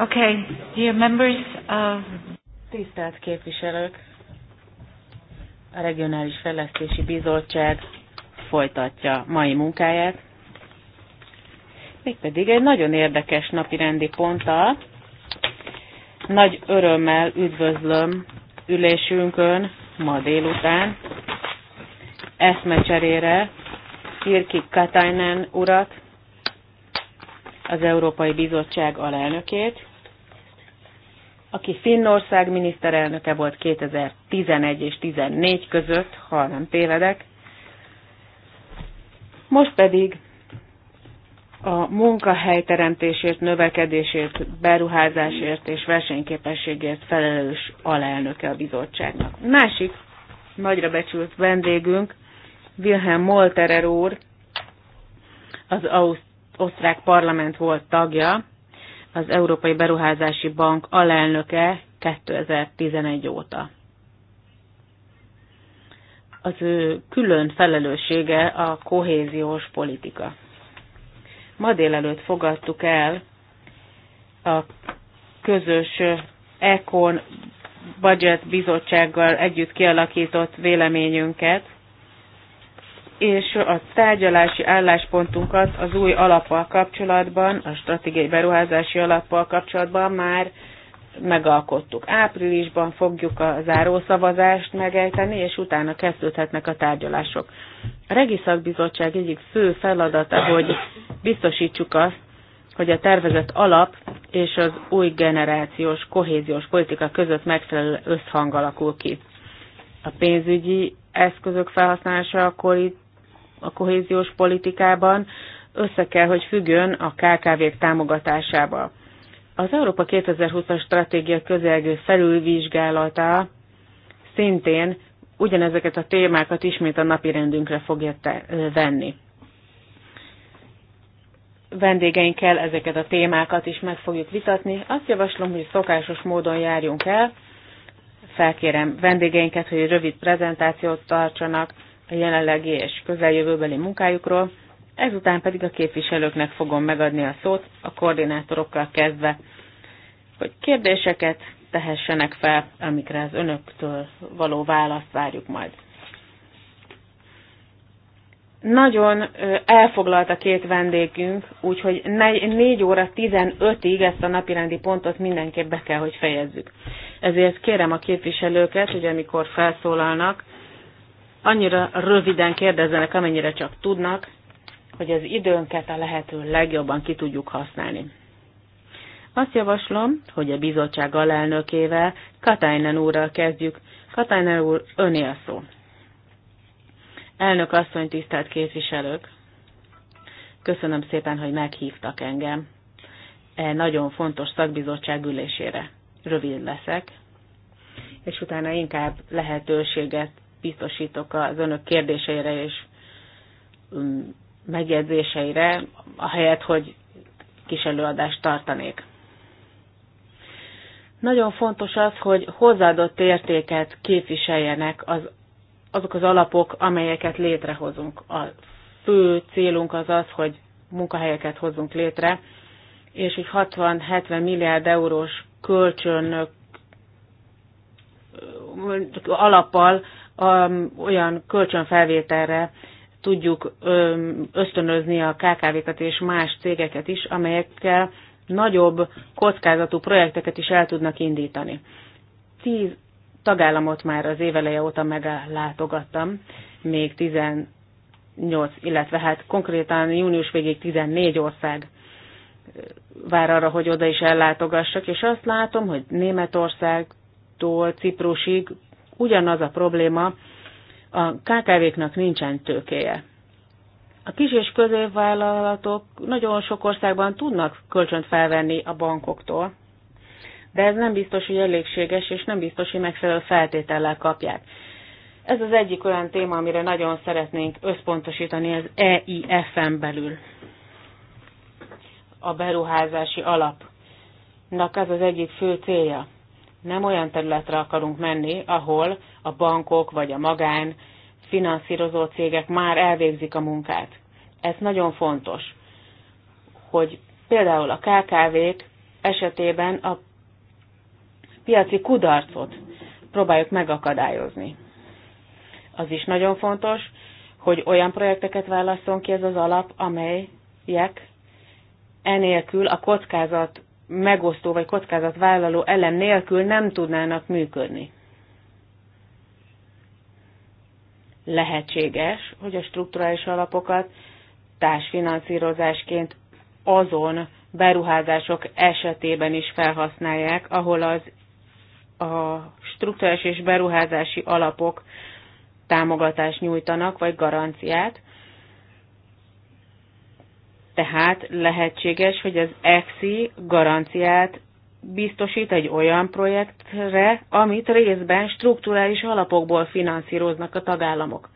Okay, dear members of... Uh, Tisztelt képviselők, a Regionális Fejlesztési Bizottság folytatja mai munkáját, mégpedig egy nagyon érdekes napi rendi ponttal. Nagy örömmel üdvözlöm ülésünkön ma délután eszmecserére Kirki Katainen urat, az Európai Bizottság alelnökét, aki Finnország miniszterelnöke volt 2011 és 2014 között, ha nem tévedek. Most pedig a munkahelyteremtésért, növekedésért, beruházásért és versenyképességért felelős alelnöke a bizottságnak. Másik nagyra becsült vendégünk, Wilhelm Molterer úr, az Ausztrál osztrák parlament volt tagja, az Európai Beruházási Bank alelnöke 2011 óta. Az ő külön felelőssége a kohéziós politika. Ma délelőtt fogadtuk el a közös ECON budget bizottsággal együtt kialakított véleményünket és a tárgyalási álláspontunkat az új alappal kapcsolatban, a stratégiai beruházási alappal kapcsolatban már megalkottuk. Áprilisban fogjuk a zárószavazást megejteni, és utána kezdődhetnek a tárgyalások. A Regiszakbizottság egyik fő feladata, hogy biztosítsuk azt, hogy a tervezett alap és az új generációs kohéziós politika között megfelelő összhang alakul ki. A pénzügyi eszközök felhasználása itt a kohéziós politikában össze kell, hogy függön a KKV-k támogatásába. Az Európa 2020-as stratégia közelgő felülvizsgálata szintén ugyanezeket a témákat ismét a napirendünkre fogja venni. Vendégeinkkel ezeket a témákat is meg fogjuk vitatni. Azt javaslom, hogy szokásos módon járjunk el. Felkérem vendégeinket, hogy rövid prezentációt tartsanak, a jelenlegi és közeljövőbeli munkájukról, ezután pedig a képviselőknek fogom megadni a szót, a koordinátorokkal kezdve, hogy kérdéseket tehessenek fel, amikre az önöktől való választ várjuk majd. Nagyon elfoglalt a két vendégünk, úgyhogy 4 óra 15-ig ezt a napirendi pontot mindenképp be kell, hogy fejezzük. Ezért kérem a képviselőket, hogy amikor felszólalnak, Annyira röviden kérdezzenek, amennyire csak tudnak, hogy az időnket a lehető legjobban ki tudjuk használni. Azt javaslom, hogy a bizottság alelnökével, Katainen úrral kezdjük. Katainen úr, öné a szó. Elnök asszony, tisztelt képviselők! Köszönöm szépen, hogy meghívtak engem e nagyon fontos szakbizottság ülésére. Rövid leszek, és utána inkább lehetőséget biztosítok az önök kérdéseire és um, megjegyzéseire, ahelyett, hogy kis előadást tartanék. Nagyon fontos az, hogy hozzáadott értéket képviseljenek az, azok az alapok, amelyeket létrehozunk. A fő célunk az az, hogy munkahelyeket hozzunk létre, és hogy 60-70 milliárd eurós kölcsönök alappal um, olyan kölcsönfelvételre tudjuk um, ösztönözni a KKV-ket és más cégeket is, amelyekkel nagyobb kockázatú projekteket is el tudnak indítani. Tíz tagállamot már az éveleje óta meglátogattam, még 18, illetve hát konkrétan június végéig 14 ország vár arra, hogy oda is ellátogassak, és azt látom, hogy Németországtól Ciprusig ugyanaz a probléma, a KKV-knak nincsen tőkéje. A kis és középvállalatok nagyon sok országban tudnak kölcsönt felvenni a bankoktól, de ez nem biztos, hogy elégséges, és nem biztos, hogy megfelelő feltétellel kapják. Ez az egyik olyan téma, amire nagyon szeretnénk összpontosítani az EIF-en belül. A beruházási alapnak ez az egyik fő célja nem olyan területre akarunk menni, ahol a bankok vagy a magán finanszírozó cégek már elvégzik a munkát. Ez nagyon fontos, hogy például a KKV-k esetében a piaci kudarcot próbáljuk megakadályozni. Az is nagyon fontos, hogy olyan projekteket válasszon ki ez az alap, amelyek enélkül a kockázat megosztó vagy kockázatvállaló elem nélkül nem tudnának működni. Lehetséges, hogy a strukturális alapokat társfinanszírozásként azon beruházások esetében is felhasználják, ahol az a struktúrás és beruházási alapok támogatást nyújtanak, vagy garanciát, tehát lehetséges, hogy az EXI garanciát biztosít egy olyan projektre, amit részben strukturális alapokból finanszíroznak a tagállamok.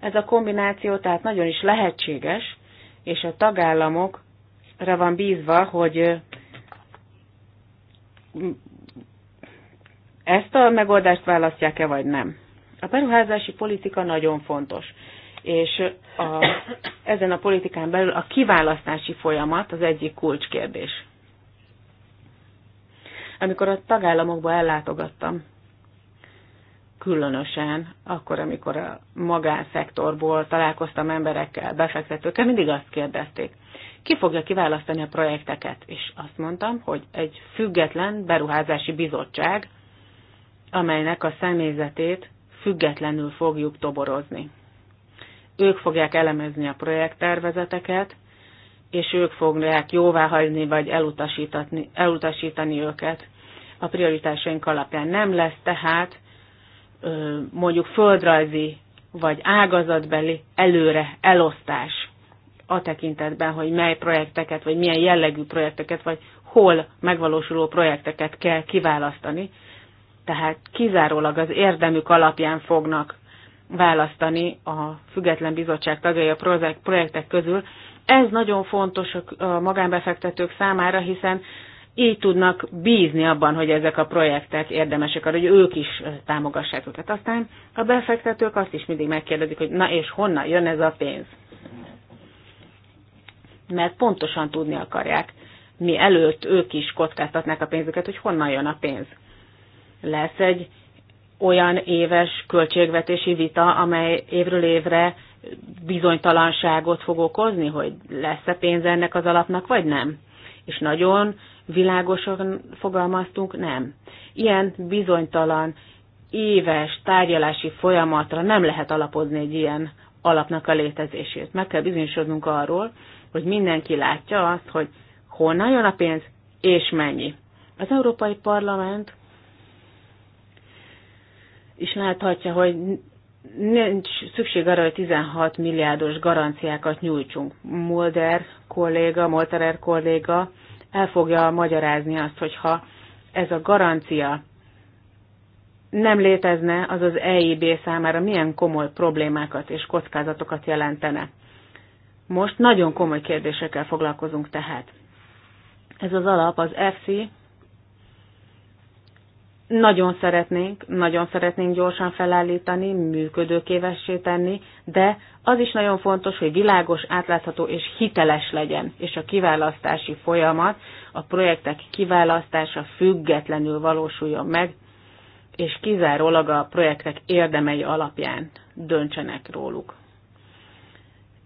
Ez a kombináció tehát nagyon is lehetséges, és a tagállamokra van bízva, hogy ezt a megoldást választják-e vagy nem. A beruházási politika nagyon fontos és a, ezen a politikán belül a kiválasztási folyamat az egyik kulcskérdés. Amikor a tagállamokba ellátogattam, különösen akkor, amikor a magánszektorból találkoztam emberekkel, befektetőkkel, mindig azt kérdezték, ki fogja kiválasztani a projekteket? És azt mondtam, hogy egy független beruházási bizottság, amelynek a személyzetét függetlenül fogjuk toborozni ők fogják elemezni a projekttervezeteket, és ők fogják jóváhagyni vagy elutasítani, elutasítani őket a prioritásaink alapján. Nem lesz tehát mondjuk földrajzi vagy ágazatbeli előre elosztás a tekintetben, hogy mely projekteket, vagy milyen jellegű projekteket, vagy hol megvalósuló projekteket kell kiválasztani. Tehát kizárólag az érdemük alapján fognak választani a független bizottság tagjai a projektek közül. Ez nagyon fontos a magánbefektetők számára, hiszen így tudnak bízni abban, hogy ezek a projektek érdemesek arra, hogy ők is eh, támogassák őket. Aztán a befektetők azt is mindig megkérdezik, hogy na és honnan jön ez a pénz. Mert pontosan tudni akarják, mi előtt ők is kockáztatnák a pénzüket, hogy honnan jön a pénz. Lesz egy olyan éves költségvetési vita, amely évről évre bizonytalanságot fog okozni, hogy lesz-e pénz ennek az alapnak, vagy nem. És nagyon világosan fogalmaztunk, nem. Ilyen bizonytalan éves tárgyalási folyamatra nem lehet alapozni egy ilyen alapnak a létezését. Meg kell bizonyosodnunk arról, hogy mindenki látja azt, hogy honnan jön a pénz, és mennyi. Az Európai Parlament is láthatja, hogy nincs szükség arra, hogy 16 milliárdos garanciákat nyújtsunk. Mulder kolléga, Molterer kolléga el fogja magyarázni azt, hogyha ez a garancia nem létezne, az az EIB számára milyen komoly problémákat és kockázatokat jelentene. Most nagyon komoly kérdésekkel foglalkozunk tehát. Ez az alap az FC nagyon szeretnénk, nagyon szeretnénk gyorsan felállítani, működőképessé tenni, de az is nagyon fontos, hogy világos, átlátható és hiteles legyen, és a kiválasztási folyamat, a projektek kiválasztása függetlenül valósuljon meg, és kizárólag a projektek érdemei alapján döntsenek róluk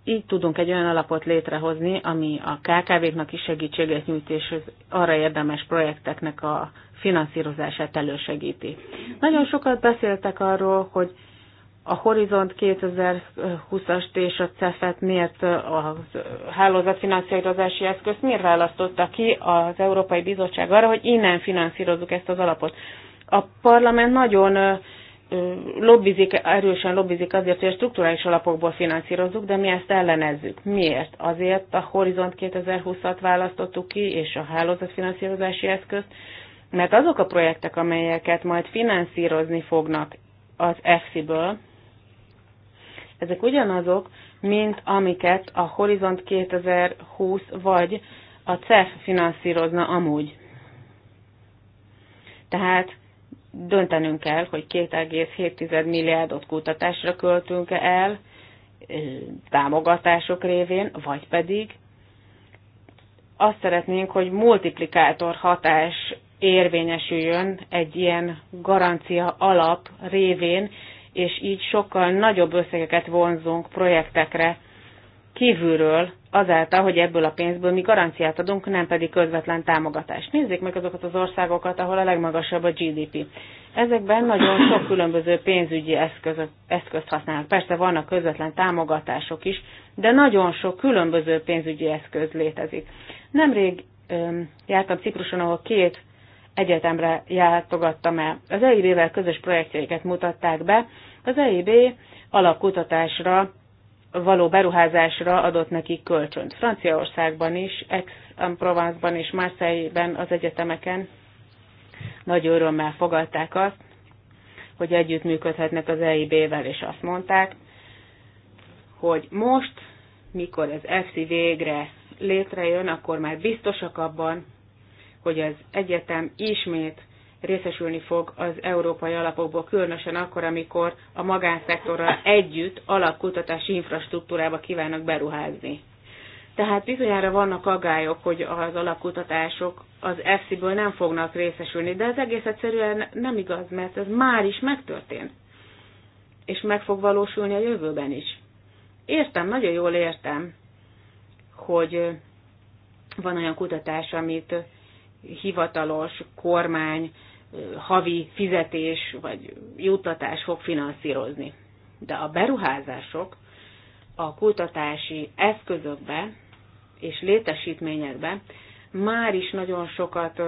így tudunk egy olyan alapot létrehozni, ami a KKV-knak is segítséget nyújt, és az arra érdemes projekteknek a finanszírozását elősegíti. Nagyon sokat beszéltek arról, hogy a Horizont 2020 as és a CEFET miért a hálózatfinanszírozási eszköz miért választotta ki az Európai Bizottság arra, hogy innen finanszírozzuk ezt az alapot. A parlament nagyon lobbizik, erősen lobbizik azért, hogy a strukturális alapokból finanszírozzuk, de mi ezt ellenezzük. Miért? Azért a Horizont 2020-at választottuk ki, és a hálózatfinanszírozási eszközt, mert azok a projektek, amelyeket majd finanszírozni fognak az EFSI-ből, ezek ugyanazok, mint amiket a Horizont 2020 vagy a CEF finanszírozna amúgy. Tehát döntenünk kell, hogy 2,7 milliárdot kutatásra költünk -e el, támogatások révén, vagy pedig azt szeretnénk, hogy multiplikátor hatás érvényesüljön egy ilyen garancia alap révén, és így sokkal nagyobb összegeket vonzunk projektekre kívülről, azáltal, hogy ebből a pénzből mi garanciát adunk, nem pedig közvetlen támogatást. Nézzék meg azokat az országokat, ahol a legmagasabb a GDP. Ezekben nagyon sok különböző pénzügyi eszközök, eszközt használnak. Persze vannak közvetlen támogatások is, de nagyon sok különböző pénzügyi eszköz létezik. Nemrég öm, jártam Cipruson, ahol két egyetemre jártogattam, el. Az EIB-vel közös projektjeiket mutatták be. Az EIB alapkutatásra való beruházásra adott nekik kölcsönt. Franciaországban is, Aix-en-Provence-ban és Marseille-ben az egyetemeken nagy örömmel fogadták azt, hogy együttműködhetnek az EIB-vel, és azt mondták, hogy most, mikor az EFSI végre létrejön, akkor már biztosak abban, hogy az egyetem ismét részesülni fog az európai alapokból, különösen akkor, amikor a magánszektorral együtt alapkutatási infrastruktúrába kívánnak beruházni. Tehát bizonyára vannak agályok, hogy az alapkutatások az EFSI-ből nem fognak részesülni, de ez egész egyszerűen nem igaz, mert ez már is megtörtént, és meg fog valósulni a jövőben is. Értem, nagyon jól értem, hogy van olyan kutatás, amit hivatalos kormány havi fizetés vagy juttatás fog finanszírozni. De a beruházások a kutatási eszközökbe és létesítményekbe már is nagyon sokat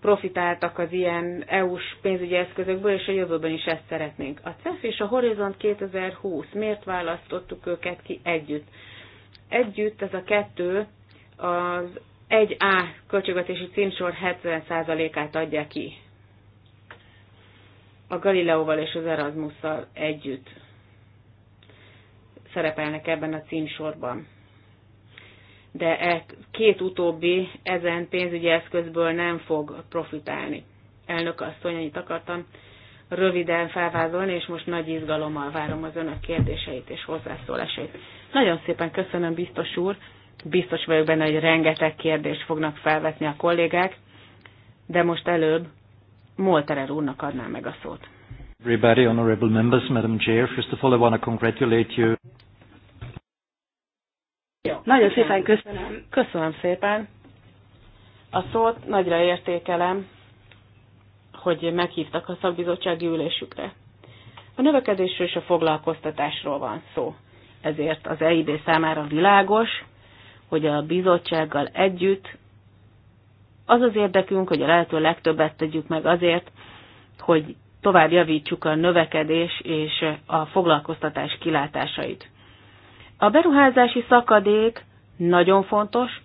profitáltak az ilyen EU-s pénzügyi eszközökből, és a jövőben is ezt szeretnénk. A CEF és a Horizont 2020, miért választottuk őket ki együtt? Együtt ez a kettő az 1A költségvetési címsor 70%-át adja ki a Galileóval és az Erasmusszal együtt szerepelnek ebben a címsorban. De e két utóbbi ezen pénzügyi eszközből nem fog profitálni. Elnök asszony, annyit akartam röviden felvázolni, és most nagy izgalommal várom az önök kérdéseit és hozzászólásait. Nagyon szépen köszönöm, biztos úr! Biztos vagyok benne, hogy rengeteg kérdést fognak felvetni a kollégák, de most előbb Molterer úrnak adnám meg a szót. Everybody, honorable members, Madam Chair, first of all I want to congratulate you. Jó. Nagyon szépen köszönöm. Köszönöm szépen. A szót nagyra értékelem, hogy meghívtak a szakbizottsági ülésükre. A növekedésről és a foglalkoztatásról van szó. Ezért az EIB számára világos, hogy a bizottsággal együtt az az érdekünk, hogy a lehető legtöbbet tegyük meg azért, hogy tovább javítsuk a növekedés és a foglalkoztatás kilátásait. A beruházási szakadék nagyon fontos,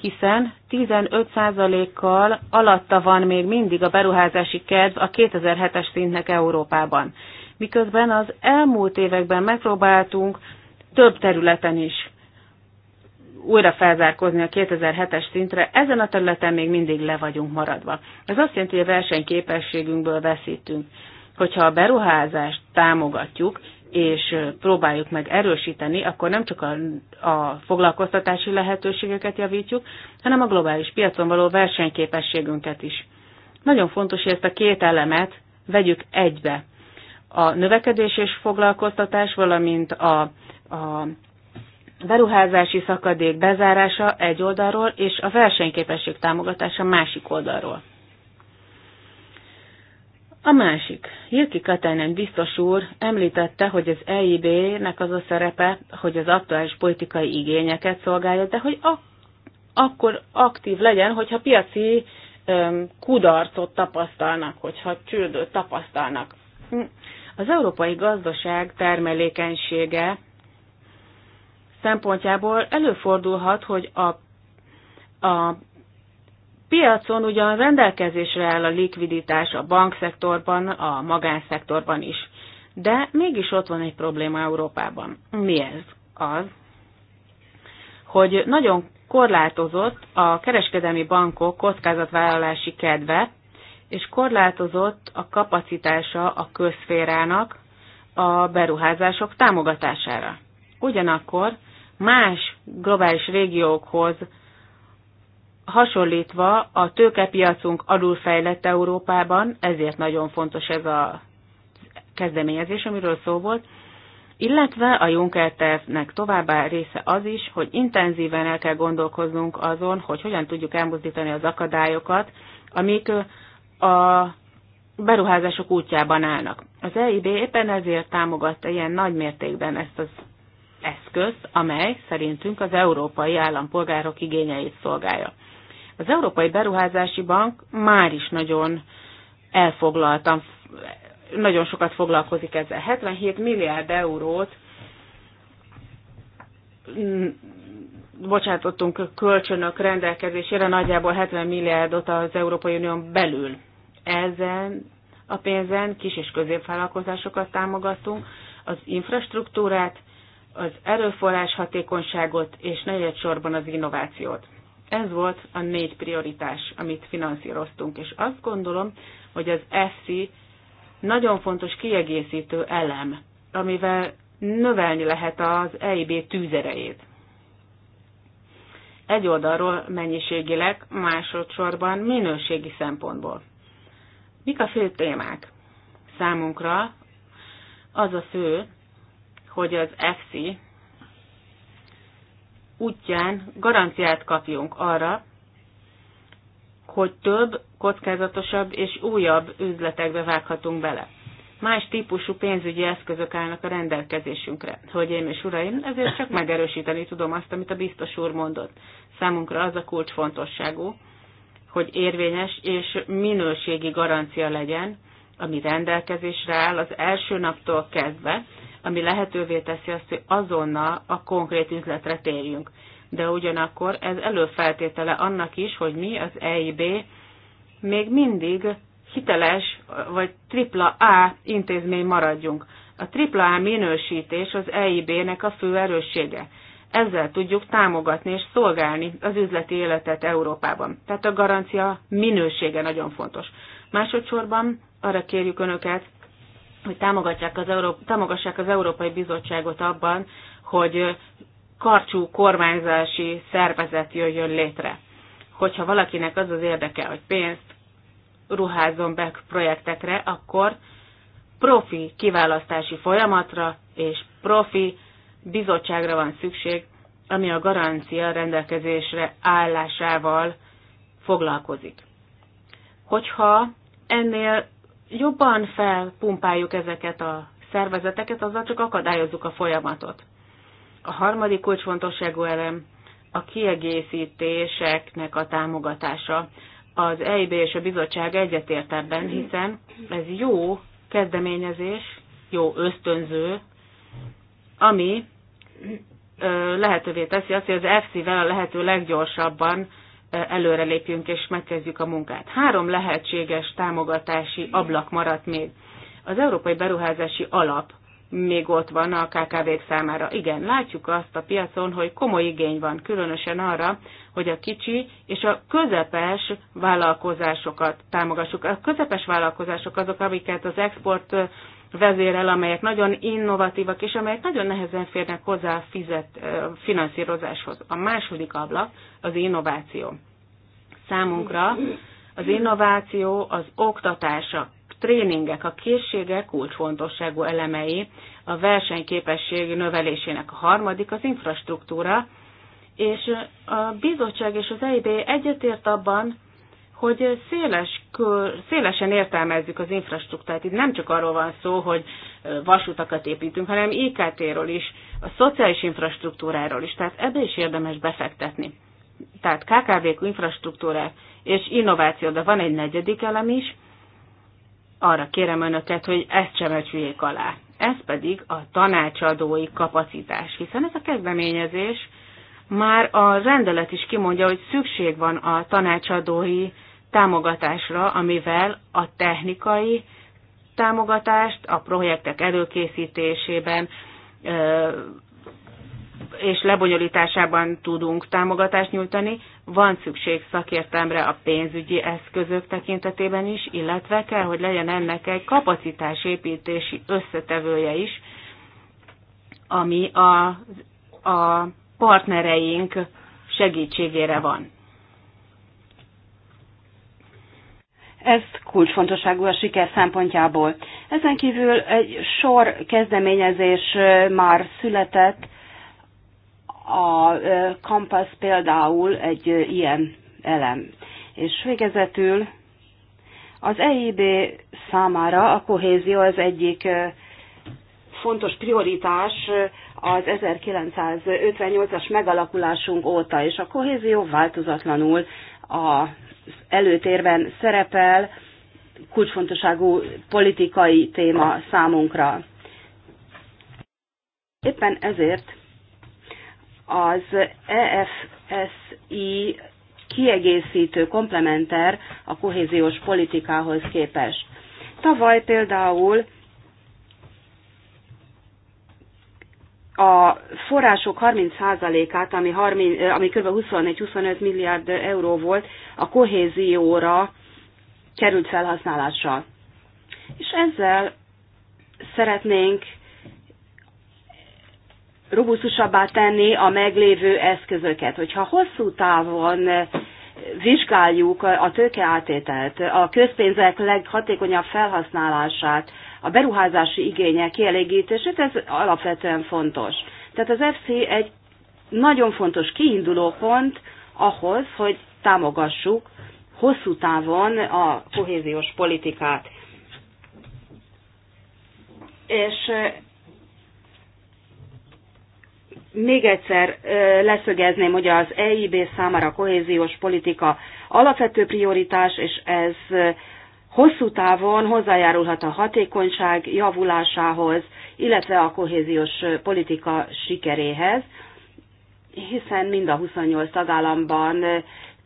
hiszen 15%-kal alatta van még mindig a beruházási kedv a 2007-es szintnek Európában. Miközben az elmúlt években megpróbáltunk több területen is újra felzárkozni a 2007-es szintre, ezen a területen még mindig le vagyunk maradva. Ez azt jelenti, hogy a versenyképességünkből veszítünk. Hogyha a beruházást támogatjuk, és próbáljuk meg erősíteni, akkor nem csak a, a foglalkoztatási lehetőségeket javítjuk, hanem a globális piacon való versenyképességünket is. Nagyon fontos, hogy ezt a két elemet vegyük egybe. A növekedés és foglalkoztatás, valamint a, a beruházási szakadék bezárása egy oldalról, és a versenyképesség támogatása másik oldalról. A másik. Jirki Katainen biztos úr említette, hogy az EIB-nek az a szerepe, hogy az aktuális politikai igényeket szolgálja, de hogy ak- akkor aktív legyen, hogyha piaci öm, kudarcot tapasztalnak, hogyha csődöt tapasztalnak. Hm. Az európai gazdaság termelékenysége szempontjából előfordulhat, hogy a, a piacon ugyan rendelkezésre áll a likviditás a bankszektorban, a magánszektorban is. De mégis ott van egy probléma Európában. Mi ez? Az, hogy nagyon korlátozott a kereskedelmi bankok kockázatvállalási kedve, és korlátozott a kapacitása a közférának a beruházások támogatására. Ugyanakkor más globális régiókhoz hasonlítva a tőkepiacunk alulfejlett Európában, ezért nagyon fontos ez a kezdeményezés, amiről szó volt, illetve a Juncker tervnek továbbá része az is, hogy intenzíven el kell gondolkoznunk azon, hogy hogyan tudjuk elmozdítani az akadályokat, amik a beruházások útjában állnak. Az EIB éppen ezért támogatta ilyen nagy mértékben ezt az eszközt, amely szerintünk az európai állampolgárok igényeit szolgálja. Az Európai Beruházási Bank már is nagyon elfoglaltam, nagyon sokat foglalkozik ezzel. 77 milliárd eurót bocsátottunk kölcsönök rendelkezésére, nagyjából 70 milliárdot az Európai Unión belül. Ezen a pénzen kis- és középvállalkozásokat támogattunk, az infrastruktúrát, az erőforrás hatékonyságot és negyedsorban az innovációt. Ez volt a négy prioritás, amit finanszíroztunk, és azt gondolom, hogy az ESSI nagyon fontos kiegészítő elem, amivel növelni lehet az EIB tűzerejét. Egy oldalról mennyiségileg, másodszorban minőségi szempontból. Mik a fő témák? Számunkra az a fő, hogy az FC útján garanciát kapjunk arra, hogy több, kockázatosabb és újabb üzletekbe vághatunk bele. Más típusú pénzügyi eszközök állnak a rendelkezésünkre. Hölgyeim és uraim, ezért csak megerősíteni tudom azt, amit a biztos úr mondott. Számunkra az a fontosságú, hogy érvényes és minőségi garancia legyen, ami rendelkezésre áll az első naptól kezdve, ami lehetővé teszi azt, hogy azonnal a konkrét üzletre térjünk. De ugyanakkor ez előfeltétele annak is, hogy mi az EIB még mindig hiteles vagy A intézmény maradjunk. A A minősítés az EIB-nek a fő erőssége. Ezzel tudjuk támogatni és szolgálni az üzleti életet Európában. Tehát a garancia minősége nagyon fontos. Másodszorban arra kérjük Önöket, hogy támogatják az Euró- támogassák az Európai Bizottságot abban, hogy karcsú kormányzási szervezet jöjjön létre. Hogyha valakinek az az érdeke, hogy pénzt ruházzon be projektekre, akkor profi kiválasztási folyamatra és profi bizottságra van szükség, ami a garancia rendelkezésre állásával foglalkozik. Hogyha ennél jobban felpumpáljuk ezeket a szervezeteket, azzal csak akadályozzuk a folyamatot. A harmadik kulcsfontosságú elem a kiegészítéseknek a támogatása. Az EIB és a bizottság egyetért ebben, hiszen ez jó kezdeményezés, jó ösztönző, ami lehetővé teszi azt, hogy az FC-vel a lehető leggyorsabban előrelépjünk és megkezdjük a munkát. Három lehetséges támogatási ablak maradt még. Az Európai Beruházási Alap még ott van a KKV-k számára. Igen, látjuk azt a piacon, hogy komoly igény van, különösen arra, hogy a kicsi és a közepes vállalkozásokat támogassuk. A közepes vállalkozások azok, amiket az export vezérel, amelyek nagyon innovatívak, és amelyek nagyon nehezen férnek hozzá a fizet, finanszírozáshoz. A második ablak az innováció. Számunkra az innováció az oktatása, tréningek, a készségek kulcsfontosságú elemei a versenyképesség növelésének. A harmadik az infrastruktúra, és a bizottság és az EIB egyetért abban, hogy széles kör, szélesen értelmezzük az infrastruktúrát. Itt nem csak arról van szó, hogy vasutakat építünk, hanem IKT-ről is, a szociális infrastruktúráról is. Tehát ebbe is érdemes befektetni. Tehát KKV-k infrastruktúrák és innováció, de van egy negyedik elem is, arra kérem önöket, hogy ezt sem alá. Ez pedig a tanácsadói kapacitás, hiszen ez a kezdeményezés már a rendelet is kimondja, hogy szükség van a tanácsadói támogatásra, amivel a technikai támogatást a projektek előkészítésében és lebonyolításában tudunk támogatást nyújtani. Van szükség szakértelmre a pénzügyi eszközök tekintetében is, illetve kell, hogy legyen ennek egy kapacitásépítési összetevője is, ami a, a partnereink segítségére van. Ez kulcsfontosságú a siker szempontjából. Ezen kívül egy sor kezdeményezés már született, a Campus például egy ilyen elem. És végezetül az EIB számára a kohézió az egyik fontos prioritás, az 1958-as megalakulásunk óta, és a kohézió változatlanul az előtérben szerepel, kulcsfontosságú politikai téma számunkra. Éppen ezért az EFSI kiegészítő, komplementer a kohéziós politikához képest. Tavaly például a források 30%-át, ami, 30, ami kb. 24-25 milliárd euró volt, a kohézióra került felhasználásra. És ezzel szeretnénk robusztusabbá tenni a meglévő eszközöket. Hogyha hosszú távon vizsgáljuk a tőkeátételt, a közpénzek leghatékonyabb felhasználását, a beruházási igények kielégítését, ez alapvetően fontos. Tehát az FC egy nagyon fontos kiinduló pont ahhoz, hogy támogassuk hosszú távon a kohéziós politikát. És még egyszer leszögezném, hogy az EIB számára a kohéziós politika alapvető prioritás, és ez hosszú távon hozzájárulhat a hatékonyság javulásához, illetve a kohéziós politika sikeréhez, hiszen mind a 28 tagállamban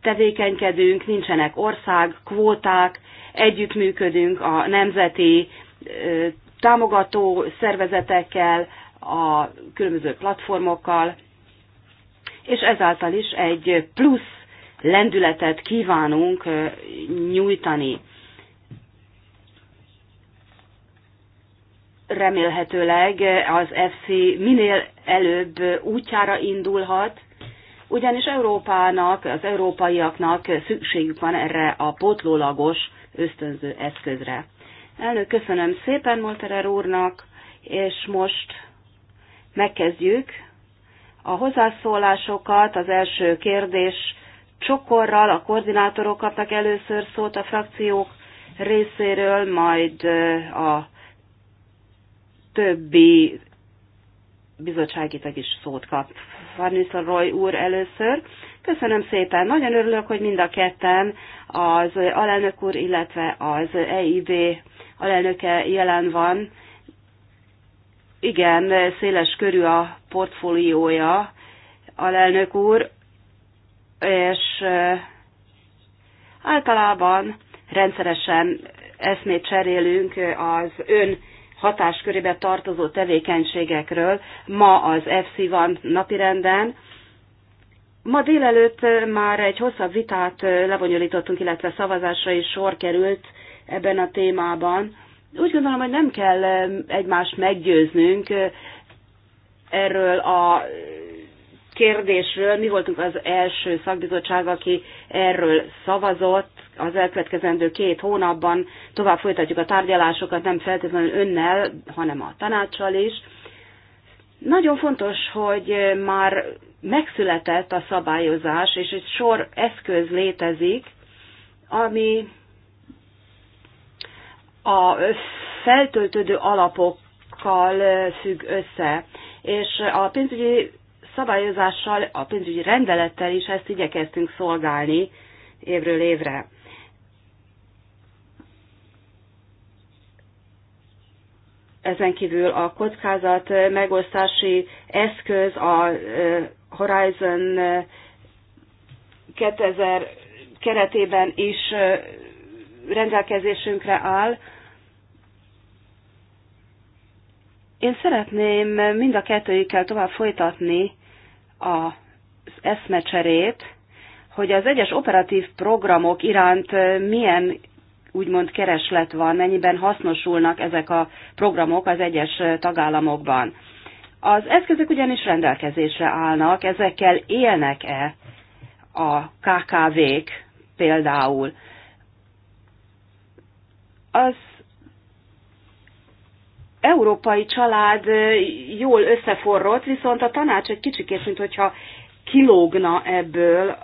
tevékenykedünk, nincsenek ország, kvóták, együttműködünk a nemzeti támogató szervezetekkel, a különböző platformokkal, és ezáltal is egy plusz lendületet kívánunk nyújtani. remélhetőleg az FC minél előbb útjára indulhat, ugyanis Európának, az európaiaknak szükségük van erre a potlólagos ösztönző eszközre. Elnök, köszönöm szépen Molterer úrnak, és most megkezdjük a hozzászólásokat, az első kérdés csokorral, a koordinátorok kaptak először szót a frakciók részéről, majd a többi bizottsági tag is szót kap. Farnisza Roy úr először. Köszönöm szépen. Nagyon örülök, hogy mind a ketten az alelnök úr, illetve az EIB alelnöke jelen van. Igen, széles körű a portfóliója, alelnök úr, és általában rendszeresen eszmét cserélünk az ön hatáskörébe tartozó tevékenységekről. Ma az FC van napirenden. Ma délelőtt már egy hosszabb vitát lebonyolítottunk, illetve szavazásra is sor került ebben a témában. Úgy gondolom, hogy nem kell egymást meggyőznünk erről a kérdésről. Mi voltunk az első szakbizottság, aki erről szavazott az elkövetkezendő két hónapban tovább folytatjuk a tárgyalásokat, nem feltétlenül önnel, hanem a tanácssal is. Nagyon fontos, hogy már megszületett a szabályozás, és egy sor eszköz létezik, ami a feltöltődő alapokkal függ össze, és a pénzügyi szabályozással, a pénzügyi rendelettel is ezt igyekeztünk szolgálni évről évre. Ezen kívül a kockázat megosztási eszköz a Horizon 2000 keretében is rendelkezésünkre áll. Én szeretném mind a kettőjükkel tovább folytatni az eszmecserét, hogy az egyes operatív programok iránt milyen úgymond kereslet van, mennyiben hasznosulnak ezek a programok az egyes tagállamokban. Az eszközök ugyanis rendelkezésre állnak, ezekkel élnek-e a KKV-k például. Az európai család jól összeforrott, viszont a tanács egy kicsikét, mint hogyha kilógna ebből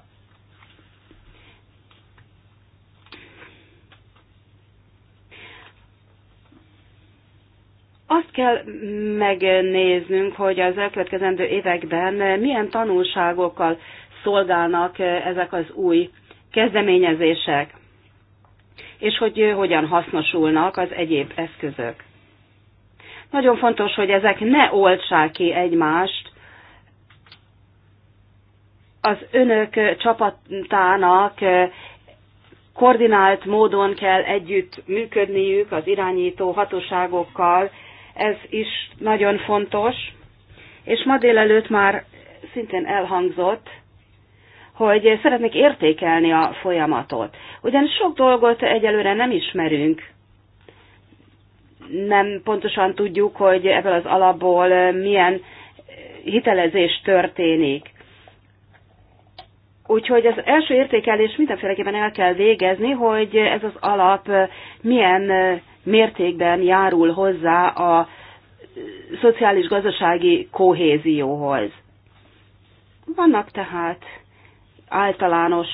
Azt kell megnéznünk, hogy az elkövetkezendő években milyen tanulságokkal szolgálnak ezek az új kezdeményezések, és hogy hogyan hasznosulnak az egyéb eszközök. Nagyon fontos, hogy ezek ne oltsák ki egymást. Az önök csapatának koordinált módon kell együtt működniük az irányító hatóságokkal, ez is nagyon fontos, és ma délelőtt már szintén elhangzott, hogy szeretnék értékelni a folyamatot. Ugyan sok dolgot egyelőre nem ismerünk, nem pontosan tudjuk, hogy ebből az alapból milyen hitelezés történik. Úgyhogy az első értékelés mindenféleképpen el kell végezni, hogy ez az alap milyen mértékben járul hozzá a szociális-gazdasági kohézióhoz. Vannak tehát általános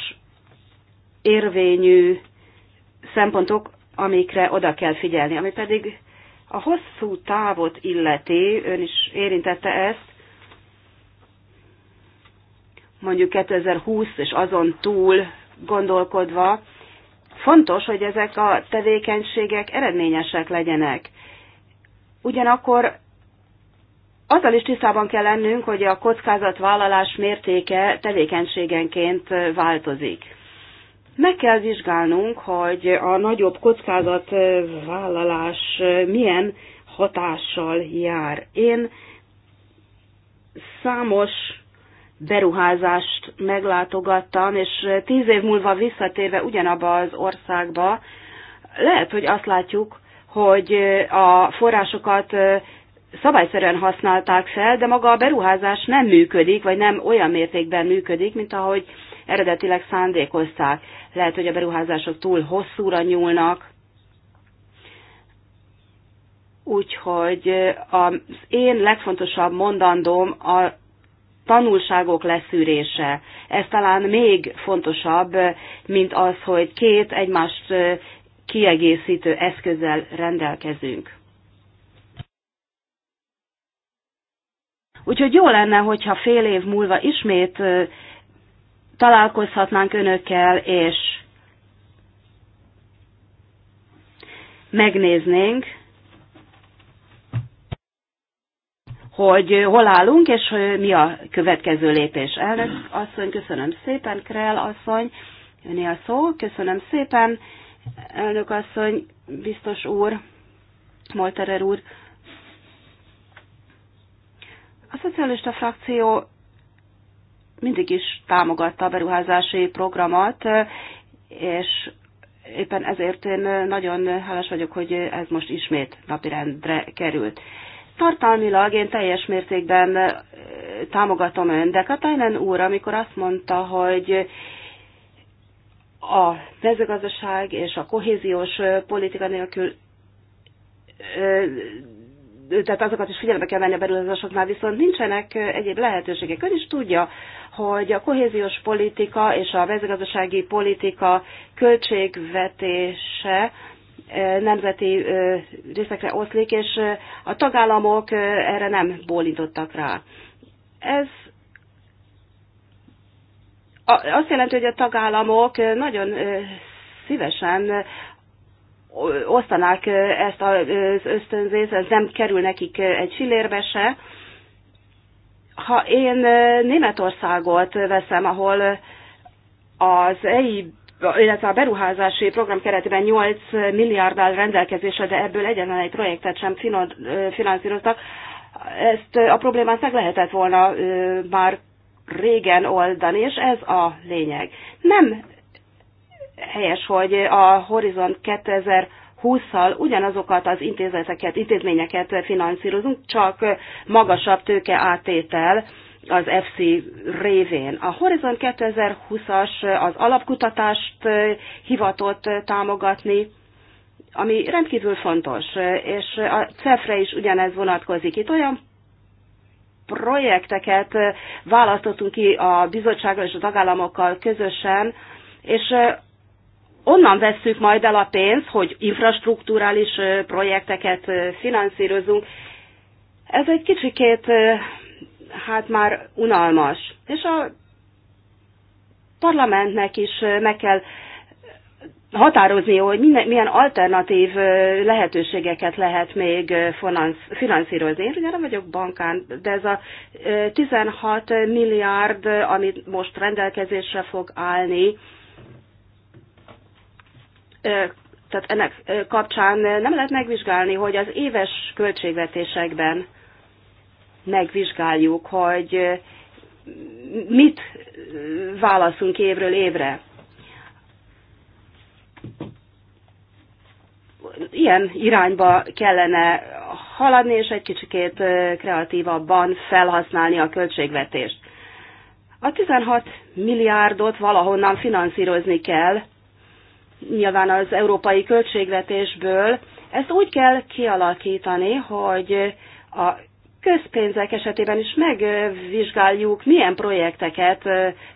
érvényű szempontok, amikre oda kell figyelni, ami pedig a hosszú távot illeti, ön is érintette ezt, mondjuk 2020 és azon túl gondolkodva, Fontos, hogy ezek a tevékenységek eredményesek legyenek. Ugyanakkor azzal is tisztában kell lennünk, hogy a kockázatvállalás mértéke tevékenységenként változik. Meg kell vizsgálnunk, hogy a nagyobb kockázatvállalás milyen hatással jár. Én számos beruházást meglátogattam, és tíz év múlva visszatérve ugyanabba az országba, lehet, hogy azt látjuk, hogy a forrásokat szabályszerűen használták fel, de maga a beruházás nem működik, vagy nem olyan mértékben működik, mint ahogy eredetileg szándékozták. Lehet, hogy a beruházások túl hosszúra nyúlnak, úgyhogy az én legfontosabb mondandóm a tanulságok leszűrése. Ez talán még fontosabb, mint az, hogy két egymást kiegészítő eszközzel rendelkezünk. Úgyhogy jó lenne, hogyha fél év múlva ismét találkozhatnánk önökkel, és megnéznénk, hogy hol állunk, és mi a következő lépés. Elnök asszony, köszönöm szépen, Krell asszony, jönni a szó, köszönöm szépen, elnök asszony, biztos úr, Molterer úr. A szocialista frakció mindig is támogatta a beruházási programot, és éppen ezért én nagyon hálás vagyok, hogy ez most ismét napirendre került. Tartalmilag én teljes mértékben támogatom ön, de Katainen úr, amikor azt mondta, hogy a mezőgazdaság és a kohéziós politika nélkül tehát azokat is figyelembe kell venni a beruházásoknál, viszont nincsenek egyéb lehetőségek. Ön is tudja, hogy a kohéziós politika és a mezőgazdasági politika költségvetése nemzeti részekre oszlik, és a tagállamok erre nem bólintottak rá. Ez azt jelenti, hogy a tagállamok nagyon szívesen osztanák ezt az ösztönzést, ez nem kerül nekik egy filérbe se. Ha én Németországot veszem, ahol az EIB illetve a beruházási program keretében 8 milliárd áll rendelkezésre, de ebből egyetlen egy projektet sem finanszíroztak. Ezt a problémát meg lehetett volna már régen oldani, és ez a lényeg. Nem helyes, hogy a Horizon 2000 20-szal ugyanazokat az intézeteket, intézményeket finanszírozunk, csak magasabb tőke átétel az FC révén. A Horizon 2020-as az alapkutatást hivatott támogatni, ami rendkívül fontos, és a CEF-re is ugyanez vonatkozik. Itt olyan projekteket választottunk ki a bizottsággal és a tagállamokkal közösen, és onnan vesszük majd el a pénzt, hogy infrastruktúrális projekteket finanszírozunk. Ez egy kicsikét hát már unalmas. És a parlamentnek is meg kell határozni, hogy minden, milyen alternatív lehetőségeket lehet még finanszírozni. Én ugye nem vagyok bankán, de ez a 16 milliárd, amit most rendelkezésre fog állni, tehát ennek kapcsán nem lehet megvizsgálni, hogy az éves költségvetésekben megvizsgáljuk, hogy mit válaszunk évről évre. Ilyen irányba kellene haladni, és egy kicsikét kreatívabban felhasználni a költségvetést. A 16 milliárdot valahonnan finanszírozni kell, nyilván az európai költségvetésből. Ezt úgy kell kialakítani, hogy a közpénzek esetében is megvizsgáljuk, milyen projekteket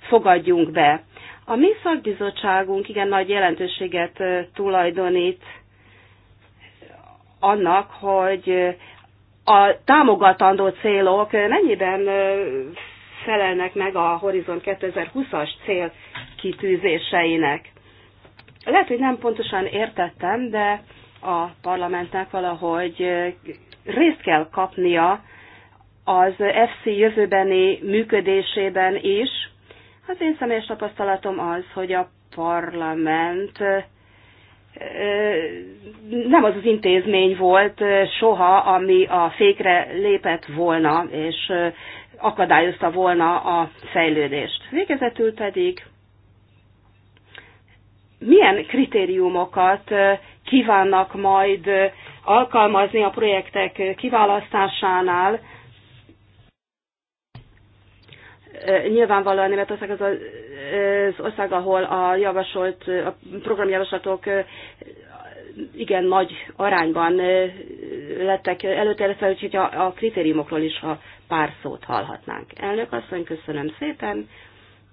fogadjunk be. A mi szakbizottságunk igen nagy jelentőséget tulajdonít annak, hogy a támogatandó célok mennyiben felelnek meg a Horizon 2020-as cél kitűzéseinek. Lehet, hogy nem pontosan értettem, de a parlamentnek valahogy részt kell kapnia az FC jövőbeni működésében is. Az én személyes tapasztalatom az, hogy a parlament nem az az intézmény volt soha, ami a fékre lépett volna, és akadályozta volna a fejlődést. Végezetül pedig milyen kritériumokat kívánnak majd alkalmazni a projektek kiválasztásánál, Nyilvánvalóan Németország az az ország, ahol a javasolt, a programjavaslatok igen nagy arányban lettek előterve, úgyhogy a, a kritériumokról is a pár szót hallhatnánk. Elnök asszony, köszönöm szépen.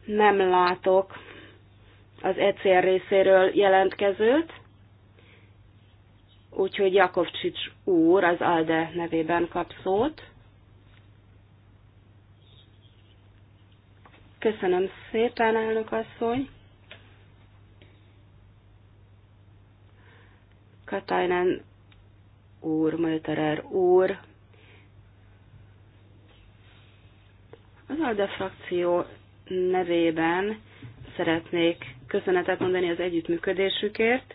Nem látok az ECR részéről jelentkezőt, úgyhogy Jakovcsics úr az ALDE nevében kap szót. Köszönöm szépen, elnök asszony. Katajnán úr, Mölterer úr. Az ALDE frakció nevében szeretnék köszönetet mondani az együttműködésükért,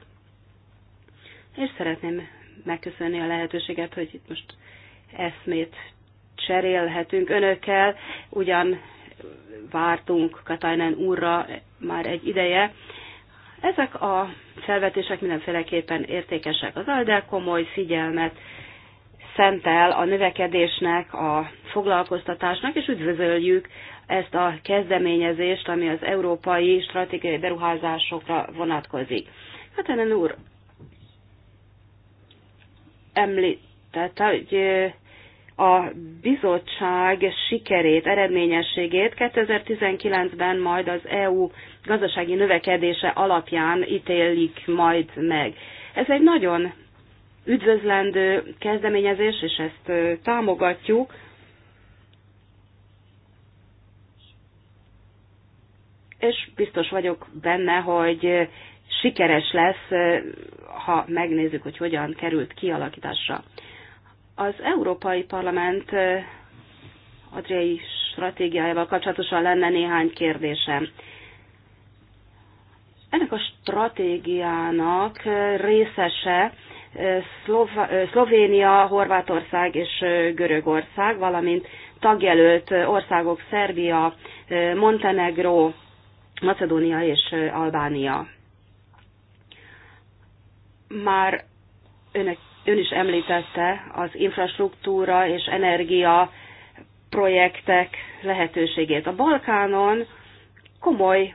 és szeretném megköszönni a lehetőséget, hogy itt most eszmét cserélhetünk önökkel, ugyan vártunk Katainen úrra már egy ideje. Ezek a felvetések mindenféleképpen értékesek. Az ALDE komoly figyelmet szentel a növekedésnek, a foglalkoztatásnak, és üdvözöljük ezt a kezdeményezést, ami az európai stratégiai beruházásokra vonatkozik. Katainen úr említette, hogy a bizottság sikerét, eredményességét 2019-ben majd az EU gazdasági növekedése alapján ítélik majd meg. Ez egy nagyon üdvözlendő kezdeményezés, és ezt támogatjuk. És biztos vagyok benne, hogy sikeres lesz, ha megnézzük, hogy hogyan került kialakításra. Az Európai Parlament adriai stratégiájával kapcsolatosan lenne néhány kérdésem. Ennek a stratégiának részese Szlovénia, Horvátország és Görögország, valamint tagjelölt országok Szerbia, Montenegro, Macedónia és Albánia. Már önök ön is említette az infrastruktúra és energia projektek lehetőségét. A Balkánon komoly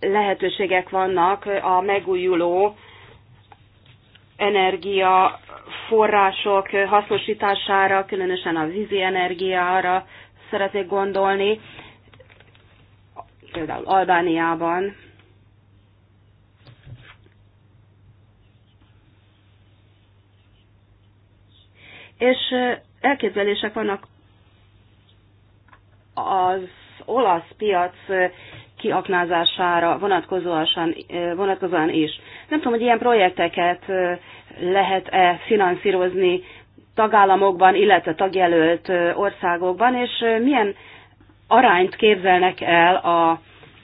lehetőségek vannak a megújuló energiaforrások hasznosítására, különösen a vízi energiára szeretnék gondolni, például Albániában És elképzelések vannak az olasz piac kiaknázására vonatkozóan, vonatkozóan is. Nem tudom, hogy ilyen projekteket lehet-e finanszírozni tagállamokban, illetve tagjelölt országokban, és milyen arányt képzelnek el a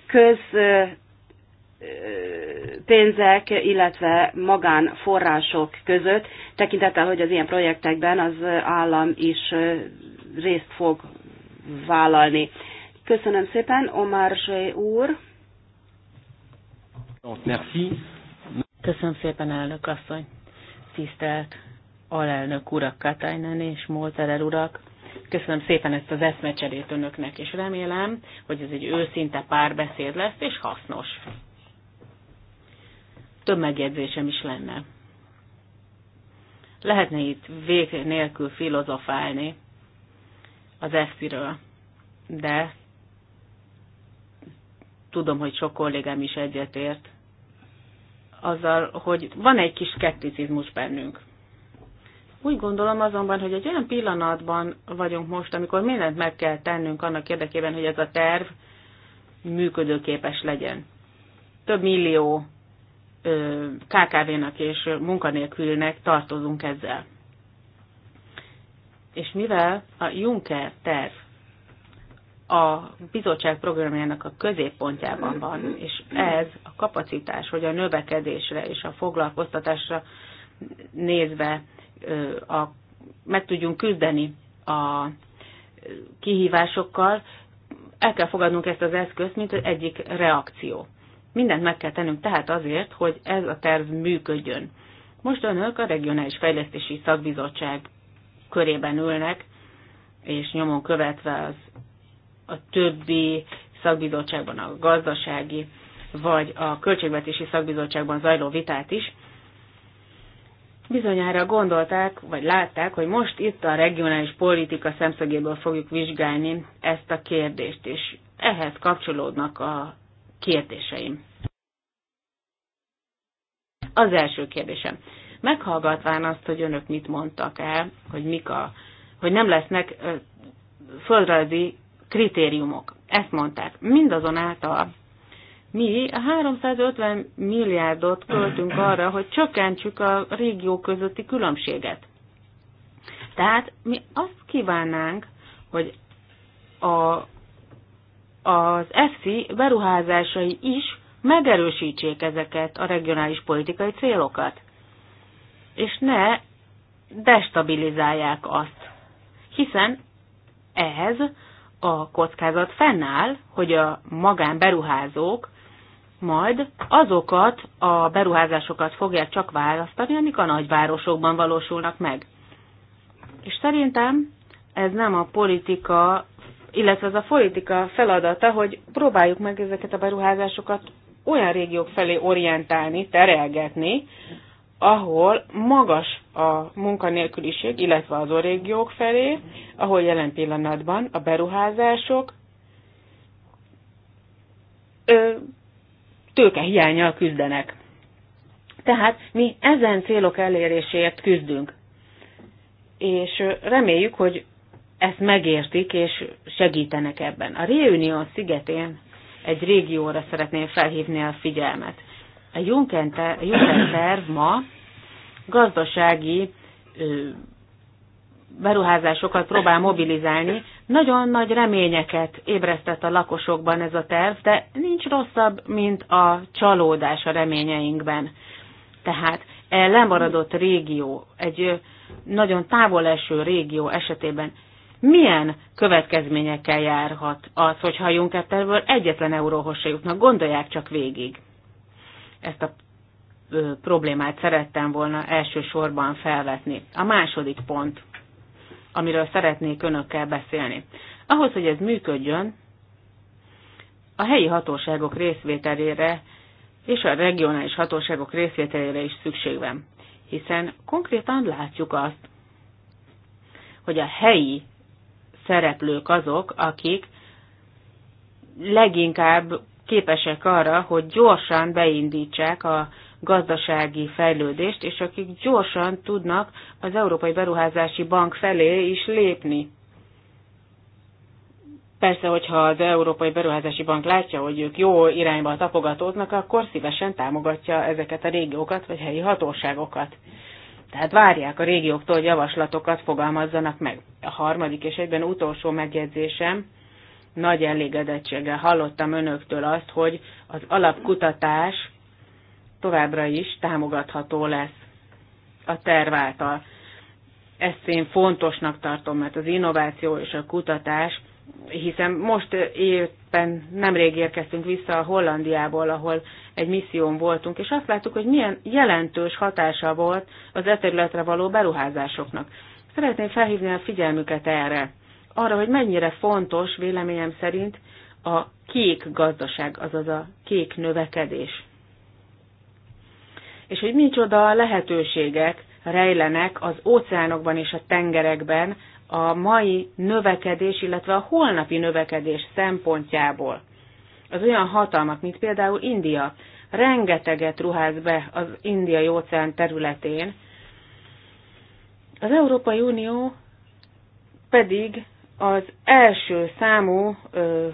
köz pénzek, illetve magánforrások között, tekintettel, hogy az ilyen projektekben az állam is részt fog vállalni. Köszönöm szépen, Omar Zsé úr. Merci. Köszönöm szépen, elnök asszony. Tisztelt alelnök urak Katainen és Molterer urak. Köszönöm szépen ezt az eszmecserét önöknek, és remélem, hogy ez egy őszinte párbeszéd lesz, és hasznos. Több megjegyzésem is lenne. Lehetne itt vég nélkül filozofálni az esziről, de tudom, hogy sok kollégám is egyetért azzal, hogy van egy kis skepticizmus bennünk. Úgy gondolom azonban, hogy egy olyan pillanatban vagyunk most, amikor mindent meg kell tennünk annak érdekében, hogy ez a terv működőképes legyen. Több millió KKV-nak és munkanélkülnek tartozunk ezzel. És mivel a Juncker terv a bizottság programjának a középpontjában van, és ez a kapacitás, hogy a növekedésre és a foglalkoztatásra nézve a, meg tudjunk küzdeni a kihívásokkal, el kell fogadnunk ezt az eszközt, mint az egyik reakció. Mindent meg kell tennünk tehát azért, hogy ez a terv működjön. Most önök a Regionális Fejlesztési Szakbizottság körében ülnek, és nyomon követve az, a többi szakbizottságban a gazdasági, vagy a költségvetési szakbizottságban zajló vitát is, bizonyára gondolták, vagy látták, hogy most itt a regionális politika szemszögéből fogjuk vizsgálni ezt a kérdést, és ehhez kapcsolódnak a kérdéseim. Az első kérdésem. Meghallgatván azt, hogy önök mit mondtak el, hogy, mik a, hogy nem lesznek földrajzi kritériumok. Ezt mondták. Mindazonáltal mi a 350 milliárdot költünk arra, hogy csökkentsük a régió közötti különbséget. Tehát mi azt kívánnánk, hogy a az EFSI beruházásai is megerősítsék ezeket a regionális politikai célokat, és ne destabilizálják azt. Hiszen ehhez a kockázat fennáll, hogy a magánberuházók majd azokat a beruházásokat fogják csak választani, amik a nagyvárosokban valósulnak meg. És szerintem ez nem a politika illetve az a politika feladata, hogy próbáljuk meg ezeket a beruházásokat olyan régiók felé orientálni, terelgetni, ahol magas a munkanélküliség, illetve azon régiók felé, ahol jelen pillanatban a beruházások ö, tőkehiányjal küzdenek. Tehát mi ezen célok eléréséért küzdünk. És reméljük, hogy ezt megértik és segítenek ebben. A Réunion szigetén egy régióra szeretném felhívni a figyelmet. A Juncker terv ma gazdasági beruházásokat próbál mobilizálni. Nagyon nagy reményeket ébresztett a lakosokban ez a terv, de nincs rosszabb, mint a csalódás a reményeinkben. Tehát e lemaradott régió, egy nagyon távol eső régió esetében milyen következményekkel járhat az, hogy Juncker tervből egyetlen euróhoz se jutnak. Gondolják csak végig. Ezt a ö, problémát szerettem volna elsősorban felvetni. A második pont, amiről szeretnék önökkel beszélni. Ahhoz, hogy ez működjön, a helyi hatóságok részvételére és a regionális hatóságok részvételére is szükség van, hiszen konkrétan látjuk azt, hogy a helyi szereplők azok, akik leginkább képesek arra, hogy gyorsan beindítsák a gazdasági fejlődést, és akik gyorsan tudnak az Európai Beruházási Bank felé is lépni. Persze, hogyha az Európai Beruházási Bank látja, hogy ők jó irányba tapogatóznak, akkor szívesen támogatja ezeket a régiókat vagy helyi hatóságokat. Tehát várják a régióktól, hogy javaslatokat fogalmazzanak meg. A harmadik és egyben utolsó megjegyzésem, nagy elégedettséggel hallottam önöktől azt, hogy az alapkutatás továbbra is támogatható lesz a terv által. Ezt én fontosnak tartom, mert az innováció és a kutatás hiszen most éppen nemrég érkeztünk vissza a Hollandiából, ahol egy misszión voltunk, és azt láttuk, hogy milyen jelentős hatása volt az e területre való beruházásoknak. Szeretném felhívni a figyelmüket erre, arra, hogy mennyire fontos véleményem szerint a kék gazdaság, azaz a kék növekedés. És hogy micsoda lehetőségek rejlenek az óceánokban és a tengerekben, a mai növekedés, illetve a holnapi növekedés szempontjából. Az olyan hatalmak, mint például India, rengeteget ruház be az indiai óceán területén, az Európai Unió pedig az első számú ö,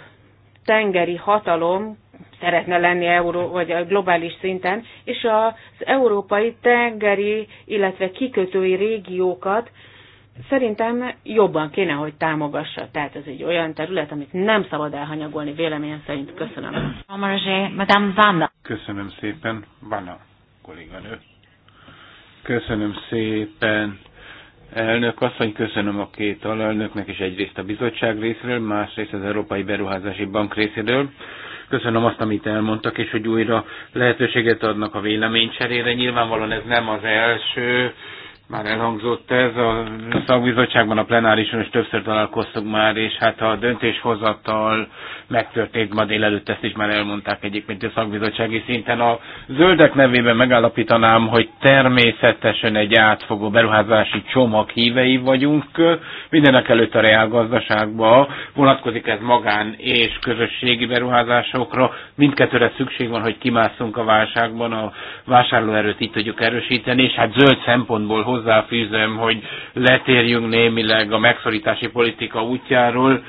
tengeri hatalom szeretne lenni euró, vagy a globális szinten, és az európai tengeri, illetve kikötői régiókat szerintem jobban kéne, hogy támogassa. Tehát ez egy olyan terület, amit nem szabad elhanyagolni véleményem szerint. Köszönöm. Madame Vanna. Köszönöm szépen, Vanna kolléganő. Köszönöm szépen. Elnök asszony, köszönöm a két alelnöknek is egyrészt a bizottság részéről, másrészt az Európai Beruházási Bank részéről. Köszönöm azt, amit elmondtak, és hogy újra lehetőséget adnak a véleménycserére. Nyilvánvalóan ez nem az első már elhangzott ez, a szakbizottságban, a plenárison is többször találkoztunk már, és hát a döntéshozatal megtörtént ma délelőtt, ezt is már elmondták egyébként a szakbizottsági szinten. A zöldek nevében megállapítanám, hogy természetesen egy átfogó beruházási csomag hívei vagyunk. Mindenek előtt a reálgazdaságba vonatkozik ez magán és közösségi beruházásokra. Mindkettőre szükség van, hogy kimásszunk a válságban, a vásárlóerőt itt tudjuk erősíteni, és hát zöld szempontból hozzá hozzáfűzöm, hogy letérjünk némileg a megszorítási politika útjáról,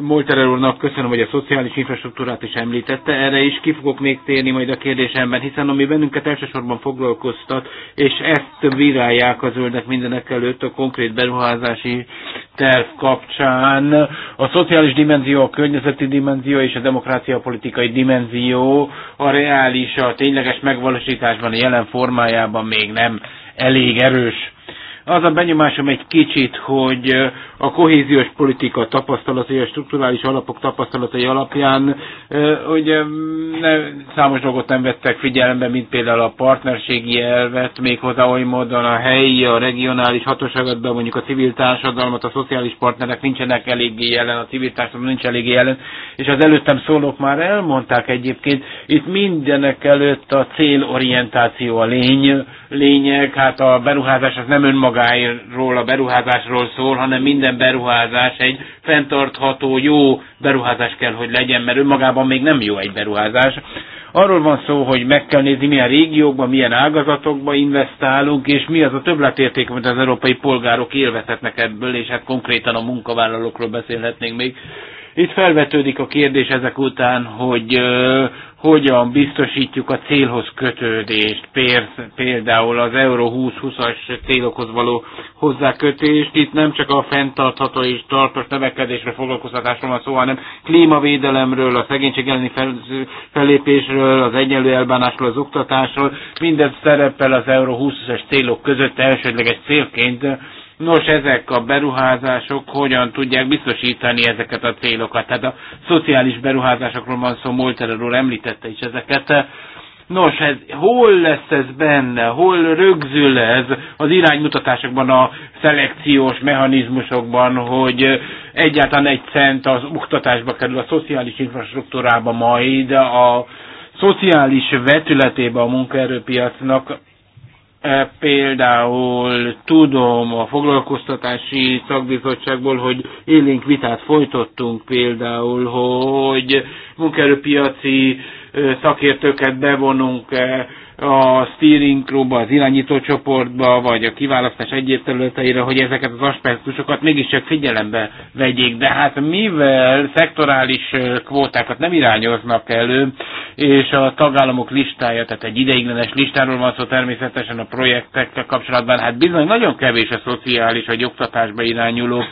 Molterer úrnak köszönöm, hogy a szociális infrastruktúrát is említette. Erre is ki fogok még térni majd a kérdésemben, hiszen ami bennünket elsősorban foglalkoztat, és ezt virálják a zöldek mindenek előtt a konkrét beruházási terv kapcsán. A szociális dimenzió, a környezeti dimenzió és a demokrácia politikai dimenzió a reális, a tényleges megvalósításban, a jelen formájában még nem elég erős az a benyomásom egy kicsit, hogy a kohéziós politika tapasztalatai, a strukturális alapok tapasztalatai alapján ugye ne, számos dolgot nem vettek figyelembe, mint például a partnerségi elvet, méghozzá oly módon a helyi, a regionális hatóságokban, mondjuk a civil társadalmat, a szociális partnerek nincsenek eléggé jelen, a civil társadalom nincs eléggé jelen, és az előttem szólók már elmondták egyébként, itt mindenek előtt a célorientáció a lény, lényeg, hát a beruházás az nem önmagáról a beruházásról szól, hanem minden minden beruházás egy fenntartható, jó beruházás kell, hogy legyen, mert önmagában még nem jó egy beruházás. Arról van szó, hogy meg kell nézni, milyen régiókban, milyen ágazatokban investálunk, és mi az a többletérték, amit az európai polgárok élvezhetnek ebből, és hát konkrétan a munkavállalókról beszélhetnénk még. Itt felvetődik a kérdés ezek után, hogy ö, hogyan biztosítjuk a célhoz kötődést, például az Euró 2020-as célokhoz való hozzákötést. Itt nem csak a fenntartható és tartós növekedésre, foglalkoztatásról van szó, hanem klímavédelemről, a szegénység elleni fellépésről, az egyenlő elbánásról, az oktatásról. Mindez szerepel az Euró 20-as célok között elsődleges célként Nos, ezek a beruházások hogyan tudják biztosítani ezeket a célokat? Tehát a szociális beruházásokról van szó, Molterer úr említette is ezeket. Nos, ez, hol lesz ez benne, hol rögzül ez az iránymutatásokban, a szelekciós mechanizmusokban, hogy egyáltalán egy cent az oktatásba kerül, a szociális infrastruktúrába majd, a szociális vetületébe a munkaerőpiacnak E, például tudom a foglalkoztatási szakbizottságból, hogy élénk vitát folytottunk például, hogy munkaerőpiaci e, szakértőket bevonunk a steering clubba, az irányító csoportba, vagy a kiválasztás egyéb területeire, hogy ezeket az aspektusokat mégiscsak figyelembe vegyék. De hát mivel szektorális kvótákat nem irányoznak elő, és a tagállamok listája, tehát egy ideiglenes listáról van szó természetesen a projektekkel kapcsolatban, hát bizony nagyon kevés a szociális vagy oktatásba irányuló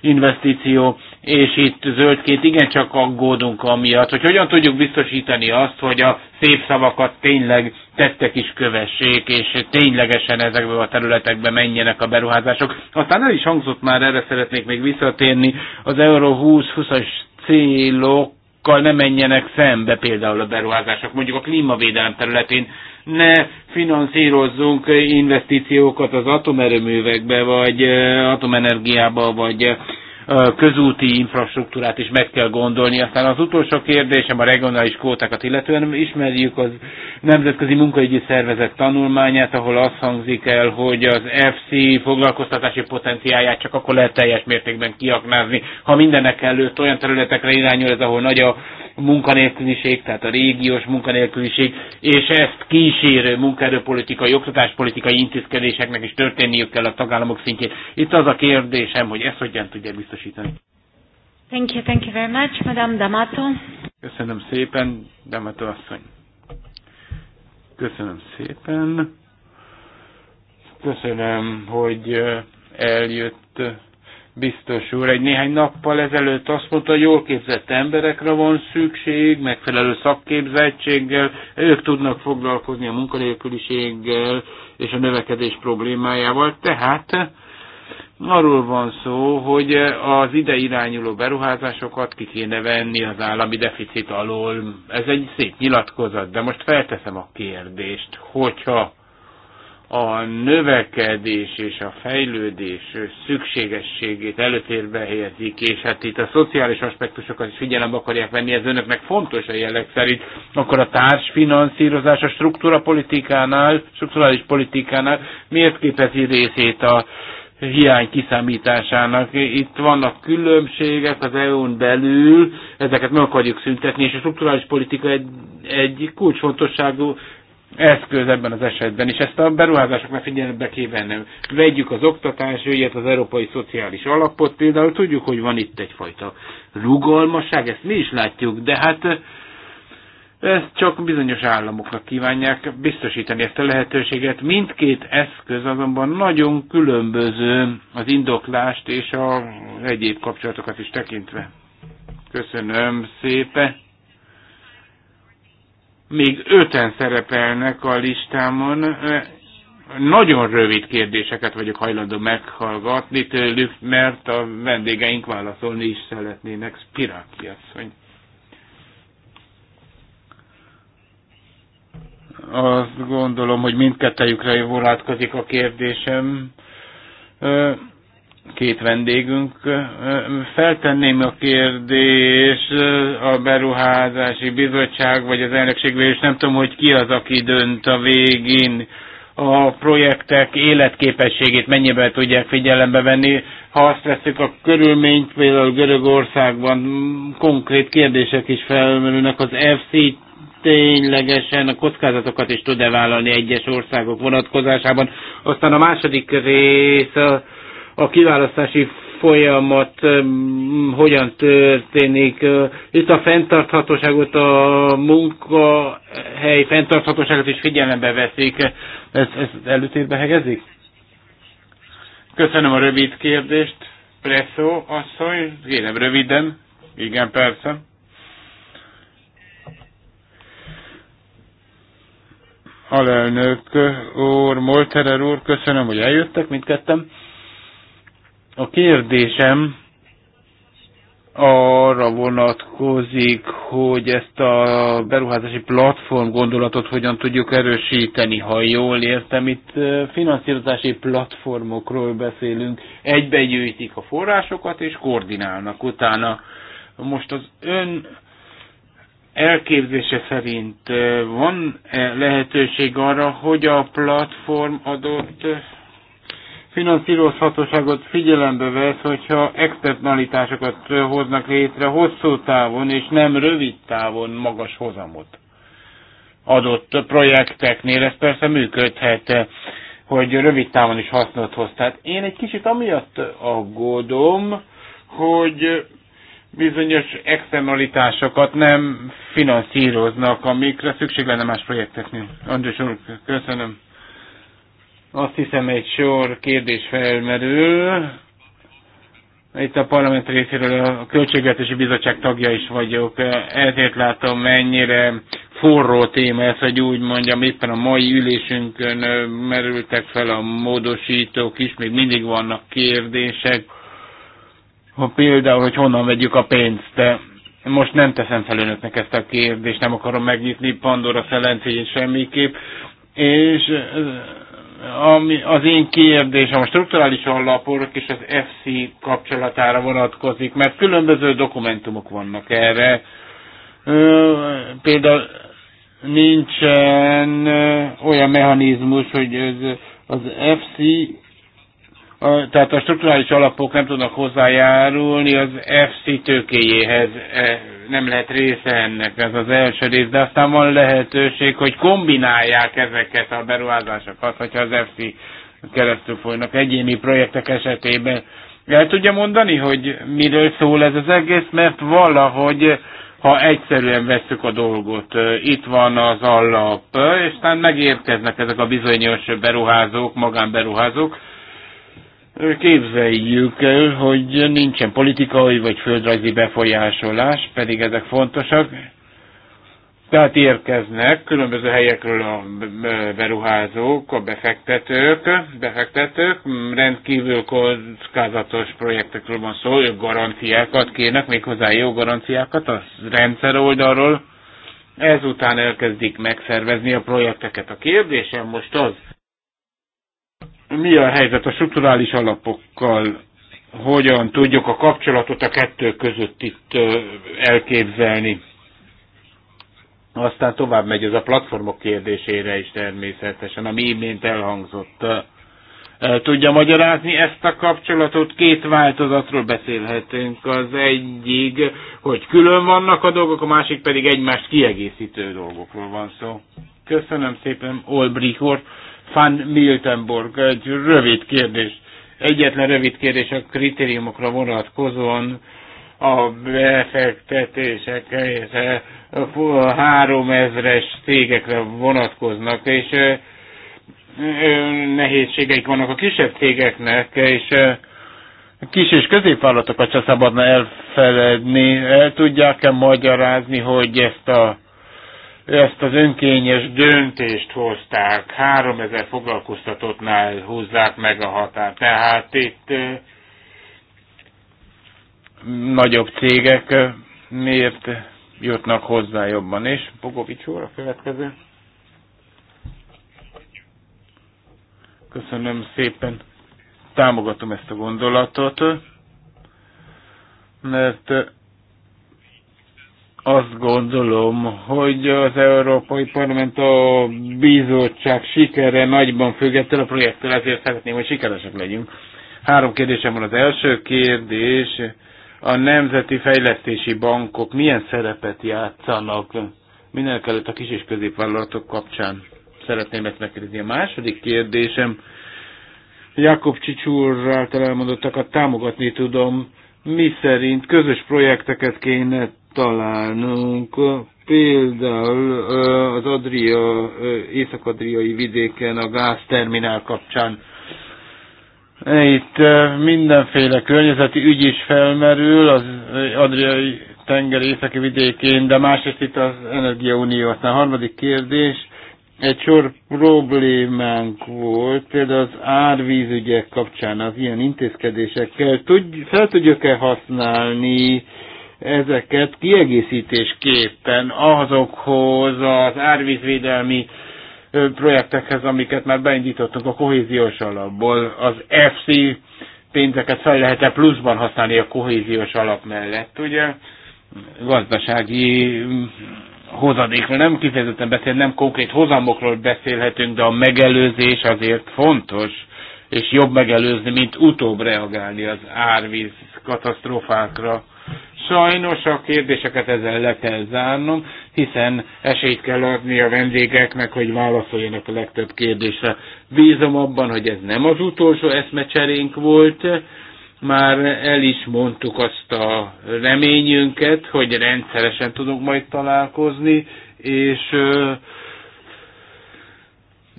investíció és itt zöldként igencsak aggódunk amiatt, hogy hogyan tudjuk biztosítani azt, hogy a szép szavakat tényleg tettek is kövessék, és ténylegesen ezekbe a területekbe menjenek a beruházások. Aztán el is hangzott már, erre szeretnék még visszatérni, az Euro 20-20-as célokkal ne menjenek szembe például a beruházások, mondjuk a klímavédelem területén, ne finanszírozzunk investíciókat az atomerőművekbe, vagy eh, atomenergiába, vagy eh, közúti infrastruktúrát is meg kell gondolni. Aztán az utolsó kérdésem a regionális kvótákat illetően ismerjük az Nemzetközi Munkaügyi Szervezet tanulmányát, ahol azt hangzik el, hogy az FC foglalkoztatási potenciáját csak akkor lehet teljes mértékben kiaknázni, ha mindenek előtt olyan területekre irányul ez, ahol nagy a munkanélküliség, tehát a régiós munkanélküliség, és ezt kísérő munkaerőpolitikai, oktatáspolitikai intézkedéseknek is történniük kell a tagállamok szintjén. Itt az a kérdésem, hogy ezt hogyan tudja biztosítani biztosítani. Thank you, thank you very much, Madame D'Amato. Köszönöm szépen, D'Amato asszony. Köszönöm szépen. Köszönöm, hogy eljött biztos úr. Egy néhány nappal ezelőtt azt mondta, hogy jól képzett emberekre van szükség, megfelelő szakképzettséggel, ők tudnak foglalkozni a munkanélküliséggel és a növekedés problémájával. Tehát Arról van szó, hogy az ide irányuló beruházásokat ki kéne venni az állami deficit alól. Ez egy szép nyilatkozat, de most felteszem a kérdést, hogyha a növekedés és a fejlődés szükségességét előtérbe helyezik, és hát itt a szociális aspektusokat is figyelembe akarják venni, ez önöknek fontos a jelleg szerint, akkor a társfinanszírozás a struktúra politikánál, politikánál miért képezi részét a hiány kiszámításának. Itt vannak különbségek az EU-n belül, ezeket meg akarjuk szüntetni, és a strukturális politika egy, egy kulcsfontosságú eszköz ebben az esetben, és ezt a beruházásoknak figyelembe kell vennem. Vegyük az oktatás ügyet, az Európai Szociális Alapot például, tudjuk, hogy van itt egyfajta rugalmasság, ezt mi is látjuk, de hát ezt csak bizonyos államoknak kívánják biztosítani ezt a lehetőséget. Mindkét eszköz azonban nagyon különböző az indoklást és az egyéb kapcsolatokat is tekintve. Köszönöm szépen. Még öten szerepelnek a listámon. Nagyon rövid kérdéseket vagyok hajlandó meghallgatni tőlük, mert a vendégeink válaszolni is szeretnének. Spiráki asszony. Azt gondolom, hogy mindkettejükre vonatkozik a kérdésem. Két vendégünk. Feltenném a kérdés a beruházási bizottság, vagy az elnökségvel, és nem tudom, hogy ki az, aki dönt a végén a projektek életképességét mennyiben tudják figyelembe venni. Ha azt veszük a körülményt, például Görögországban konkrét kérdések is felmerülnek az FC ténylegesen a kockázatokat is tud-e vállalni egyes országok vonatkozásában. Aztán a második rész a, a kiválasztási folyamat hogyan történik. Itt a fenntarthatóságot, a munkahely fenntarthatóságot is figyelembe veszik. Ez, ez előtérbe hegezik? Köszönöm a rövid kérdést. Presszó asszony, kérem röviden. Igen, persze. alelnök úr, Molterer úr, köszönöm, hogy eljöttek mindkettem. A kérdésem arra vonatkozik, hogy ezt a beruházási platform gondolatot hogyan tudjuk erősíteni, ha jól értem. Itt finanszírozási platformokról beszélünk. Egybegyűjtik a forrásokat és koordinálnak utána. Most az ön elképzése szerint van -e lehetőség arra, hogy a platform adott finanszírozhatóságot figyelembe vesz, hogyha externalitásokat hoznak létre hosszú távon, és nem rövid távon magas hozamot adott projekteknél. Ez persze működhet, hogy rövid távon is hasznot hoz. Tehát én egy kicsit amiatt aggódom, hogy bizonyos externalitásokat nem finanszíroznak, amikre szükség lenne más projekteknél. András úr, köszönöm. Azt hiszem egy sor kérdés felmerül. Itt a parlament részéről a Költségvetési Bizottság tagja is vagyok, ezért látom mennyire forró téma ez, hogy úgy mondjam, éppen a mai ülésünkön merültek fel a módosítók is, még mindig vannak kérdések ha például, hogy honnan vegyük a pénzt, de most nem teszem fel önöknek ezt a kérdést, nem akarom megnyitni Pandora felencéjét semmiképp, és eh, ami az én kérdésem a strukturális alapok és az FC kapcsolatára vonatkozik, mert különböző dokumentumok vannak erre. Eh, például nincsen eh, olyan mechanizmus, hogy az FC a, tehát a strukturális alapok nem tudnak hozzájárulni az FC tőkéjéhez, e, nem lehet része ennek, ez az első rész, de aztán van lehetőség, hogy kombinálják ezeket a beruházásokat, hogyha az FC keresztül folynak egyéni projektek esetében. El tudja mondani, hogy miről szól ez az egész, mert valahogy ha egyszerűen vesszük a dolgot, e, itt van az alap, e, és aztán megérkeznek ezek a bizonyos beruházók, magánberuházók, Képzeljük el, hogy nincsen politikai vagy földrajzi befolyásolás, pedig ezek fontosak. Tehát érkeznek különböző helyekről a beruházók, a befektetők, befektetők, rendkívül kockázatos projektekről van szó, ők garanciákat kérnek, méghozzá jó garanciákat a rendszer oldalról. Ezután elkezdik megszervezni a projekteket. A kérdésem most az, mi a helyzet a strukturális alapokkal, hogyan tudjuk a kapcsolatot a kettő között itt elképzelni. Aztán tovább megy ez a platformok kérdésére is természetesen, ami imént elhangzott. Tudja magyarázni ezt a kapcsolatot? Két változatról beszélhetünk. Az egyik, hogy külön vannak a dolgok, a másik pedig egymást kiegészítő dolgokról van szó. Köszönöm szépen, Olbrichort van Miltenborg, egy rövid kérdés. Egyetlen rövid kérdés a kritériumokra vonatkozóan a befektetések három ezres cégekre vonatkoznak, és nehézségeik vannak a kisebb cégeknek, és kis és középvállalatokat se szabadna elfeledni. El tudják-e magyarázni, hogy ezt a ezt az önkényes döntést hozták, 3000 foglalkoztatottnál húzzák meg a határt. Tehát itt nagyobb cégek miért jutnak hozzá jobban. És Bogovics úr, a következő. Köszönöm szépen. Támogatom ezt a gondolatot, mert azt gondolom, hogy az Európai Parlament a bizottság sikere nagyban függettel a projekttől, ezért szeretném, hogy sikeresek legyünk. Három kérdésem van. Az első kérdés, a nemzeti fejlesztési bankok milyen szerepet játszanak mindenekelőtt a kis és középvállalatok kapcsán? Szeretném ezt megkérdezni. A második kérdésem, Jakob Csicsúr által elmondottakat támogatni tudom, mi szerint közös projekteket kéne találnunk, például az Adria, észak-adriai vidéken a gázterminál kapcsán. Itt mindenféle környezeti ügy is felmerül az Adriai tenger északi vidékén, de másrészt itt az Energiaunió. Aztán a harmadik kérdés, egy sor problémánk volt, például az árvízügyek kapcsán, az ilyen intézkedésekkel. Tudj, fel tudjuk-e használni ezeket kiegészítésképpen azokhoz az árvízvédelmi projektekhez, amiket már beindítottunk a kohéziós alapból, az FC pénzeket fel lehet-e pluszban használni a kohéziós alap mellett, ugye gazdasági mm, hozadékról nem kifejezetten beszél, nem konkrét hozamokról beszélhetünk, de a megelőzés azért fontos, és jobb megelőzni, mint utóbb reagálni az árvíz katasztrófákra. Sajnos a kérdéseket ezzel le kell zárnom, hiszen esélyt kell adni a vendégeknek, hogy válaszoljanak a legtöbb kérdésre. Bízom abban, hogy ez nem az utolsó eszmecserénk volt, már el is mondtuk azt a reményünket, hogy rendszeresen tudunk majd találkozni, és ö,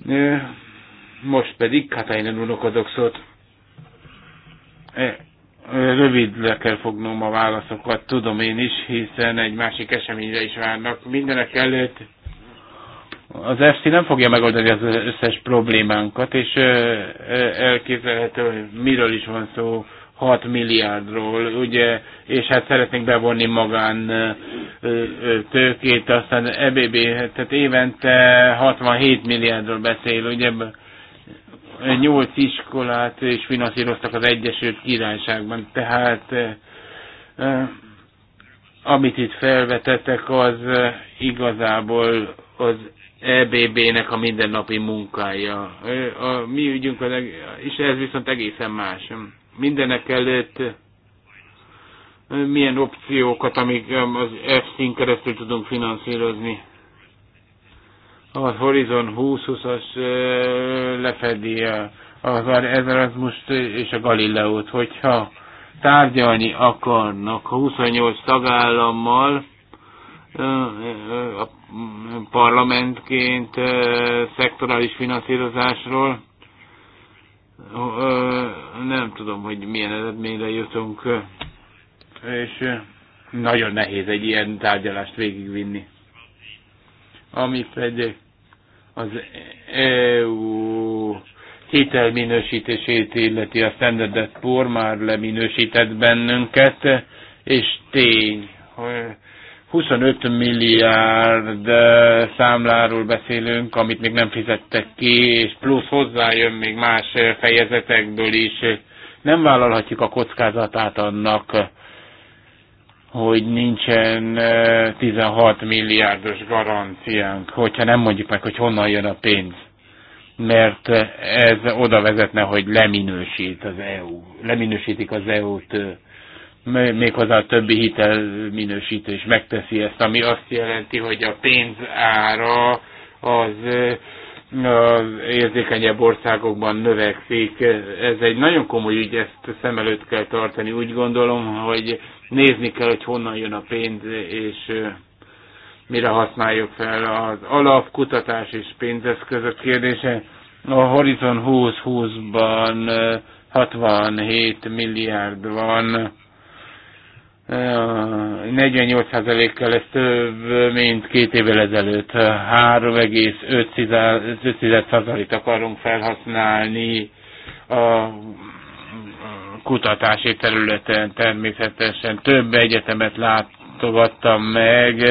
ö, most pedig Katalin úrnak adok szót. E, Rövidre kell fognom a válaszokat, tudom én is, hiszen egy másik eseményre is várnak. Mindenek előtt az FC nem fogja megoldani az összes problémánkat, és elképzelhető, hogy miről is van szó, 6 milliárdról, ugye, és hát szeretnénk bevonni magán tőkét, aztán EBB, tehát évente 67 milliárdról beszél, ugye, nyolc iskolát is finanszíroztak az Egyesült Királyságban. Tehát eh, eh, amit itt felvetettek, az eh, igazából az EBB-nek a mindennapi munkája. A mi ügyünk, az, és ez viszont egészen más. Mindenek előtt milyen opciókat, amik az EFSZ-n keresztül tudunk finanszírozni a Horizon 20 as lefedi az Erasmus és a Galileót, hogyha tárgyalni akarnak 28 tagállammal, a parlamentként szektorális finanszírozásról. Nem tudom, hogy milyen eredményre jutunk, és nagyon nehéz egy ilyen tárgyalást végigvinni. Ami pedig az EU hitelminősítését illeti a Standard Poor már leminősített bennünket, és tény, hogy 25 milliárd számláról beszélünk, amit még nem fizettek ki, és plusz hozzájön még más fejezetekből is. Nem vállalhatjuk a kockázatát annak, hogy nincsen 16 milliárdos garanciánk, hogyha nem mondjuk meg, hogy honnan jön a pénz. Mert ez oda vezetne, hogy leminősít az EU, leminősítik az EU-t, méghozzá a többi hitelminősítő is megteszi ezt, ami azt jelenti, hogy a pénz ára az, az érzékenyebb országokban növekszik. Ez egy nagyon komoly ügy, ezt szem előtt kell tartani. Úgy gondolom, hogy nézni kell, hogy honnan jön a pénz, és mire használjuk fel az alapkutatás és pénzeszközök kérdése. A Horizon 2020-ban 67 milliárd van, 48%-kal ez több, mint két évvel ezelőtt. 3,5%-t akarunk felhasználni a kutatási területen természetesen. Több egyetemet látogattam meg,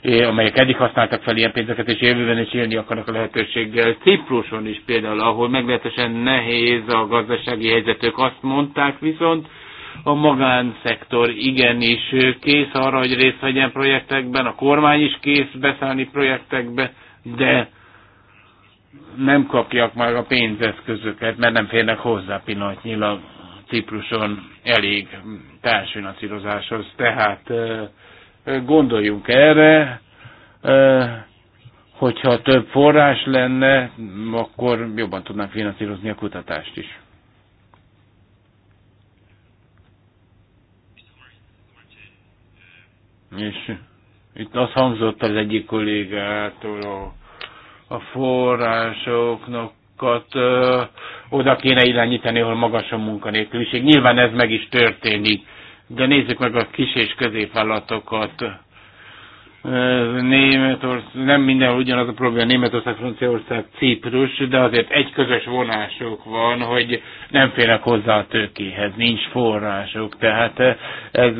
eh, amelyek eddig használtak fel ilyen pénzeket, és jövőben is élni akarnak a lehetőséggel. Cipruson is például, ahol meglehetősen nehéz a gazdasági helyzetük, azt mondták viszont, a magánszektor igenis kész arra, hogy részt vegyen projektekben, a kormány is kész beszállni projektekbe, de nem kapják már a pénzeszközöket, mert nem férnek hozzá pillanatnyilag. Cipruson elég társfinanszírozáshoz. Tehát gondoljunk erre, hogyha több forrás lenne, akkor jobban tudnánk finanszírozni a kutatást is. És itt azt hangzott az egyik kollégától, a, a forrásoknak fiatalokat ö, oda kéne irányítani, ahol magas a munkanélküliség. Nyilván ez meg is történik, de nézzük meg a kis és középvállalatokat. Németország, nem mindenhol ugyanaz a probléma, Németország, Franciaország, Ciprus, de azért egy közös vonások van, hogy nem félnek hozzá a tőkéhez, nincs források, tehát ez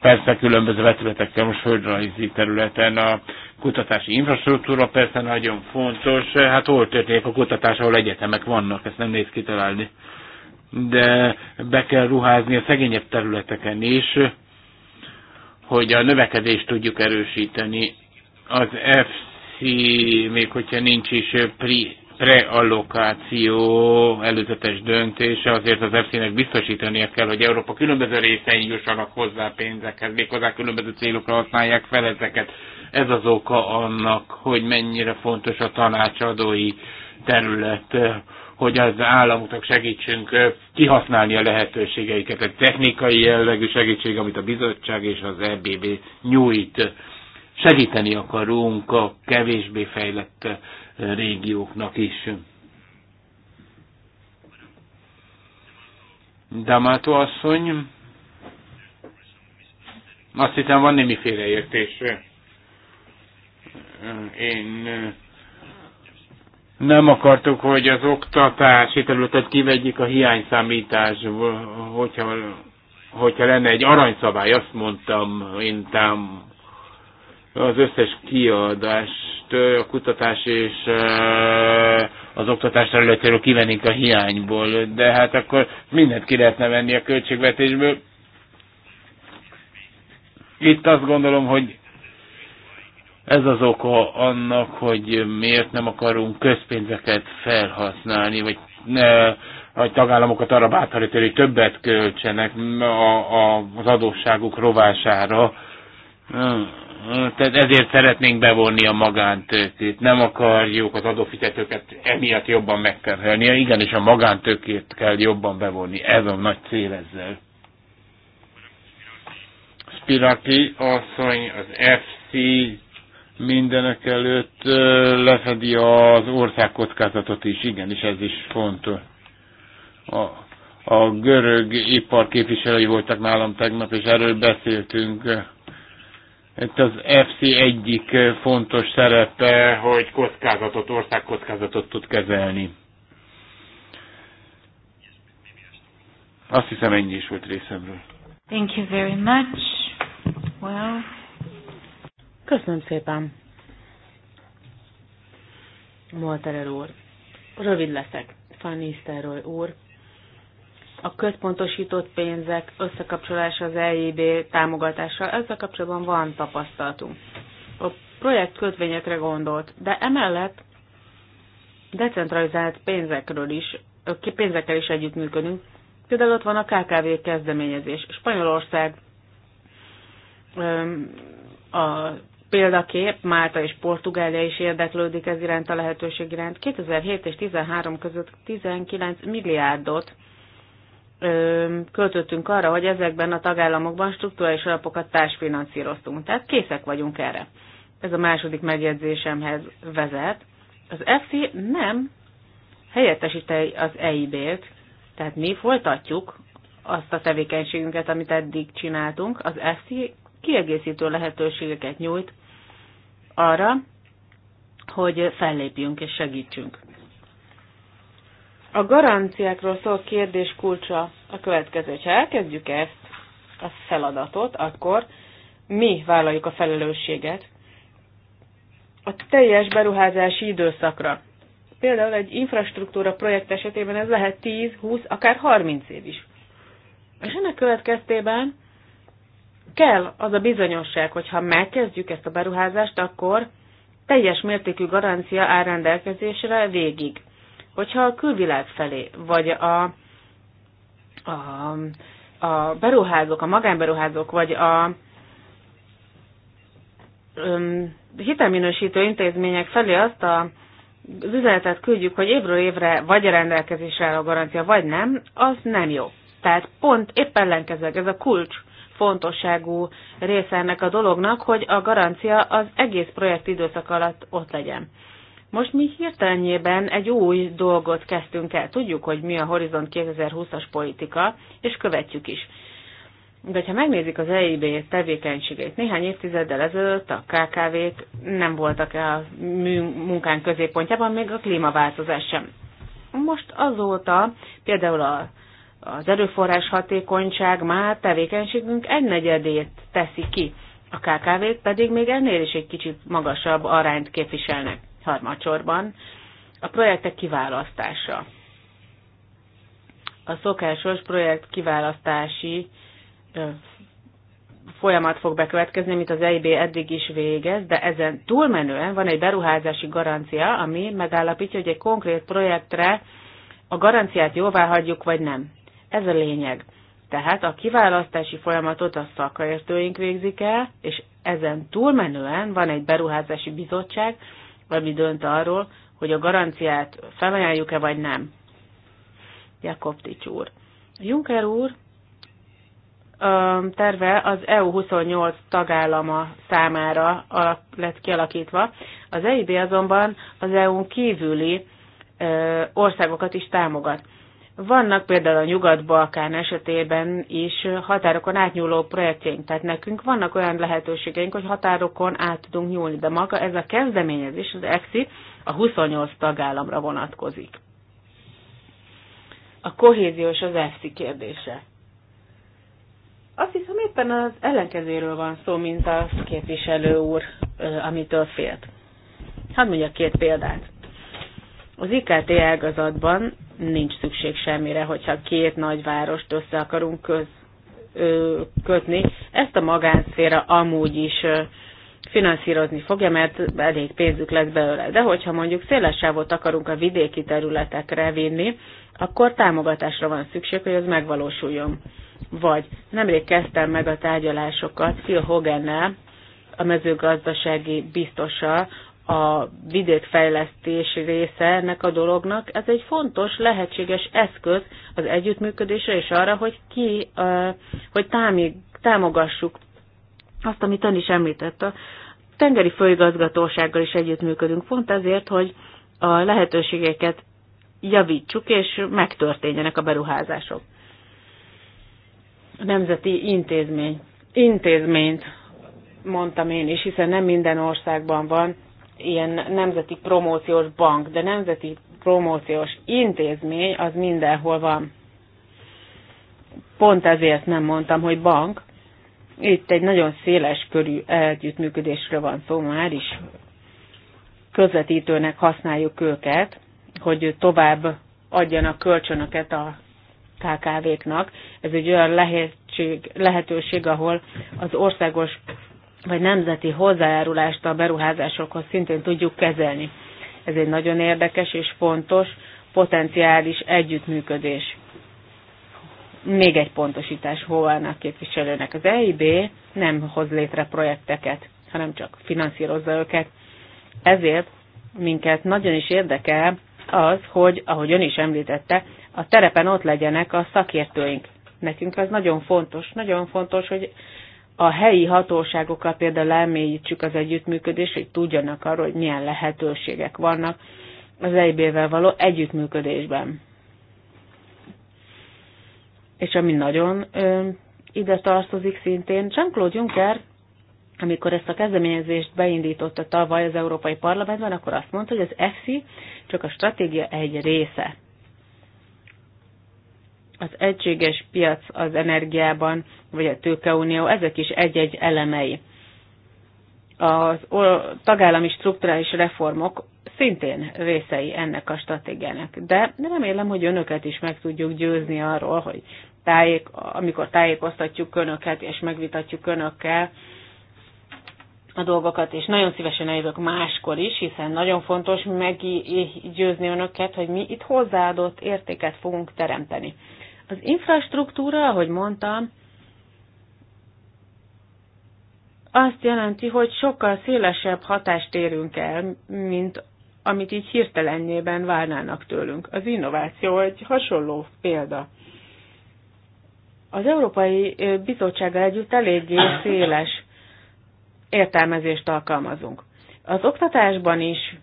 persze különböző vetületekkel most földrajzi területen a kutatási infrastruktúra persze nagyon fontos. Hát hol történik a kutatás, ahol egyetemek vannak, ezt nem néz kitalálni. De be kell ruházni a szegényebb területeken is, hogy a növekedést tudjuk erősíteni. Az FC, még hogyha nincs is eh, pri reallokáció előzetes döntése, azért az EFSZ-nek biztosítania kell, hogy Európa különböző részein jussanak hozzá pénzekhez, méghozzá különböző célokra használják fel ezeket. Ez az oka annak, hogy mennyire fontos a tanácsadói terület, hogy az államoknak segítsünk kihasználni a lehetőségeiket. A technikai jellegű segítség, amit a bizottság és az EBB nyújt, segíteni akarunk a kevésbé fejlett régióknak is. Damato asszony, azt hiszem van némi félreértés. Én eh, nem akartuk, hogy az oktatási területet kivegyik a hiányszámításból, hogyha, hogyha lenne egy aranyszabály, azt mondtam, én tám, az összes kiadást a kutatás és az oktatás területéről kivennénk a hiányból, de hát akkor mindent ki lehetne venni a költségvetésből. Itt azt gondolom, hogy ez az oka annak, hogy miért nem akarunk közpénzeket felhasználni, vagy ne, a tagállamokat arra bátorítani, hogy többet költsenek a, a, az adósságuk rovására. Hm. Tehát ezért szeretnénk bevonni a magántőkét. Nem akarjuk az adófizetőket emiatt jobban megterhelni. Igenis a magántőkét kell jobban bevonni. Ez a nagy cél ezzel. Spiraki asszony az FC mindenek előtt lefedi az kockázatot is. Igenis, ez is fontos. A, a görög ipar képviselői voltak nálam tegnap, és erről beszéltünk itt az FC egyik fontos szerepe, hogy kockázatot, országkockázatot tud kezelni. Azt hiszem ennyi is volt részemről. Thank you very much. Well. Köszönöm szépen. Walter úr. Rövid leszek. Fanny úr a központosított pénzek összekapcsolása az EIB támogatással, ezzel kapcsolatban van tapasztalatunk. A projekt kötvényekre gondolt, de emellett decentralizált pénzekről is, pénzekkel is együttműködünk. Például ott van a KKV kezdeményezés. Spanyolország a példakép, Málta és Portugália is érdeklődik ez iránt a lehetőség iránt. 2007 és 2013 között 19 milliárdot költöttünk arra, hogy ezekben a tagállamokban struktúrális alapokat társfinanszíroztunk. Tehát készek vagyunk erre. Ez a második megjegyzésemhez vezet. Az EFSI nem helyettesíti az EIB-t, tehát mi folytatjuk azt a tevékenységünket, amit eddig csináltunk. Az EFSI kiegészítő lehetőségeket nyújt arra, hogy fellépjünk és segítsünk. A garanciákról szól kérdés kulcsa a következő. Ha elkezdjük ezt a feladatot, akkor mi vállaljuk a felelősséget a teljes beruházási időszakra. Például egy infrastruktúra projekt esetében ez lehet 10, 20, akár 30 év is. És ennek következtében kell az a bizonyosság, hogy ha megkezdjük ezt a beruházást, akkor teljes mértékű garancia áll rendelkezésre végig hogyha a külvilág felé, vagy a, a, a beruházók, a magánberuházók, vagy a um, hitelminősítő intézmények felé azt a az üzenetet küldjük, hogy évről évre vagy a rendelkezésre áll a garancia, vagy nem, az nem jó. Tehát pont éppen ellenkezőleg ez a kulcs fontosságú része ennek a dolognak, hogy a garancia az egész projekt időszak alatt ott legyen. Most mi hirtelenjében egy új dolgot kezdtünk el. Tudjuk, hogy mi a Horizont 2020-as politika, és követjük is. De ha megnézik az EIB tevékenységét, néhány évtizeddel ezelőtt a KKV-k nem voltak a munkánk középpontjában, még a klímaváltozás sem. Most azóta például a, az erőforrás hatékonyság már tevékenységünk egynegyedét teszi ki, a KKV-k pedig még ennél is egy kicsit magasabb arányt képviselnek. Harmadsorban a projektek kiválasztása. A szokásos projekt kiválasztási folyamat fog bekövetkezni, mint az EIB eddig is végez, de ezen túlmenően van egy beruházási garancia, ami megállapítja, hogy egy konkrét projektre a garanciát jóvá hagyjuk, vagy nem. Ez a lényeg. Tehát a kiválasztási folyamatot a szakértőink végzik el, és ezen túlmenően van egy beruházási bizottság, ami dönt arról, hogy a garanciát felajánljuk-e vagy nem. Jakob Tics úr. Juncker úr terve az EU28 tagállama számára lett kialakítva. Az EIB azonban az EU-n kívüli országokat is támogat. Vannak például a Nyugat-Balkán esetében is határokon átnyúló projektjeink, tehát nekünk vannak olyan lehetőségeink, hogy határokon át tudunk nyúlni, de maga ez a kezdeményezés, az EXI, a 28 tagállamra vonatkozik. A kohéziós az EFSI kérdése. Azt hiszem éppen az ellenkezéről van szó, mint a képviselő úr, amitől félt. Hadd mondjak két példát. Az IKT ágazatban nincs szükség semmire, hogyha két nagy várost össze akarunk köz, ö, kötni. Ezt a magánszféra amúgy is ö, finanszírozni fogja, mert elég pénzük lesz belőle. De hogyha mondjuk széles sávot akarunk a vidéki területekre vinni, akkor támogatásra van szükség, hogy ez megvalósuljon. Vagy nemrég kezdtem meg a tárgyalásokat Phil Hogannel, a mezőgazdasági biztossal a vidékfejlesztés része ennek a dolognak. Ez egy fontos, lehetséges eszköz az együttműködésre és arra, hogy ki, hogy támogassuk azt, amit ön is említett. A tengeri főigazgatósággal is együttműködünk, pont ezért, hogy a lehetőségeket javítsuk, és megtörténjenek a beruházások. A nemzeti intézmény. Intézményt mondtam én is, hiszen nem minden országban van ilyen nemzeti promóciós bank, de nemzeti promóciós intézmény az mindenhol van. Pont ezért nem mondtam, hogy bank. Itt egy nagyon széles körű együttműködésről van szó már is. Közvetítőnek használjuk őket, hogy tovább adjanak kölcsönöket a KKV-knak. Ez egy olyan lehetőség, ahol az országos vagy nemzeti hozzájárulást a beruházásokhoz szintén tudjuk kezelni. Ez egy nagyon érdekes és fontos potenciális együttműködés. Még egy pontosítás Hovának képviselőnek. Az EIB nem hoz létre projekteket, hanem csak finanszírozza őket. Ezért minket nagyon is érdekel az, hogy, ahogy ön is említette, a terepen ott legyenek a szakértőink. Nekünk ez nagyon fontos, nagyon fontos, hogy a helyi hatóságokkal például elmélyítsük az együttműködést, hogy tudjanak arról, hogy milyen lehetőségek vannak az EIB-vel való együttműködésben. És ami nagyon ö, ide tartozik szintén, Jean-Claude Juncker, amikor ezt a kezdeményezést beindította tavaly az Európai Parlamentben, akkor azt mondta, hogy az EFSI csak a stratégia egy része az egységes piac az energiában, vagy a tőkeunió, ezek is egy-egy elemei. A tagállami strukturális reformok szintén részei ennek a stratégiának. De remélem, hogy önöket is meg tudjuk győzni arról, hogy tájék, amikor tájékoztatjuk önöket, és megvitatjuk önökkel a dolgokat, és nagyon szívesen eljövök máskor is, hiszen nagyon fontos meggyőzni önöket, hogy mi itt hozzáadott értéket fogunk teremteni. Az infrastruktúra, ahogy mondtam, azt jelenti, hogy sokkal szélesebb hatást érünk el, mint amit így hirtelennyében várnának tőlünk. Az innováció egy hasonló példa. Az Európai Bizottsággal együtt eléggé széles értelmezést alkalmazunk. Az oktatásban is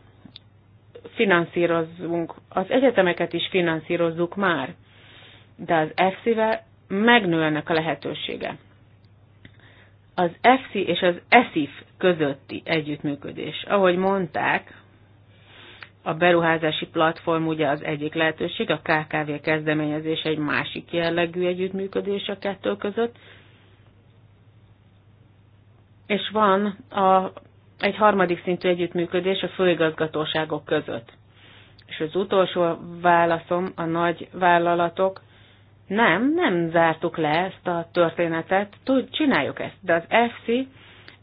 finanszírozunk, az egyetemeket is finanszírozzuk már de az fc vel ennek a lehetősége. Az FC és az ESIF közötti együttműködés. Ahogy mondták, a beruházási platform ugye az egyik lehetőség, a KKV kezdeményezés egy másik jellegű együttműködés a kettő között, és van a, egy harmadik szintű együttműködés a főigazgatóságok között. És az utolsó válaszom a nagy vállalatok nem, nem zártuk le ezt a történetet, tud, csináljuk ezt. De az FC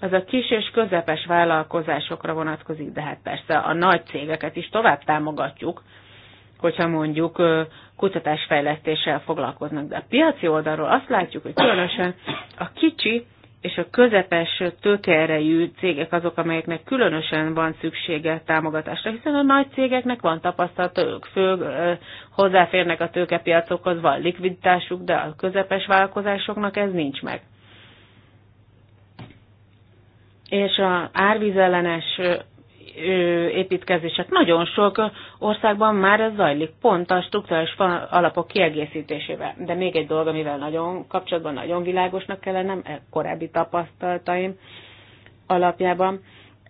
az a kis és közepes vállalkozásokra vonatkozik, de hát persze a nagy cégeket is tovább támogatjuk, hogyha mondjuk kutatásfejlesztéssel foglalkoznak. De a piaci oldalról azt látjuk, hogy különösen a kicsi és a közepes tökerejű cégek azok, amelyeknek különösen van szüksége támogatásra, hiszen a nagy cégeknek van tapasztalata, ők fő hozzáférnek a tőkepiacokhoz, van likviditásuk, de a közepes vállalkozásoknak ez nincs meg. És a árvízellenes építkezések. Nagyon sok országban már ez zajlik, pont a struktúrális alapok kiegészítésével. De még egy dolog, amivel nagyon kapcsolatban nagyon világosnak kell lennem, e korábbi tapasztalataim alapjában,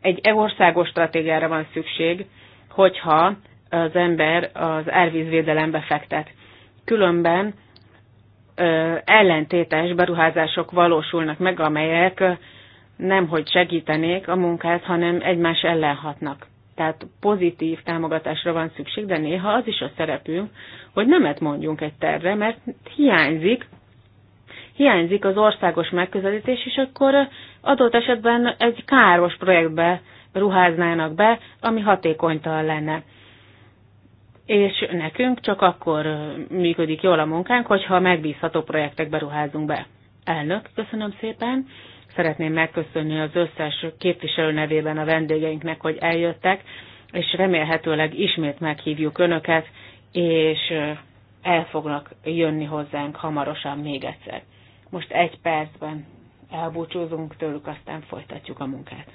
egy országos stratégiára van szükség, hogyha az ember az árvízvédelembe fektet. Különben ellentétes beruházások valósulnak meg, amelyek nem hogy segítenék a munkát, hanem egymás ellen hatnak. Tehát pozitív támogatásra van szükség, de néha az is a szerepünk, hogy nemet mondjunk egy terre, mert hiányzik, hiányzik az országos megközelítés, és akkor adott esetben egy káros projektbe ruháznának be, ami hatékonytalan lenne. És nekünk csak akkor működik jól a munkánk, hogyha megbízható projektekbe ruházunk be. Elnök, köszönöm szépen. Szeretném megköszönni az összes képviselő nevében a vendégeinknek, hogy eljöttek, és remélhetőleg ismét meghívjuk Önöket, és el fognak jönni hozzánk hamarosan még egyszer. Most egy percben elbúcsúzunk tőlük, aztán folytatjuk a munkát.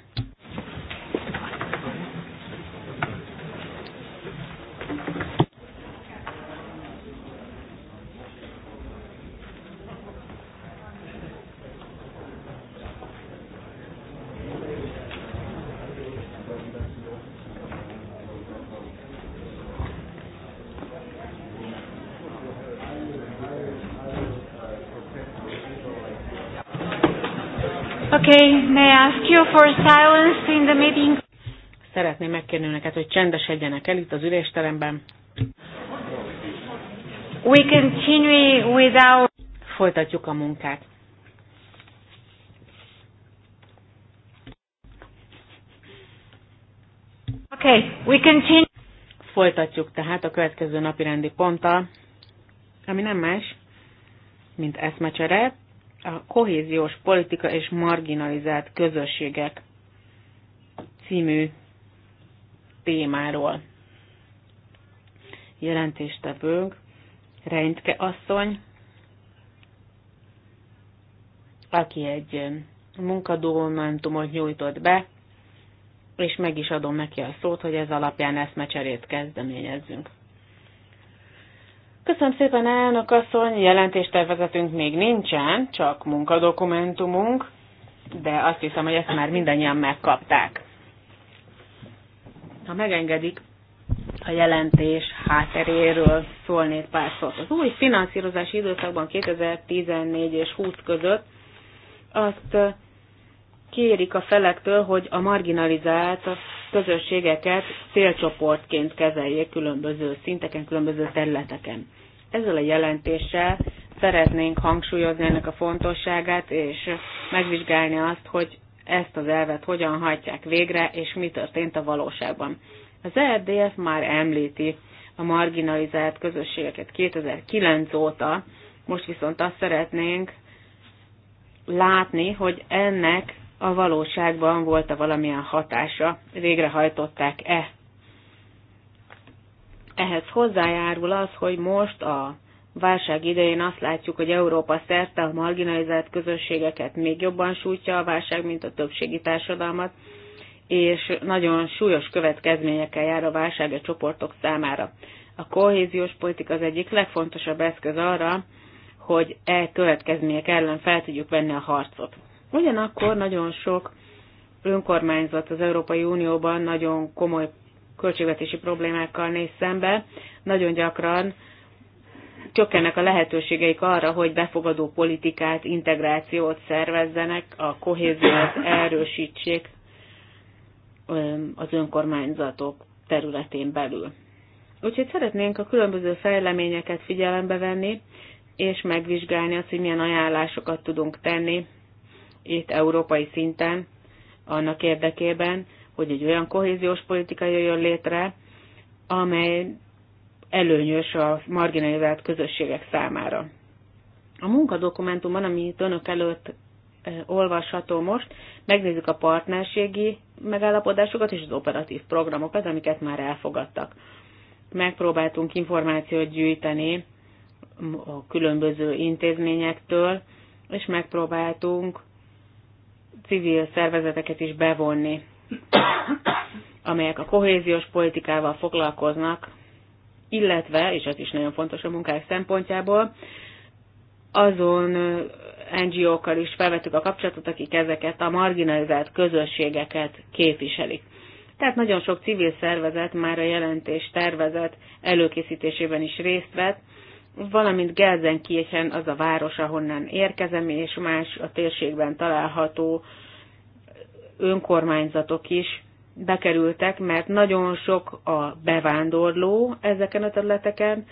ask you for silence in the meeting. Szeretném megkérni önöket, hogy csendesedjenek el itt az ülésteremben. We continue without... Folytatjuk a munkát. Okay, we continue. Folytatjuk tehát a következő napi rendi ponttal, ami nem más, mint eszmecsere a kohéziós politika és marginalizált közösségek című témáról. Jelentéstevőnk Reintke asszony, aki egy munkadokumentumot nyújtott be, és meg is adom neki a szót, hogy ez alapján eszmecserét kezdeményezzünk. Köszönöm szépen, elnök asszony, jelentéstervezetünk még nincsen, csak munkadokumentumunk, de azt hiszem, hogy ezt már mindannyian megkapták. Ha megengedik, a jelentés hátteréről szólnék pár szót. Az új finanszírozási időszakban 2014 és 20 között azt kérik a felektől, hogy a marginalizált, közösségeket célcsoportként kezeljék különböző szinteken, különböző területeken. Ezzel a jelentéssel szeretnénk hangsúlyozni ennek a fontosságát, és megvizsgálni azt, hogy ezt az elvet hogyan hajtják végre, és mi történt a valóságban. Az ERDF már említi a marginalizált közösségeket 2009 óta, most viszont azt szeretnénk látni, hogy ennek a valóságban volt-e valamilyen hatása, végrehajtották-e. Ehhez hozzájárul az, hogy most a válság idején azt látjuk, hogy Európa szerte a marginalizált közösségeket még jobban sújtja a válság, mint a többségi társadalmat, és nagyon súlyos következményekkel jár a válság a csoportok számára. A kohéziós politika az egyik legfontosabb eszköz arra, hogy e következmények ellen fel tudjuk venni a harcot. Ugyanakkor nagyon sok önkormányzat az Európai Unióban nagyon komoly költségvetési problémákkal néz szembe, nagyon gyakran csökkennek a lehetőségeik arra, hogy befogadó politikát, integrációt szervezzenek, a kohéziót erősítsék az önkormányzatok területén belül. Úgyhogy szeretnénk a különböző fejleményeket figyelembe venni, és megvizsgálni azt, hogy milyen ajánlásokat tudunk tenni itt európai szinten annak érdekében, hogy egy olyan kohéziós politika jöjjön létre, amely előnyös a marginalizált közösségek számára. A munkadokumentumban, ami önök előtt e, olvasható most, megnézzük a partnerségi megállapodásokat és az operatív programokat, amiket már elfogadtak. Megpróbáltunk információt gyűjteni a különböző intézményektől, és megpróbáltunk civil szervezeteket is bevonni, amelyek a kohéziós politikával foglalkoznak, illetve, és ez is nagyon fontos a munkák szempontjából, azon NGO-kkal is felvettük a kapcsolatot, akik ezeket a marginalizált közösségeket képviselik. Tehát nagyon sok civil szervezet már a jelentés tervezet előkészítésében is részt vett, valamint Gelsenkirchen az a város, ahonnan érkezem, és más a térségben található önkormányzatok is bekerültek, mert nagyon sok a bevándorló ezeken a területeken,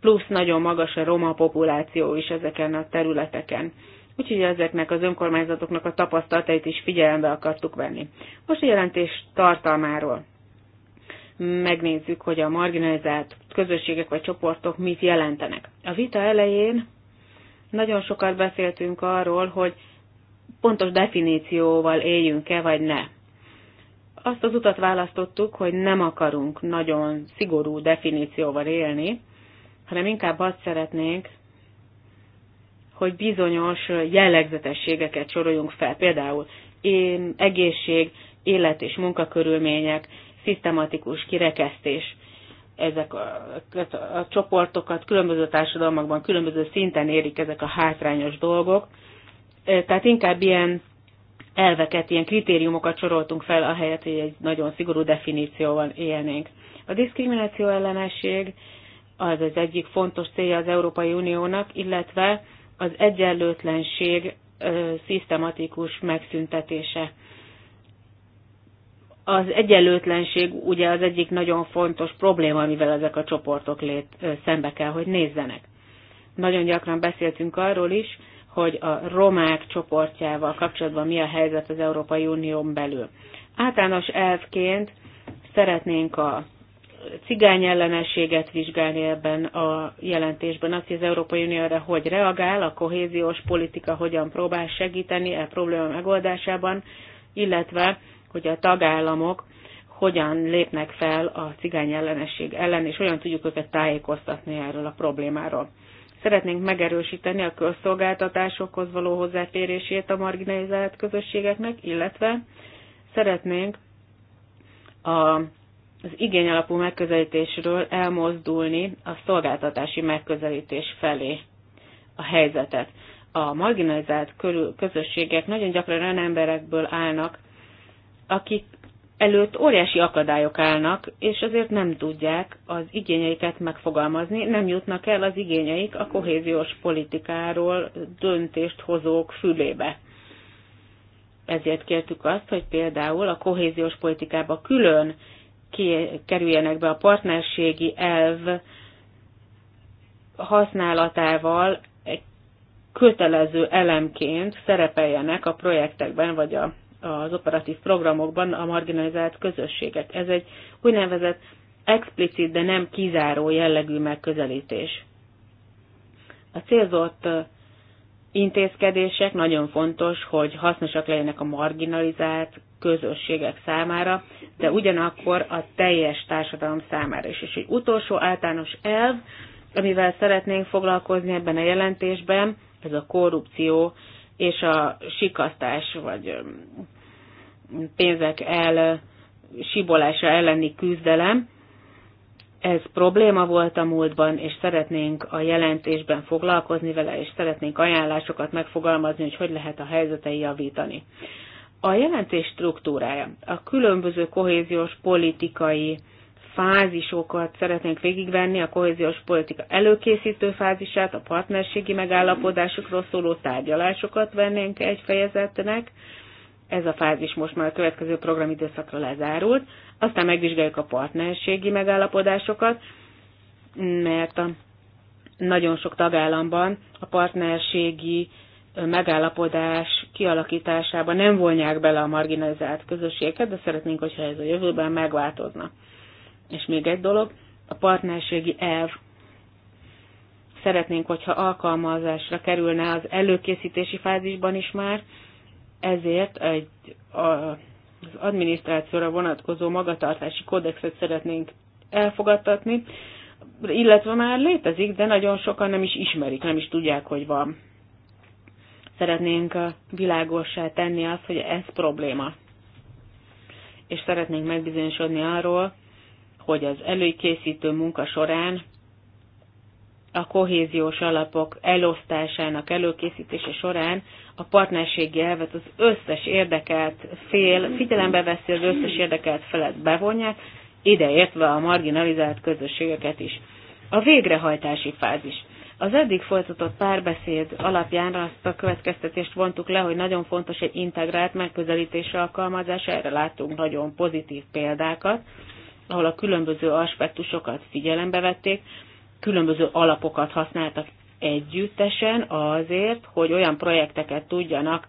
plusz nagyon magas a roma populáció is ezeken a területeken. Úgyhogy ezeknek az önkormányzatoknak a tapasztalatait is figyelembe akartuk venni. Most a jelentés tartalmáról megnézzük, hogy a marginalizált közösségek vagy csoportok mit jelentenek. A vita elején nagyon sokat beszéltünk arról, hogy pontos definícióval éljünk-e, vagy ne. Azt az utat választottuk, hogy nem akarunk nagyon szigorú definícióval élni, hanem inkább azt szeretnénk, hogy bizonyos jellegzetességeket soroljunk fel. Például én, egészség, élet és munkakörülmények, szisztematikus kirekesztés. Ezek a, a, a csoportokat különböző társadalmakban, különböző szinten érik ezek a hátrányos dolgok. Tehát inkább ilyen elveket, ilyen kritériumokat soroltunk fel, ahelyett, hogy egy nagyon szigorú definícióval élnénk. A diszkrimináció ellenesség az az egyik fontos célja az Európai Uniónak, illetve az egyenlőtlenség ö, szisztematikus megszüntetése. Az egyenlőtlenség ugye az egyik nagyon fontos probléma, amivel ezek a csoportok lét, szembe kell, hogy nézzenek. Nagyon gyakran beszéltünk arról is, hogy a romák csoportjával kapcsolatban mi a helyzet az Európai Unión belül. Általános elvként szeretnénk a cigány ellenességet vizsgálni ebben a jelentésben. Azt, hogy az Európai Unió erre hogy reagál, a kohéziós politika hogyan próbál segíteni e probléma megoldásában, illetve hogy a tagállamok hogyan lépnek fel a cigány ellenesség ellen, és hogyan tudjuk őket tájékoztatni erről a problémáról. Szeretnénk megerősíteni a közszolgáltatásokhoz való hozzáférését a marginalizált közösségeknek, illetve szeretnénk a, az igény alapú megközelítésről elmozdulni a szolgáltatási megközelítés felé a helyzetet. A marginalizált közösségek nagyon gyakran olyan emberekből állnak, akik előtt óriási akadályok állnak, és azért nem tudják az igényeiket megfogalmazni, nem jutnak el az igényeik a kohéziós politikáról döntést hozók fülébe. Ezért kértük azt, hogy például a kohéziós politikába külön kerüljenek be a partnerségi elv használatával egy kötelező elemként szerepeljenek a projektekben vagy a az operatív programokban a marginalizált közösségek. Ez egy úgynevezett explicit, de nem kizáró jellegű megközelítés. A célzott intézkedések nagyon fontos, hogy hasznosak legyenek a marginalizált közösségek számára, de ugyanakkor a teljes társadalom számára is. És egy utolsó általános elv, amivel szeretnénk foglalkozni ebben a jelentésben, ez a korrupció és a sikasztás vagy pénzek el sibolása elleni küzdelem. Ez probléma volt a múltban, és szeretnénk a jelentésben foglalkozni vele, és szeretnénk ajánlásokat megfogalmazni, hogy hogy lehet a helyzetei javítani. A jelentés struktúrája, a különböző kohéziós politikai fázisokat szeretnénk végigvenni, a kohéziós politika előkészítő fázisát, a partnerségi megállapodásokról szóló tárgyalásokat vennénk egy fejezetnek. Ez a fázis most már a következő programidőszakra lezárult. Aztán megvizsgáljuk a partnerségi megállapodásokat, mert a nagyon sok tagállamban a partnerségi megállapodás kialakításában nem vonják bele a marginalizált közösségeket, de szeretnénk, hogyha ez a jövőben megváltozna. És még egy dolog, a partnerségi elv. Szeretnénk, hogyha alkalmazásra kerülne az előkészítési fázisban is már, ezért egy, a, az adminisztrációra vonatkozó magatartási kódexet szeretnénk elfogadtatni, illetve már létezik, de nagyon sokan nem is ismerik, nem is tudják, hogy van. Szeretnénk uh, világossá tenni azt, hogy ez probléma. És szeretnénk megbizonyosodni arról, hogy az előkészítő munka során a kohéziós alapok elosztásának előkészítése során a partnerségi elvet az összes érdekelt fél, figyelembe veszi az összes érdekelt felet bevonják, ideértve a marginalizált közösségeket is. A végrehajtási fázis. Az eddig folytatott párbeszéd alapján azt a következtetést vontuk le, hogy nagyon fontos egy integrált megközelítés alkalmazása, erre láttunk nagyon pozitív példákat, ahol a különböző aspektusokat figyelembe vették, különböző alapokat használtak együttesen azért, hogy olyan projekteket tudjanak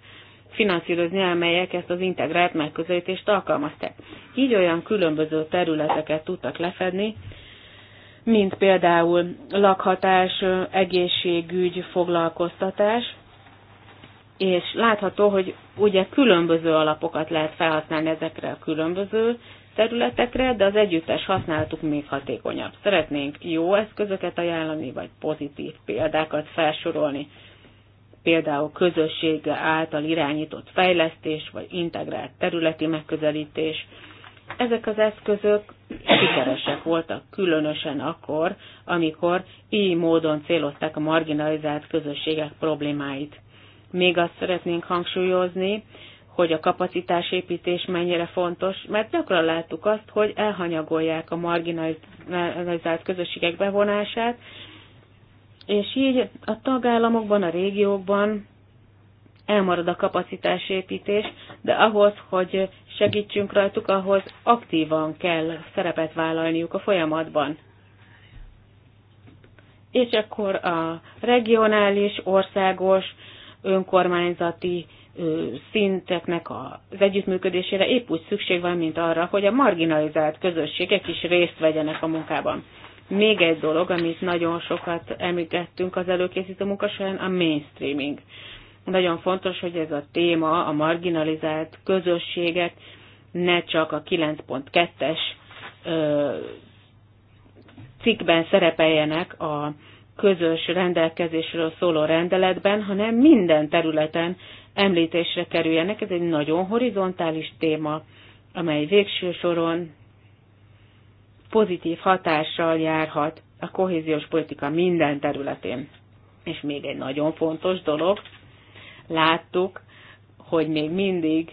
finanszírozni, amelyek ezt az integrált megközelítést alkalmazták. Így olyan különböző területeket tudtak lefedni, mint például lakhatás, egészségügy, foglalkoztatás, és látható, hogy ugye különböző alapokat lehet felhasználni ezekre a különböző területekre, de az együttes használatuk még hatékonyabb. Szeretnénk jó eszközöket ajánlani, vagy pozitív példákat felsorolni, például közösség által irányított fejlesztés, vagy integrált területi megközelítés. Ezek az eszközök sikeresek voltak, különösen akkor, amikor így módon célozták a marginalizált közösségek problémáit. Még azt szeretnénk hangsúlyozni, hogy a kapacitásépítés mennyire fontos, mert gyakran láttuk azt, hogy elhanyagolják a marginalizált közösségek bevonását, és így a tagállamokban, a régiókban elmarad a kapacitásépítés, de ahhoz, hogy segítsünk rajtuk, ahhoz aktívan kell szerepet vállalniuk a folyamatban. És akkor a regionális, országos, önkormányzati szinteknek az együttműködésére épp úgy szükség van, mint arra, hogy a marginalizált közösségek is részt vegyenek a munkában. Még egy dolog, amit nagyon sokat említettünk az előkészítő munka során, a mainstreaming. Nagyon fontos, hogy ez a téma, a marginalizált közösségek ne csak a 9.2-es cikkben szerepeljenek a közös rendelkezésről szóló rendeletben, hanem minden területen említésre kerüljenek. Ez egy nagyon horizontális téma, amely végső soron pozitív hatással járhat a kohéziós politika minden területén. És még egy nagyon fontos dolog, láttuk, hogy még mindig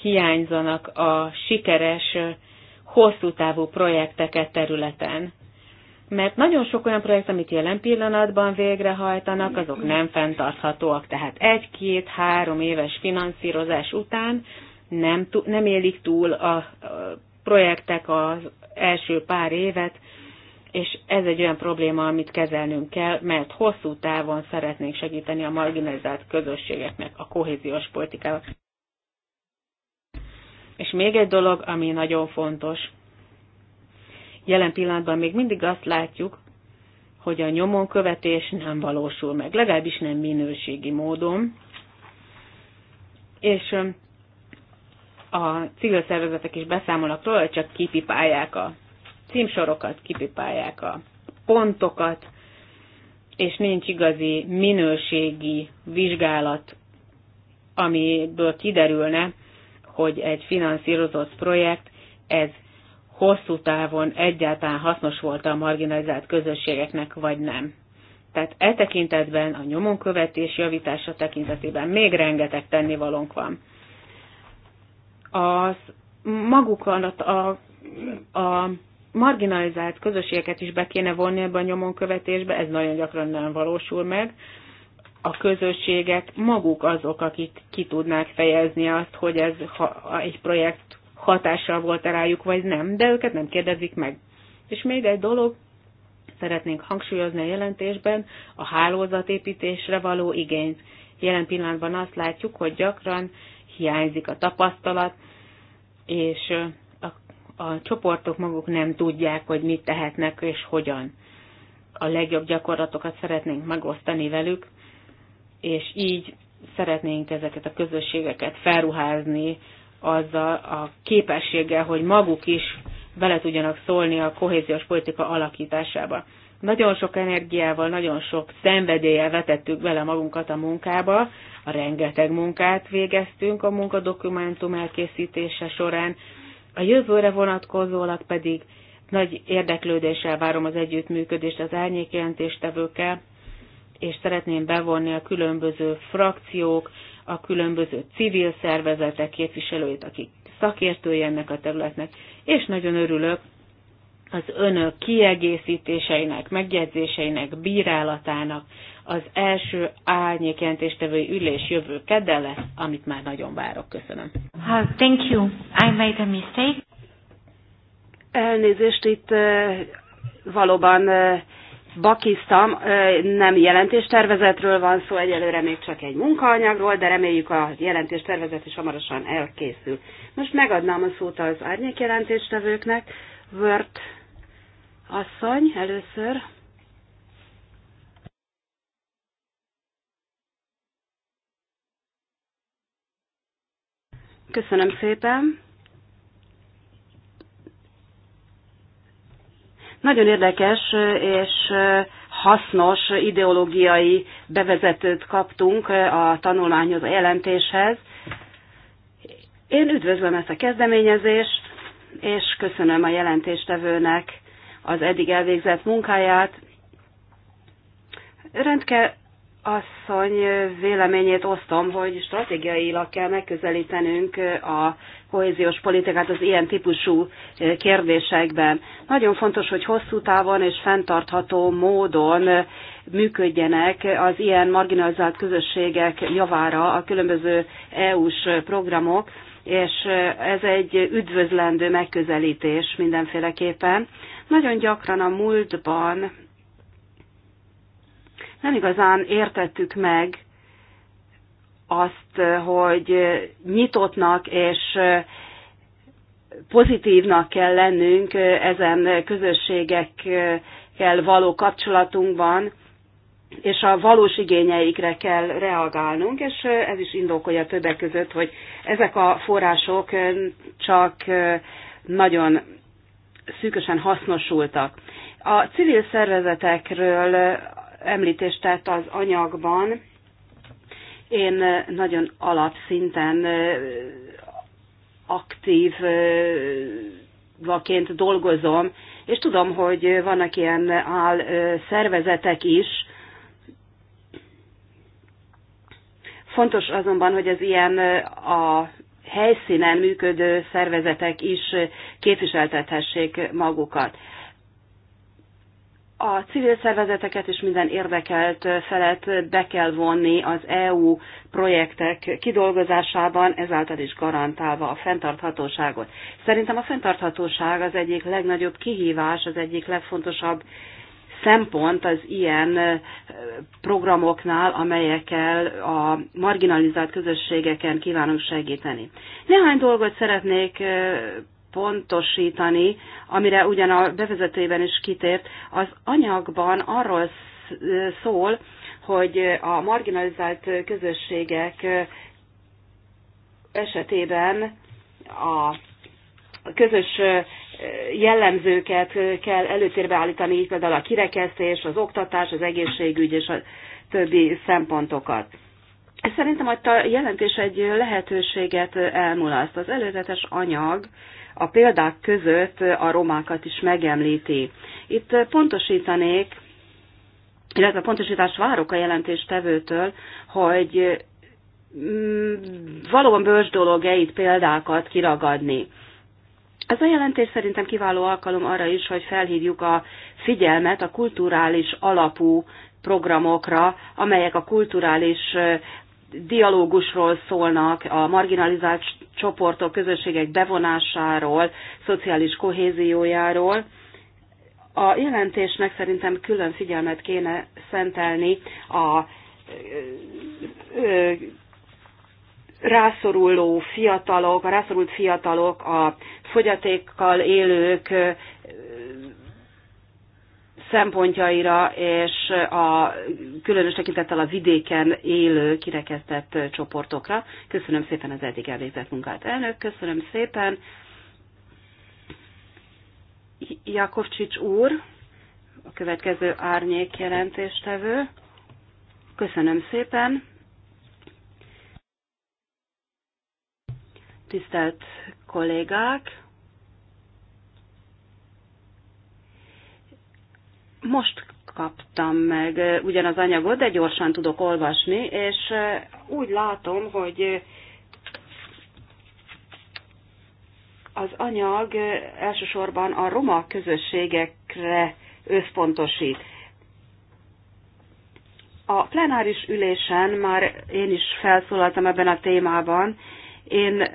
hiányzanak a sikeres, hosszú távú projekteket területen, mert nagyon sok olyan projekt, amit jelen pillanatban végrehajtanak, azok nem fenntarthatóak. Tehát egy-két-három éves finanszírozás után nem, nem élik túl a projektek az első pár évet, és ez egy olyan probléma, amit kezelnünk kell, mert hosszú távon szeretnénk segíteni a marginalizált közösségeknek a kohéziós politikával. És még egy dolog, ami nagyon fontos, Jelen pillanatban még mindig azt látjuk, hogy a nyomon követés nem valósul meg, legalábbis nem minőségi módon. És a civil szervezetek is beszámolnak róla, hogy csak kipipálják a címsorokat, kipipálják a pontokat, és nincs igazi minőségi vizsgálat, amiből kiderülne, hogy egy finanszírozott projekt ez hosszú távon egyáltalán hasznos volt a marginalizált közösségeknek, vagy nem. Tehát e tekintetben a nyomonkövetés javítása tekintetében még rengeteg tennivalónk van. Az alatt a, a marginalizált közösségeket is be kéne vonni ebbe a nyomonkövetésbe, ez nagyon gyakran nem valósul meg. A közösségek maguk azok, akik ki tudnák fejezni azt, hogy ez ha egy projekt hatással volt -e rájuk, vagy nem, de őket nem kérdezik meg. És még egy dolog, szeretnénk hangsúlyozni a jelentésben a hálózatépítésre való igényt. Jelen pillanatban azt látjuk, hogy gyakran hiányzik a tapasztalat, és a, a csoportok maguk nem tudják, hogy mit tehetnek és hogyan. A legjobb gyakorlatokat szeretnénk megosztani velük, és így szeretnénk ezeket a közösségeket felruházni azzal a képességgel, hogy maguk is bele tudjanak szólni a kohéziós politika alakításába. Nagyon sok energiával, nagyon sok szenvedéllyel vetettük vele magunkat a munkába, a rengeteg munkát végeztünk a munkadokumentum elkészítése során, a jövőre vonatkozólag pedig nagy érdeklődéssel várom az együttműködést az árnyékjelentéstevőkkel, és szeretném bevonni a különböző frakciók, a különböző civil szervezetek képviselőit, akik szakértői ennek a területnek, és nagyon örülök az önök kiegészítéseinek, megjegyzéseinek, bírálatának. Az első árnyékjelentéstevői ülés jövő kedden lesz, amit már nagyon várok. Köszönöm. thank you. I made a mistake. Elnézést, itt eh, valóban eh, Bakisztam nem jelentéstervezetről van szó, egyelőre még csak egy munkaanyagról, de reméljük a jelentéstervezet is hamarosan elkészül. Most megadnám a szót az árnyék jelentéstevőknek. Wört asszony először. Köszönöm szépen. Nagyon érdekes és hasznos ideológiai bevezetőt kaptunk a tanulmányhoz, a jelentéshez. Én üdvözlöm ezt a kezdeményezést, és köszönöm a jelentéstevőnek az eddig elvégzett munkáját. Rendke asszony véleményét osztom, hogy stratégiailag kell megközelítenünk a kohéziós politikát az ilyen típusú kérdésekben. Nagyon fontos, hogy hosszú távon és fenntartható módon működjenek az ilyen marginalizált közösségek javára a különböző EU-s programok, és ez egy üdvözlendő megközelítés mindenféleképpen. Nagyon gyakran a múltban nem igazán értettük meg azt, hogy nyitottnak és pozitívnak kell lennünk ezen közösségekkel való kapcsolatunkban, és a valós igényeikre kell reagálnunk, és ez is indokolja többek között, hogy ezek a források csak nagyon szűkösen hasznosultak. A civil szervezetekről említést tett az anyagban. Én nagyon alapszinten aktív vaként dolgozom, és tudom, hogy vannak ilyen áll szervezetek is. Fontos azonban, hogy az ilyen a helyszínen működő szervezetek is képviseltethessék magukat a civil szervezeteket és minden érdekelt felet be kell vonni az EU projektek kidolgozásában, ezáltal is garantálva a fenntarthatóságot. Szerintem a fenntarthatóság az egyik legnagyobb kihívás, az egyik legfontosabb szempont az ilyen programoknál, amelyekkel a marginalizált közösségeken kívánunk segíteni. Néhány dolgot szeretnék pontosítani, amire ugyan a bevezetőben is kitért, az anyagban arról szól, hogy a marginalizált közösségek esetében a közös jellemzőket kell előtérbe állítani, így például a kirekesztés, az oktatás, az egészségügy és a többi szempontokat. Szerintem a jelentés egy lehetőséget elmulaszt. Az előzetes anyag a példák között a romákat is megemlíti. Itt pontosítanék, illetve pontosítást várok a jelentéstevőtől, hogy mm, valóban bős dolog -e itt példákat kiragadni. Ez a jelentés szerintem kiváló alkalom arra is, hogy felhívjuk a figyelmet a kulturális alapú programokra, amelyek a kulturális dialógusról szólnak, a marginalizált csoportok, közösségek bevonásáról, szociális kohéziójáról. A jelentésnek szerintem külön figyelmet kéne szentelni a rászoruló fiatalok, a rászorult fiatalok, a fogyatékkal élők szempontjaira és a különös tekintettel a vidéken élő kirekesztett csoportokra. Köszönöm szépen az eddig elvégzett munkát. Elnök, köszönöm szépen. Jakovcsics úr, a következő árnyék jelentéstevő. Köszönöm szépen. Tisztelt kollégák! most kaptam meg ugyanaz anyagot, de gyorsan tudok olvasni, és eh, úgy látom, hogy eh, az anyag eh, elsősorban a roma közösségekre összpontosít. A plenáris ülésen már én is felszólaltam ebben a témában. Én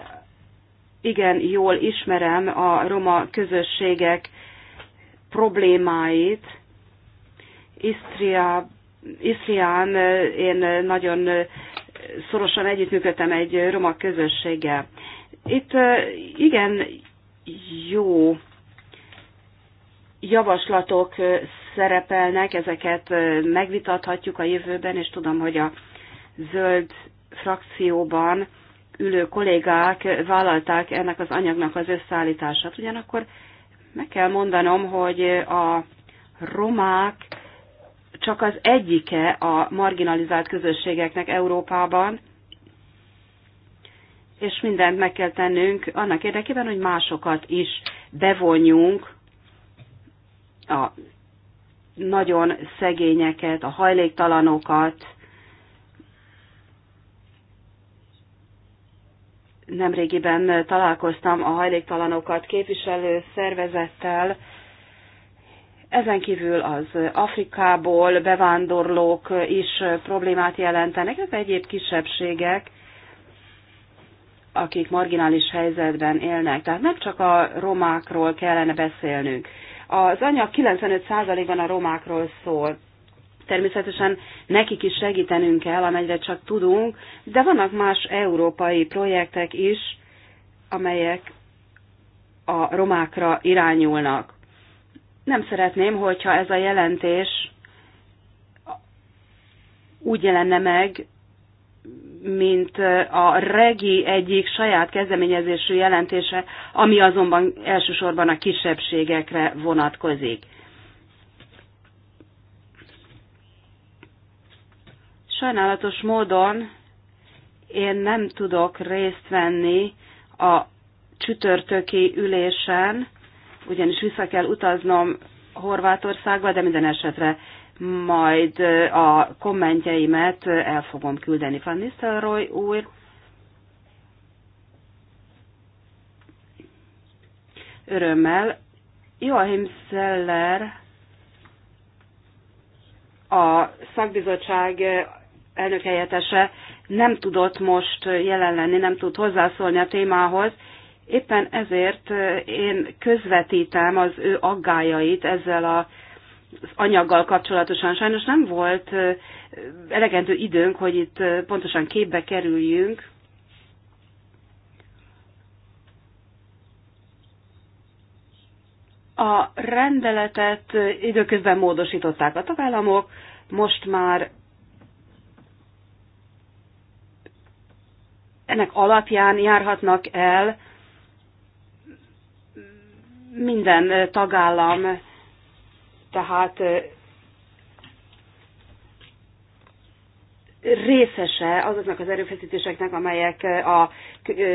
igen jól ismerem a roma közösségek problémáit, Isztria, Isztrián én nagyon szorosan együttműködtem egy roma közösséggel. Itt igen jó javaslatok szerepelnek, ezeket megvitathatjuk a jövőben, és tudom, hogy a zöld frakcióban ülő kollégák vállalták ennek az anyagnak az összeállítását. Ugyanakkor meg kell mondanom, hogy a romák csak az egyike a marginalizált közösségeknek Európában, és mindent meg kell tennünk annak érdekében, hogy másokat is bevonjunk a nagyon szegényeket, a hajléktalanokat. Nemrégiben találkoztam a hajléktalanokat képviselő szervezettel, ezen kívül az Afrikából bevándorlók is problémát jelentenek, ez egyéb kisebbségek, akik marginális helyzetben élnek. Tehát nem csak a romákról kellene beszélnünk. Az anyag 95%-ban a romákról szól. Természetesen nekik is segítenünk kell, amelyre csak tudunk, de vannak más európai projektek is, amelyek a romákra irányulnak nem szeretném, hogyha ez a jelentés úgy jelenne meg, mint a regi egyik saját kezdeményezésű jelentése, ami azonban elsősorban a kisebbségekre vonatkozik. Sajnálatos módon én nem tudok részt venni a csütörtöki ülésen, ugyanis vissza kell utaznom Horvátországba, de minden esetre majd a kommentjeimet el fogom küldeni Van Nistelrooy úr. Örömmel. Joachim Seller a szakbizottság elnökhelyettese nem tudott most jelen lenni, nem tud hozzászólni a témához, Éppen ezért én közvetítem az ő aggájait ezzel a az anyaggal kapcsolatosan sajnos nem volt elegendő időnk, hogy itt pontosan képbe kerüljünk. A rendeletet időközben módosították a tagállamok, most már ennek alapján járhatnak el minden tagállam tehát részese azoknak az erőfeszítéseknek, amelyek a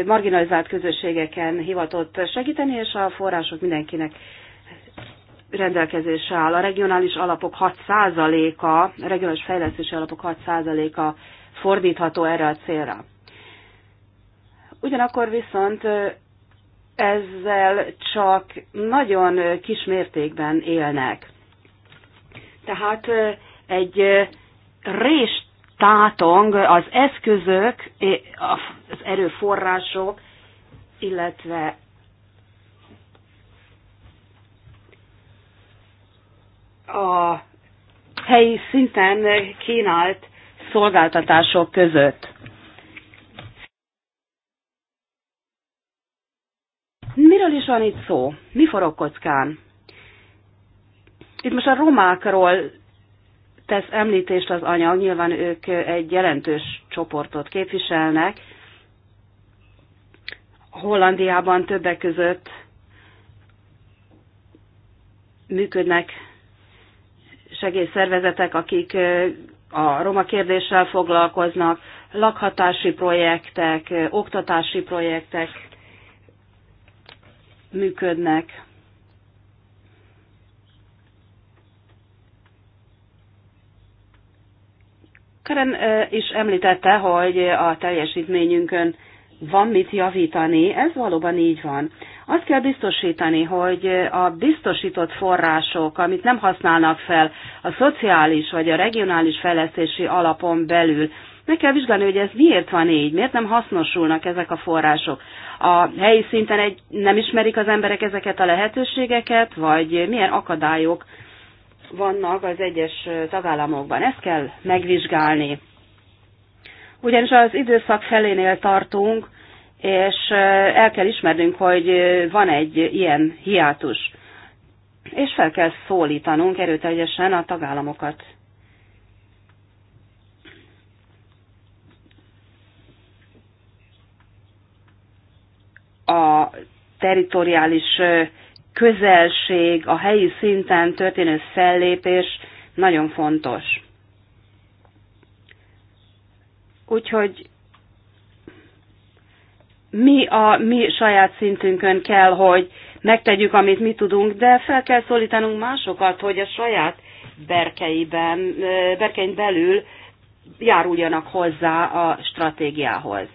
marginalizált közösségeken hivatott segíteni, és a források mindenkinek rendelkezésre áll. A regionális alapok 6%-a, a regionális fejlesztési alapok 6%-a fordítható erre a célra. Ugyanakkor viszont ezzel csak nagyon kis mértékben élnek. Tehát egy rést tátong az eszközök, az erőforrások, illetve a helyi szinten kínált szolgáltatások között. Miről is van itt szó? Mi forog kockán? Itt most a romákról tesz említést az anyag, nyilván ők egy jelentős csoportot képviselnek. Hollandiában többek között működnek segélyszervezetek, akik a roma kérdéssel foglalkoznak, lakhatási projektek, oktatási projektek működnek. Karen is említette, hogy a teljesítményünkön van mit javítani, ez valóban így van. Azt kell biztosítani, hogy a biztosított források, amit nem használnak fel a szociális vagy a regionális fejlesztési alapon belül, meg kell vizsgálni, hogy ez miért van így, miért nem hasznosulnak ezek a források. A helyi szinten egy, nem ismerik az emberek ezeket a lehetőségeket, vagy milyen akadályok vannak az egyes tagállamokban. Ezt kell megvizsgálni. Ugyanis az időszak felénél tartunk, és el kell ismernünk, hogy van egy ilyen hiátus. És fel kell szólítanunk erőteljesen a tagállamokat a teritoriális közelség, a helyi szinten történő fellépés nagyon fontos. Úgyhogy mi a mi saját szintünkön kell, hogy megtegyük, amit mi tudunk, de fel kell szólítanunk másokat, hogy a saját berkeiben, berkein belül járuljanak hozzá a stratégiához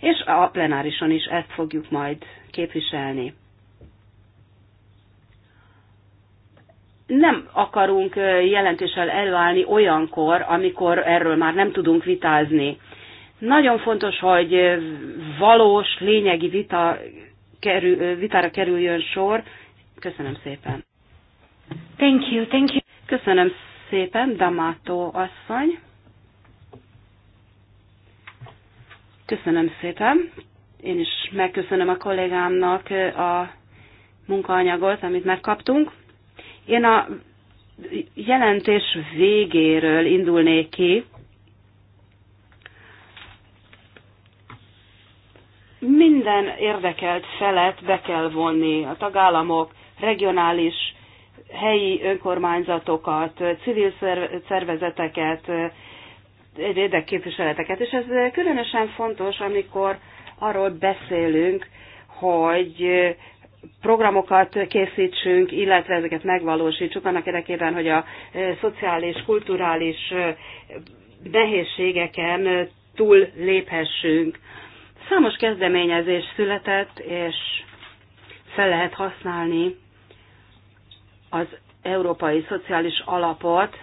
és a plenárison is ezt fogjuk majd képviselni. Nem akarunk jelentéssel előállni olyankor, amikor erről már nem tudunk vitázni. Nagyon fontos, hogy valós, lényegi vita, kerül, vitára kerüljön sor. Köszönöm szépen. Thank you, thank you. Köszönöm szépen, Damato asszony. Köszönöm szépen. Én is megköszönöm a kollégámnak a munkaanyagot, amit megkaptunk. Én a jelentés végéről indulnék ki. Minden érdekelt felet be kell vonni, a tagállamok, regionális, helyi önkormányzatokat, civil szervezeteket, érdekképviseleteket, és ez különösen fontos, amikor arról beszélünk, hogy programokat készítsünk, illetve ezeket megvalósítsuk annak érdekében, hogy a szociális, kulturális nehézségeken túl léphessünk. Számos kezdeményezés született, és fel lehet használni az Európai Szociális Alapot,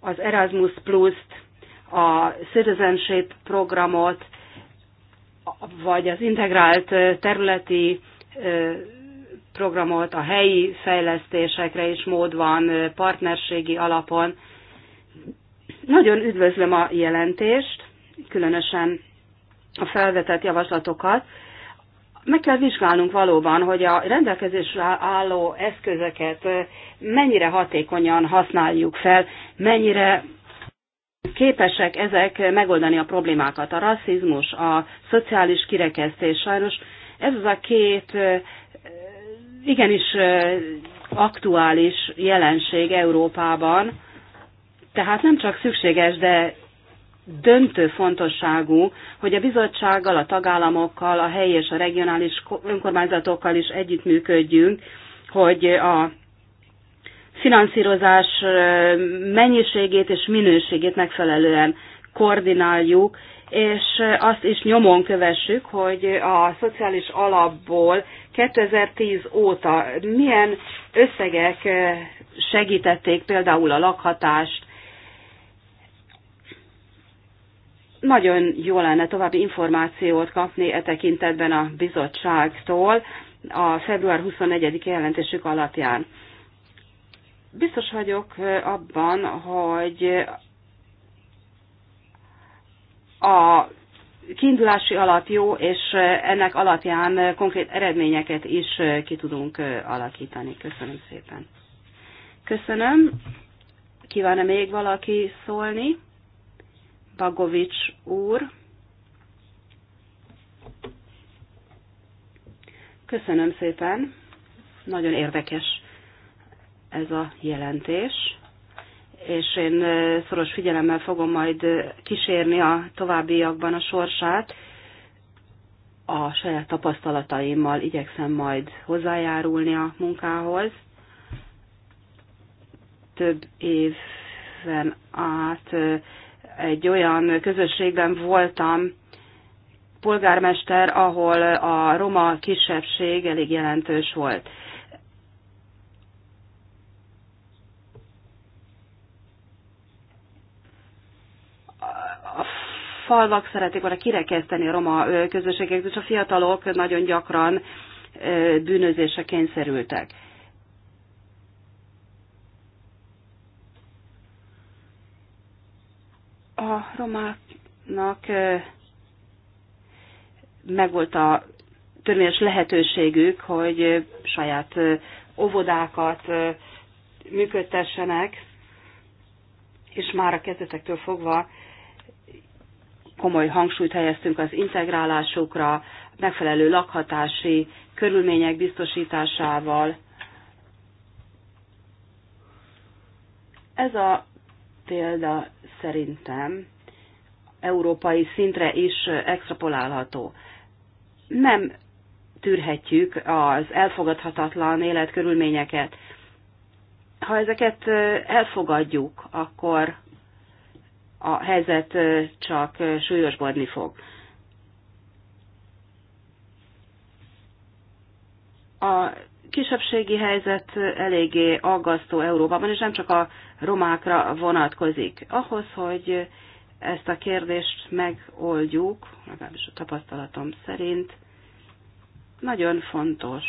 az Erasmus Plus-t, a citizenship programot, vagy az integrált területi programot, a helyi fejlesztésekre is mód van, partnerségi alapon. Nagyon üdvözlöm a jelentést, különösen a felvetett javaslatokat. Meg kell vizsgálnunk valóban, hogy a rendelkezésre álló eszközöket mennyire hatékonyan használjuk fel, mennyire képesek ezek megoldani a problémákat. A rasszizmus, a szociális kirekesztés sajnos ez az a két igenis aktuális jelenség Európában, tehát nem csak szükséges, de döntő fontosságú, hogy a bizottsággal, a tagállamokkal, a helyi és a regionális önkormányzatokkal is együttműködjünk, hogy a finanszírozás mennyiségét és minőségét megfelelően koordináljuk, és azt is nyomon kövessük, hogy a szociális alapból 2010 óta milyen összegek segítették például a lakhatást. Nagyon jó lenne további információt kapni e tekintetben a bizottságtól a február 24-i jelentésük alapján. Biztos vagyok abban, hogy a kiindulási alap jó, és ennek alapján konkrét eredményeket is ki tudunk alakítani. Köszönöm szépen. Köszönöm. Kívánna -e még valaki szólni? Bagovics úr. Köszönöm szépen. Nagyon érdekes ez a jelentés, és én szoros figyelemmel fogom majd kísérni a továbbiakban a sorsát. A saját tapasztalataimmal igyekszem majd hozzájárulni a munkához. Több éven át egy olyan közösségben voltam, polgármester, ahol a roma kisebbség elég jelentős volt. falvak szeretik volna kirekeszteni a roma közösségeket, és a fiatalok nagyon gyakran bűnözésre kényszerültek. A romáknak megvolt a törvényes lehetőségük, hogy saját óvodákat működtessenek, és már a kezdetektől fogva komoly hangsúlyt helyeztünk az integrálásukra, megfelelő lakhatási körülmények biztosításával. Ez a példa szerintem európai szintre is extrapolálható. Nem tűrhetjük az elfogadhatatlan életkörülményeket. Ha ezeket elfogadjuk, akkor a helyzet csak súlyosbodni fog. A kisebbségi helyzet eléggé aggasztó Európában, és nem csak a romákra vonatkozik. Ahhoz, hogy ezt a kérdést megoldjuk, legalábbis a tapasztalatom szerint, nagyon fontos,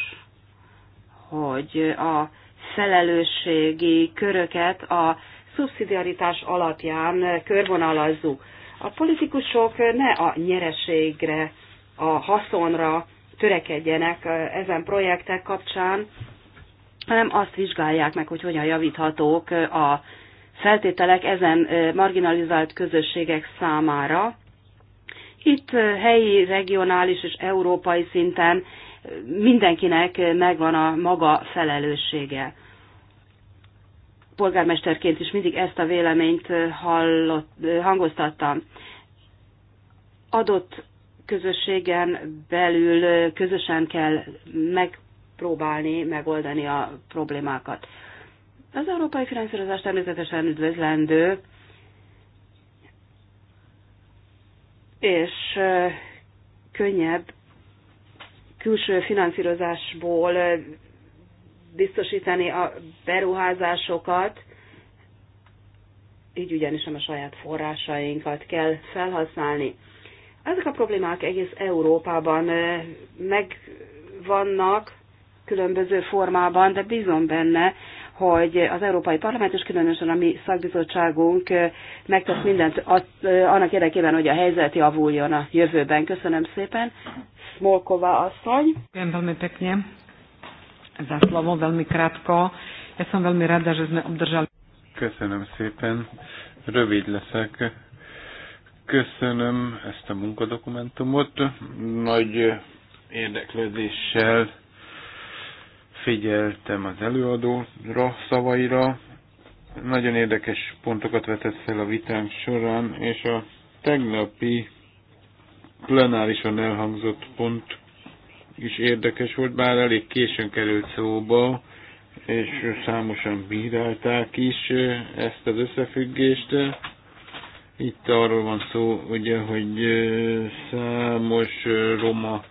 hogy a felelősségi köröket a szubszidiaritás alapján körvonalazzuk. A politikusok ne a nyereségre, a haszonra törekedjenek ezen projektek kapcsán, hanem azt vizsgálják meg, hogy hogyan javíthatók a feltételek ezen marginalizált közösségek számára. Itt helyi, regionális és európai szinten mindenkinek megvan a maga felelőssége polgármesterként is mindig ezt a véleményt hallott, hangoztattam. Adott közösségen belül közösen kell megpróbálni megoldani a problémákat. Az európai finanszírozás természetesen üdvözlendő, és könnyebb külső finanszírozásból biztosítani a beruházásokat, így ugyanis nem a saját forrásainkat kell felhasználni. Ezek a problémák egész Európában megvannak különböző formában, de bízom benne, hogy az Európai Parlament és különösen a mi szakbizottságunk megtesz mindent annak érdekében, hogy a helyzet javuljon a jövőben. Köszönöm szépen. Smolkova asszony. Köszönöm za slovo veľmi krátko. Ja som veľmi rada, že sme obdržali. Köszönöm szépen. Rövid leszek. Köszönöm ezt a munkadokumentumot. Nagy érdeklődéssel figyeltem az előadóra szavaira. Nagyon érdekes pontokat vetett fel a vitánk során, és a tegnapi plenárison elhangzott pont is érdekes volt, bár elég későn került szóba, és számosan bírálták is ezt az összefüggést. Itt arról van szó, ugye, hogy számos roma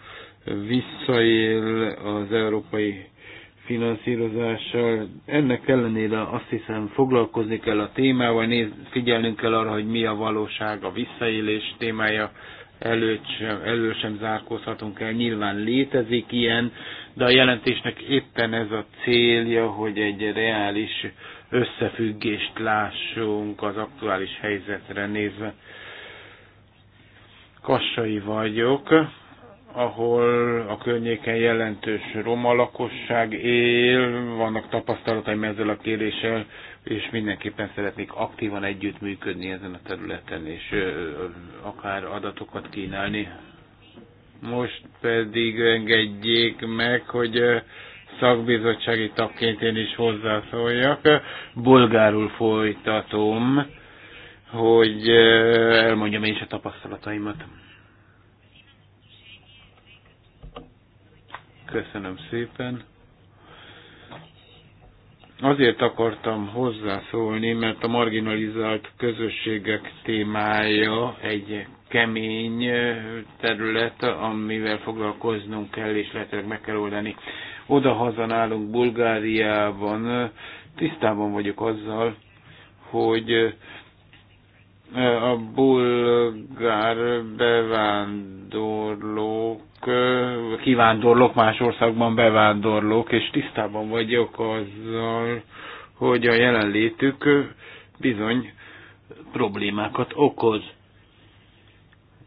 visszaél az európai finanszírozással. Ennek ellenére azt hiszem foglalkozni kell a témával, figyelnünk kell arra, hogy mi a valóság, a visszaélés témája, előtt sem, elő sem zárkózhatunk el, nyilván létezik ilyen, de a jelentésnek éppen ez a célja, hogy egy reális összefüggést lássunk az aktuális helyzetre nézve. Kassai vagyok, ahol a környéken jelentős roma lakosság él, vannak tapasztalataim ezzel a kéréssel, és mindenképpen szeretnék aktívan együttműködni ezen a területen, és akár adatokat kínálni. Most pedig engedjék meg, hogy szakbizottsági tagként én is hozzászóljak. Bolgárul folytatom, hogy elmondjam én is a tapasztalataimat. Köszönöm szépen. Azért akartam hozzászólni, mert a marginalizált közösségek témája egy kemény terület, amivel foglalkoznunk kell, és lehetőleg meg kell oldani. Oda-haza nálunk Bulgáriában tisztában vagyok azzal, hogy Eh, a bulgár bevándorlók, eh, kivándorlók, más országban bevándorlók, és tisztában vagyok azzal, hogy a jelenlétük bizony problémákat okoz.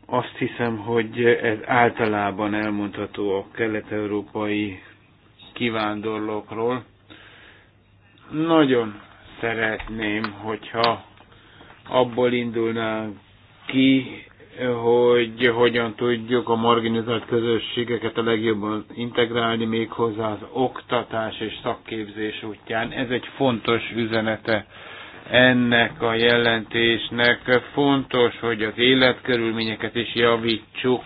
Azt hiszem, hogy ez általában elmondható a kelet-európai kivándorlókról. Nagyon szeretném, hogyha abból indulnánk ki, hogy hogyan tudjuk a marginalizált közösségeket a legjobban integrálni, méghozzá az oktatás és szakképzés útján. Ez egy fontos üzenete ennek a jelentésnek. Fontos, hogy az életkörülményeket is javítsuk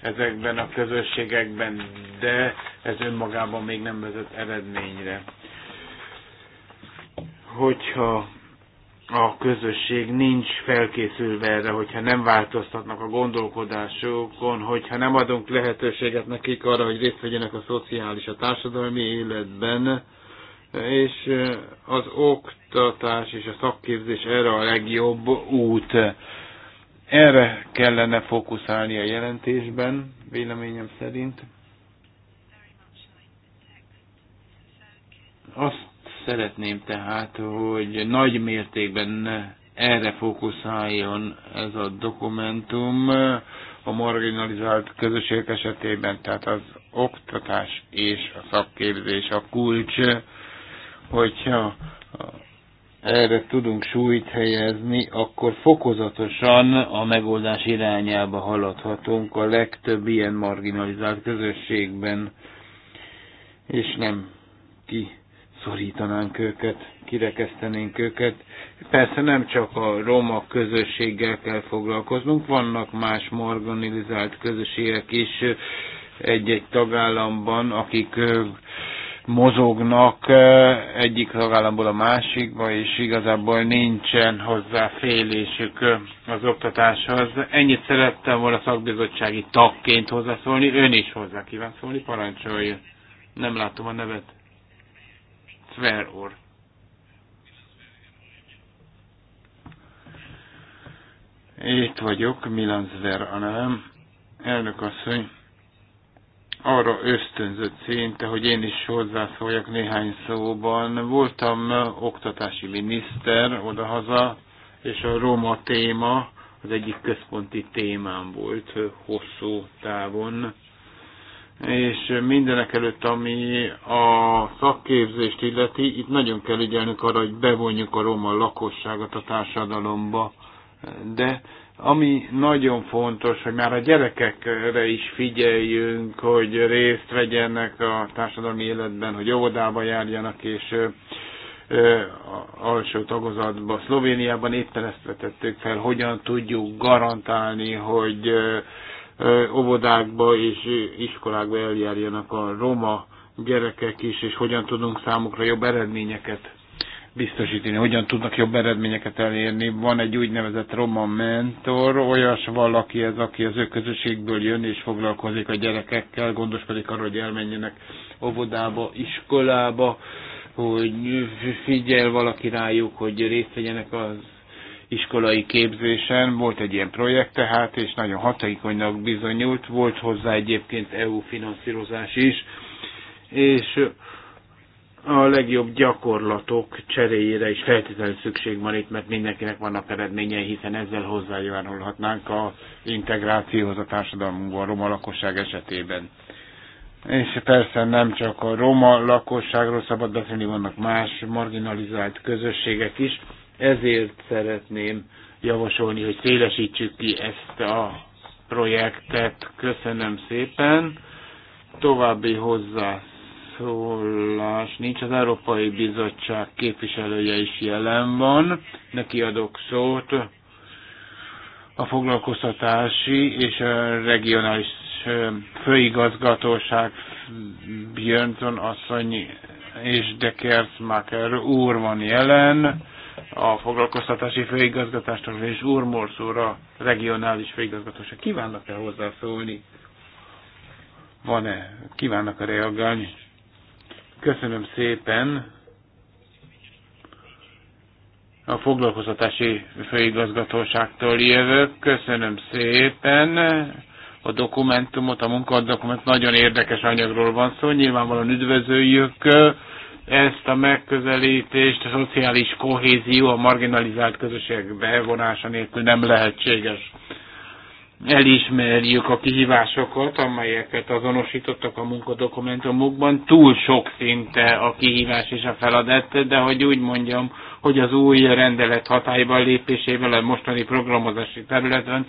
ezekben a közösségekben, de ez önmagában még nem vezet eredményre. Hogyha a közösség nincs felkészülve erre, hogyha nem változtatnak a gondolkodásokon, hogyha nem adunk lehetőséget nekik arra, hogy részt vegyenek a szociális, a társadalmi életben, és eh, az oktatás és a szakképzés erre a legjobb út. Erre kellene fókuszálni a jelentésben, véleményem szerint. Azt Szeretném tehát, hogy nagy mértékben erre fókuszáljon ez a dokumentum a marginalizált közösségek esetében, tehát az oktatás és a szakképzés a kulcs, hogyha erre tudunk súlyt helyezni, akkor fokozatosan a megoldás irányába haladhatunk a legtöbb ilyen marginalizált közösségben, és nem ki szorítanánk őket, kirekesztenénk őket. Persze nem csak a roma közösséggel kell foglalkoznunk, vannak más marginalizált közösségek is egy-egy tagállamban, akik mozognak egyik tagállamból a másikba, és igazából nincsen félésük az oktatáshoz. Ennyit szerettem volna szakbizottsági tagként hozzászólni, ön is hozzá kíván szólni, parancsolj. Nem látom a nevet. Tver úr. Itt vagyok, Milan Zver a nevem. Elnök asszony arra ösztönzött szinte, hogy én is hozzászóljak néhány szóban. Voltam oktatási miniszter odahaza, és a roma téma az egyik központi témám volt hosszú távon és mindenek előtt, ami a szakképzést illeti, itt nagyon kell ügyelnünk arra, hogy bevonjuk a roma lakosságot a társadalomba, de ami nagyon fontos, hogy már a gyerekekre is figyeljünk, hogy részt vegyenek a társadalmi életben, hogy óvodába járjanak, és alsó tagozatban, Szlovéniában éppen ezt vetettük fel, hogyan tudjuk garantálni, hogy óvodákba és iskolákba eljárjanak a roma gyerekek is, és hogyan tudunk számukra jobb eredményeket biztosítani, hogyan tudnak jobb eredményeket elérni. Van egy úgynevezett roma mentor, olyas valaki ez, aki az ő közösségből jön és foglalkozik a gyerekekkel, gondoskodik arról, hogy elmenjenek óvodába, iskolába, hogy figyel valaki rájuk, hogy részt vegyenek az iskolai képzésen. Volt egy ilyen projekt tehát, és nagyon hatékonynak bizonyult. Volt hozzá egyébként EU finanszírozás is, és a legjobb gyakorlatok cseréjére is feltétlenül szükség van itt, mert mindenkinek vannak eredményei, hiszen ezzel hozzájárulhatnánk a integrációhoz a társadalmunkban, a roma lakosság esetében. És persze nem csak a roma lakosságról szabad beszélni, vannak más marginalizált közösségek is, ezért szeretném javasolni, hogy szélesítsük ki ezt a projektet. Köszönöm szépen. További hozzászólás nincs. Az Európai Bizottság képviselője is jelen van. Neki adok szót a foglalkoztatási és a regionális főigazgatóság Björnson asszony és Dekers Maker úr van jelen a foglalkoztatási főigazgatástól és Urmorsz úr regionális főigazgatóság. Kívánnak-e hozzászólni? Van-e? Kívánnak-e reagálni? Köszönöm szépen a foglalkoztatási főigazgatóságtól jövök. Köszönöm szépen a dokumentumot, a munkadokumentumot. nagyon érdekes anyagról van szó, nyilvánvalóan üdvözöljük ezt a megközelítést a szociális kohézió a marginalizált közösségek bevonása nélkül nem lehetséges. Elismerjük a kihívásokat, amelyeket azonosítottak a munkadokumentumokban. Túl sok szinte a kihívás és a feladat, de hogy úgy mondjam, hogy az új rendelet hatályban lépésével a mostani programozási területen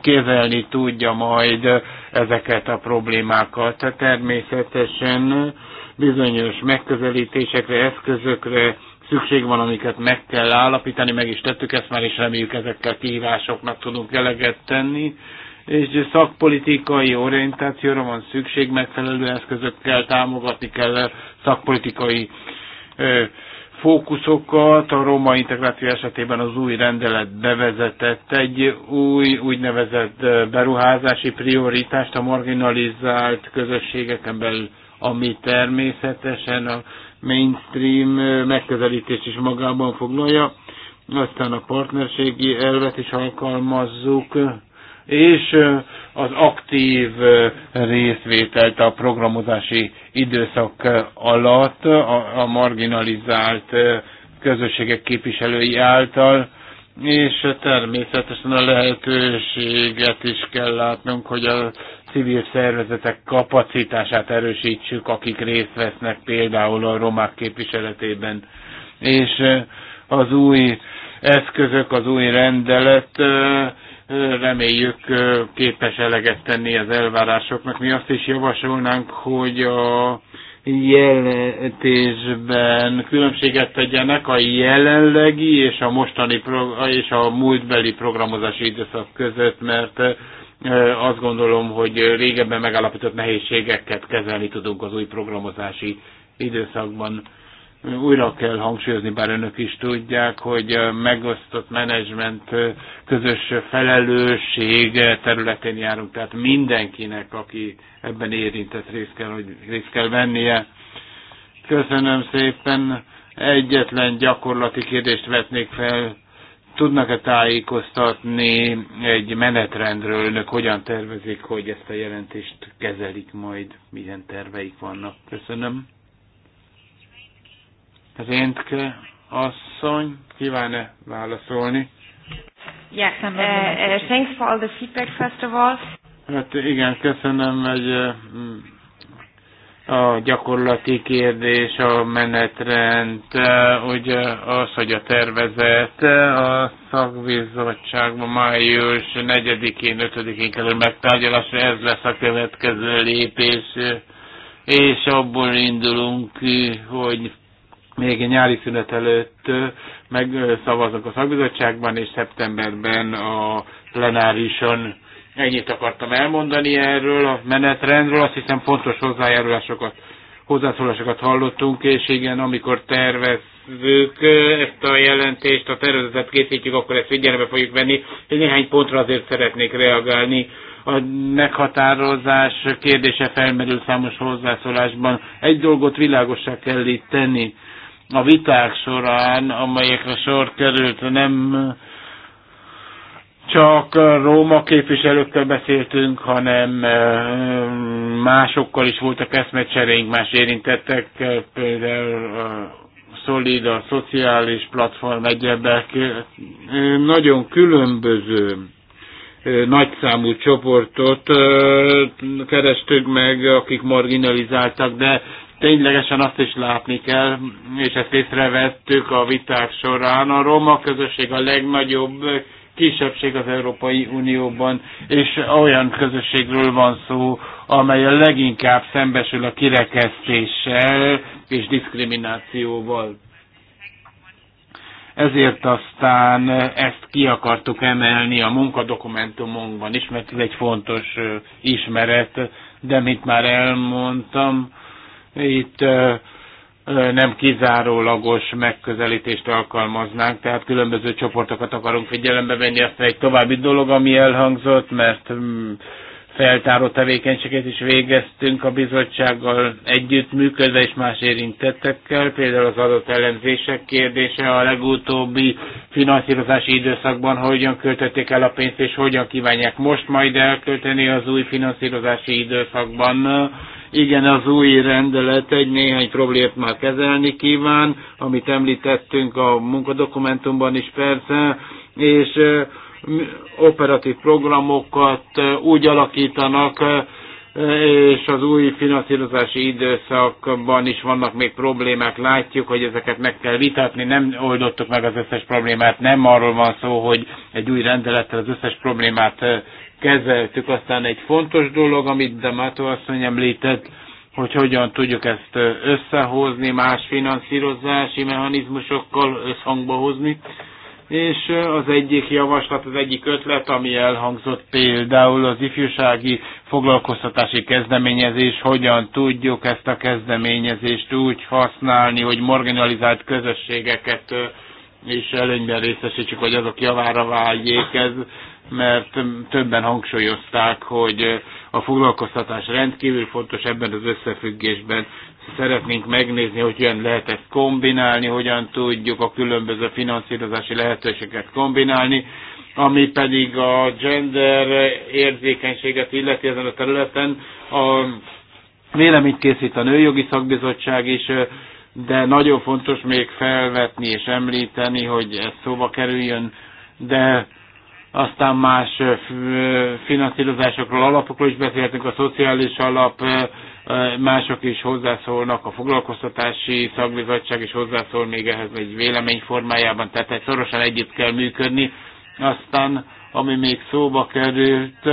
kezelni tudja majd ezeket a problémákat. Természetesen bizonyos megközelítésekre, eszközökre szükség van, amiket meg kell állapítani, meg is tettük ezt már, és reméljük ezekkel kihívásoknak tudunk eleget tenni és szakpolitikai orientációra van szükség, megfelelő eszközökkel támogatni kell szakpolitikai ö, fókuszokat. A roma integráció esetében az új rendelet bevezetett egy új úgynevezett beruházási prioritást a marginalizált közösségeken belül ami természetesen a mainstream megközelítést is magában foglalja, aztán a partnerségi elvet is alkalmazzuk, és az aktív részvételt a programozási időszak alatt a marginalizált közösségek képviselői által, és természetesen a lehetőséget is kell látnunk, hogy a civil szervezetek kapacitását erősítsük, akik részt vesznek például a romák képviseletében. És az új eszközök, az új rendelet reméljük képes eleget tenni az elvárásoknak. Mi azt is javasolnánk, hogy a jelentésben különbséget tegyenek a jelenlegi és a mostani és a múltbeli programozási időszak között, mert azt gondolom, hogy régebben megállapított nehézségeket kezelni tudunk az új programozási időszakban. Újra kell hangsúlyozni, bár önök is tudják, hogy megosztott menedzsment, közös felelősség területén járunk, tehát mindenkinek, aki ebben érintett részt kell, hogy részt kell vennie. Köszönöm szépen. Egyetlen gyakorlati kérdést vetnék fel Tudnak-e tájékoztatni egy menetrendről önök, hogyan tervezik, hogy ezt a jelentést kezelik majd, milyen terveik vannak? Köszönöm. Réntke asszony, kíván-e válaszolni? Yes, uh, uh, thanks for all the feedback first of all. Hát igen, köszönöm, hogy uh, a gyakorlati kérdés, a menetrend, hogy az, hogy a tervezet a szakbizottságban május 4-én, 5-én kerül megtárgyalásra, ez lesz a következő lépés, és abból indulunk hogy még a nyári szünet előtt megszavazok a szakbizottságban, és szeptemberben a plenárison Ennyit akartam elmondani erről a menetrendről, azt hiszem fontos hozzájárulásokat, hozzászólásokat hallottunk, és igen, amikor tervezzük ezt a jelentést, a tervezetet készítjük, akkor ezt figyelembe fogjuk venni. Én néhány pontra azért szeretnék reagálni. A meghatározás kérdése felmerül számos hozzászólásban. Egy dolgot világosá kell itt tenni. A viták során, amelyekre sor került, nem csak eh, Róma képviselőkkel beszéltünk, hanem eh, másokkal is voltak eszmecserénk, más érintettek, például a eh, Solid, a Szociális Platform, egyebek. Nagyon különböző nagyszámú csoportot kerestük meg, akik marginalizáltak, de ténylegesen azt is látni kell, és ezt észrevettük a viták során, a roma közösség a legnagyobb kisebbség az Európai Unióban, és olyan közösségről van szó, amely a leginkább szembesül a kirekesztéssel és diszkriminációval. Ezért aztán ezt ki akartuk emelni a munkadokumentumunkban is, mert ez egy fontos ismeret, de mint már elmondtam, itt nem kizárólagos megközelítést alkalmaznánk, tehát különböző csoportokat akarunk figyelembe venni. Aztán egy további dolog, ami elhangzott, mert mm, feltáró tevékenységet is végeztünk a bizottsággal együttműködve és más érintettekkel, például az adott ellenzések kérdése a legutóbbi finanszírozási időszakban, hogyan költötték el a pénzt és hogyan kívánják most majd elkölteni az új finanszírozási időszakban igen, az új rendelet egy néhány problémát már kezelni kíván, amit említettünk a munkadokumentumban is persze, és operatív programokat úgy alakítanak, és az új finanszírozási időszakban is vannak még problémák, látjuk, hogy ezeket meg kell vitatni, nem oldottuk meg az összes problémát, nem arról van szó, hogy egy új rendelettel az összes problémát kezeltük. Aztán egy fontos dolog, amit Damato asszony említett, hogy hogyan tudjuk ezt összehozni más finanszírozási mechanizmusokkal összhangba hozni. És az egyik javaslat, az egyik ötlet, ami elhangzott például az ifjúsági foglalkoztatási kezdeményezés, hogyan tudjuk ezt a kezdeményezést úgy használni, hogy marginalizált közösségeket és előnyben részesítsük, hogy azok javára váljék ez mert többen hangsúlyozták, hogy a foglalkoztatás rendkívül fontos ebben az összefüggésben. Szeretnénk megnézni, hogy hogyan lehet ezt kombinálni, hogyan tudjuk a különböző finanszírozási lehetőségeket kombinálni, ami pedig a gender érzékenységet illeti ezen a területen. A véleményt készít a Nőjogi Szakbizottság is, de nagyon fontos még felvetni és említeni, hogy ez szóba kerüljön, de aztán más finanszírozásokról, alapokról is beszélhetünk, a szociális alap, mások is hozzászólnak, a foglalkoztatási szakbizottság is hozzászól még ehhez egy vélemény formájában, tehát egy szorosan együtt kell működni. Aztán, ami még szóba került,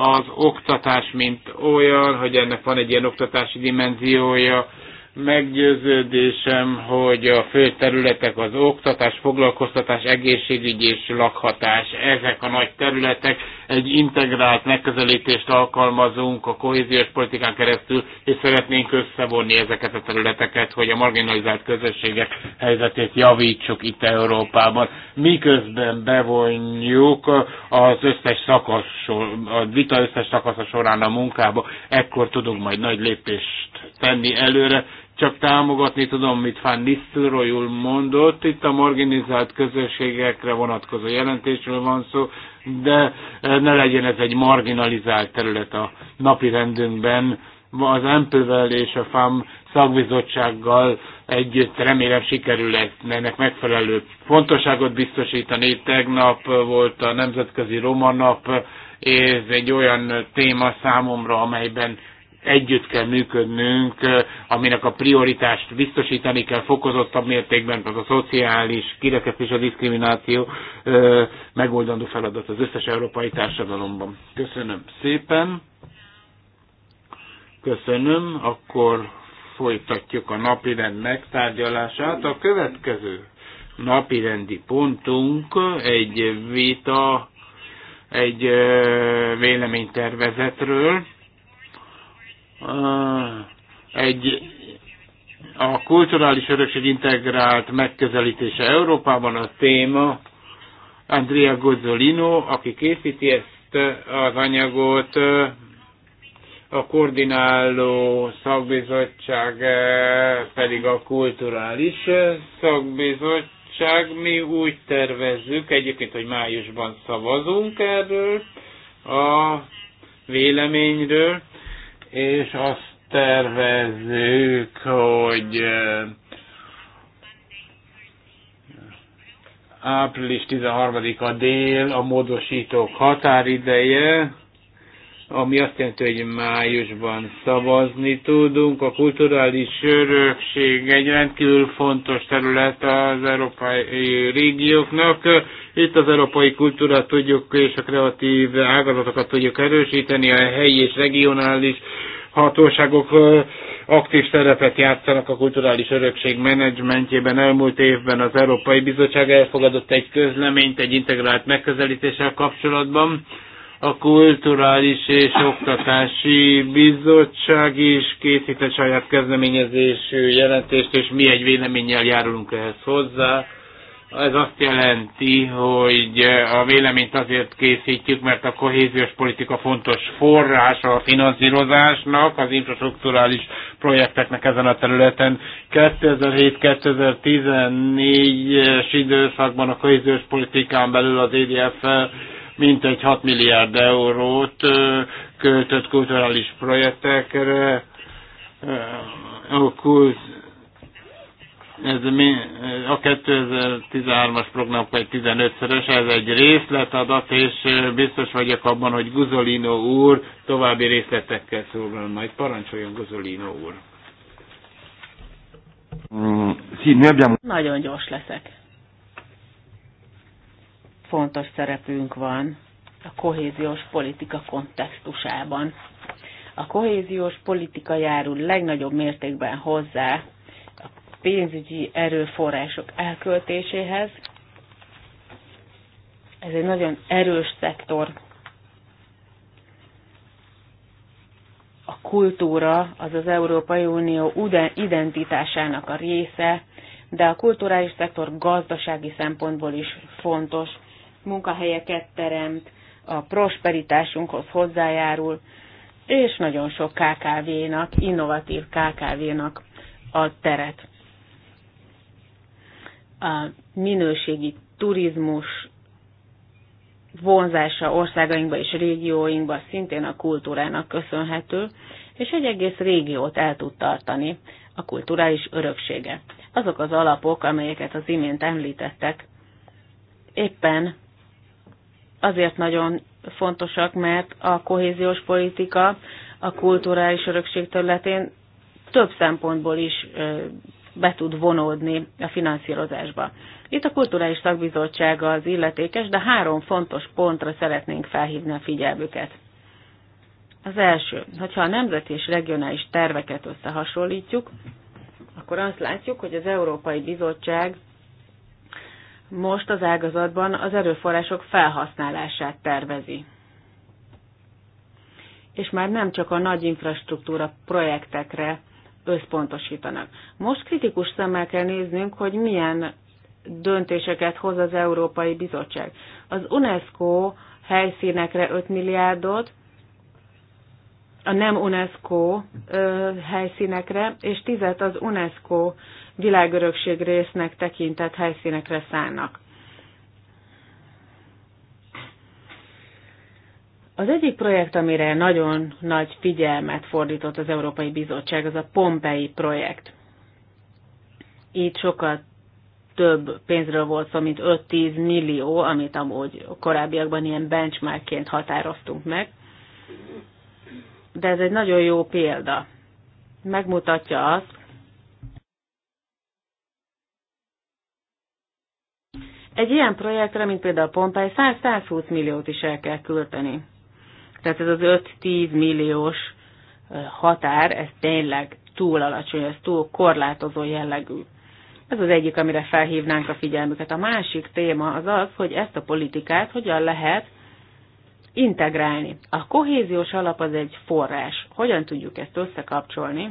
az oktatás, mint olyan, hogy ennek van egy ilyen oktatási dimenziója, Meggyőződésem, hogy a fő területek az oktatás, foglalkoztatás, egészségügy és lakhatás. Ezek a nagy területek. Egy integrált megközelítést alkalmazunk a kohéziós politikán keresztül, és szeretnénk összevonni ezeket a területeket, hogy a marginalizált közösségek helyzetét javítsuk itt Európában. Miközben bevonjuk az összes szakasz, a vita összes szakasza során a munkába, ekkor tudunk majd nagy lépést tenni előre csak támogatni tudom, mit Van Nistelrooy mondott. Itt a marginizált közösségekre vonatkozó jelentésről van szó, de e, ne legyen ez egy marginalizált terület a napi rendünkben. Az Empővel és a FAM szakbizottsággal együtt remélem sikerül ennek megfelelő fontosságot biztosítani. Tegnap volt a Nemzetközi Roma Nap, ez egy olyan téma számomra, amelyben együtt kell működnünk, aminek a prioritást biztosítani kell fokozottabb mértékben, az a szociális kirekesztés, a diszkrimináció megoldandó feladat az összes európai társadalomban. Köszönöm szépen. Köszönöm. Akkor folytatjuk a napirend megtárgyalását. A következő napirendi pontunk egy vita egy véleménytervezetről, Ah, egy a kulturális örökség integrált megközelítése Európában a téma. Andrea Gozzolino, aki készíti ezt az anyagot, a koordináló szakbizottság pedig a kulturális szakbizottság. Mi úgy tervezzük, egyébként, hogy májusban szavazunk erről a véleményről, és azt tervezzük, hogy április 13-a dél a módosítók határideje, ami azt jelenti, hogy májusban szavazni tudunk. A kulturális örökség egy rendkívül fontos terület az európai régióknak. Itt az európai kultúrát tudjuk és a kreatív ágazatokat tudjuk erősíteni, a helyi és regionális hatóságok aktív szerepet játszanak a kulturális örökség menedzsmentjében. Elmúlt évben az Európai Bizottság elfogadott egy közleményt egy integrált megközelítéssel kapcsolatban a Kulturális és Oktatási Bizottság is készít egy saját kezdeményezésű jelentést, és mi egy véleménnyel járulunk ehhez hozzá. Ez azt jelenti, hogy a véleményt azért készítjük, mert a kohéziós politika fontos forrása a finanszírozásnak, az infrastruktúrális projekteknek ezen a területen. 2007-2014-es időszakban a kohéziós politikán belül az EDF mintegy 6 milliárd eurót költött kulturális projektekre, ez a 2013-as program egy 15-szörös, ez egy részletadat, és biztos vagyok abban, hogy Guzolino úr további részletekkel szólal majd. Parancsoljon Guzolino úr! Mm, Nagyon gyors leszek fontos szerepünk van a kohéziós politika kontextusában. A kohéziós politika járul legnagyobb mértékben hozzá a pénzügyi erőforrások elköltéséhez. Ez egy nagyon erős szektor. A kultúra az az Európai Unió identitásának a része, de a kulturális szektor gazdasági szempontból is fontos munkahelyeket teremt, a prosperitásunkhoz hozzájárul, és nagyon sok KKV-nak, innovatív KKV-nak ad teret. A minőségi turizmus vonzása országainkba és régióinkba szintén a kultúrának köszönhető, és egy egész régiót el tud tartani a kulturális öröksége. Azok az alapok, amelyeket az imént említettek, éppen azért nagyon fontosak, mert a kohéziós politika a kulturális örökség területén több szempontból is be tud vonódni a finanszírozásba. Itt a Kulturális Szakbizottsága az illetékes, de három fontos pontra szeretnénk felhívni a figyelmüket. Az első, hogyha a nemzeti és regionális terveket összehasonlítjuk, akkor azt látjuk, hogy az Európai Bizottság most az ágazatban az erőforrások felhasználását tervezi. És már nem csak a nagy infrastruktúra projektekre összpontosítanak. Most kritikus szemmel kell néznünk, hogy milyen döntéseket hoz az Európai Bizottság. Az UNESCO helyszínekre 5 milliárdot, a nem UNESCO ö, helyszínekre, és tizet az UNESCO világörökség résznek tekintett helyszínekre szállnak. Az egyik projekt, amire nagyon nagy figyelmet fordított az Európai Bizottság, az a Pompei projekt. Itt sokat több pénzről volt szó, mint 5-10 millió, amit amúgy korábbiakban ilyen benchmarkként határoztunk meg. De ez egy nagyon jó példa. Megmutatja azt, Egy ilyen projektre, mint például Pompei, 100-120 milliót is el kell költeni. Tehát ez az 5-10 milliós határ, ez tényleg túl alacsony, ez túl korlátozó jellegű. Ez az egyik, amire felhívnánk a figyelmüket. A másik téma az az, hogy ezt a politikát hogyan lehet integrálni. A kohéziós alap az egy forrás. Hogyan tudjuk ezt összekapcsolni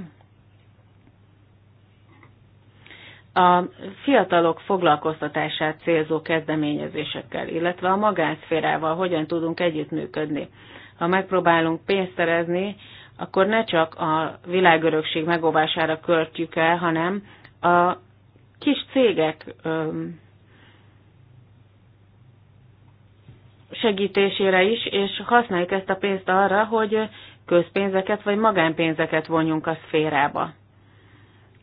a fiatalok foglalkoztatását célzó kezdeményezésekkel, illetve a magánszférával hogyan tudunk együttműködni. Ha megpróbálunk pénzt szerezni, akkor ne csak a világörökség megóvására költjük el, hanem a kis cégek segítésére is, és használjuk ezt a pénzt arra, hogy közpénzeket vagy magánpénzeket vonjunk a szférába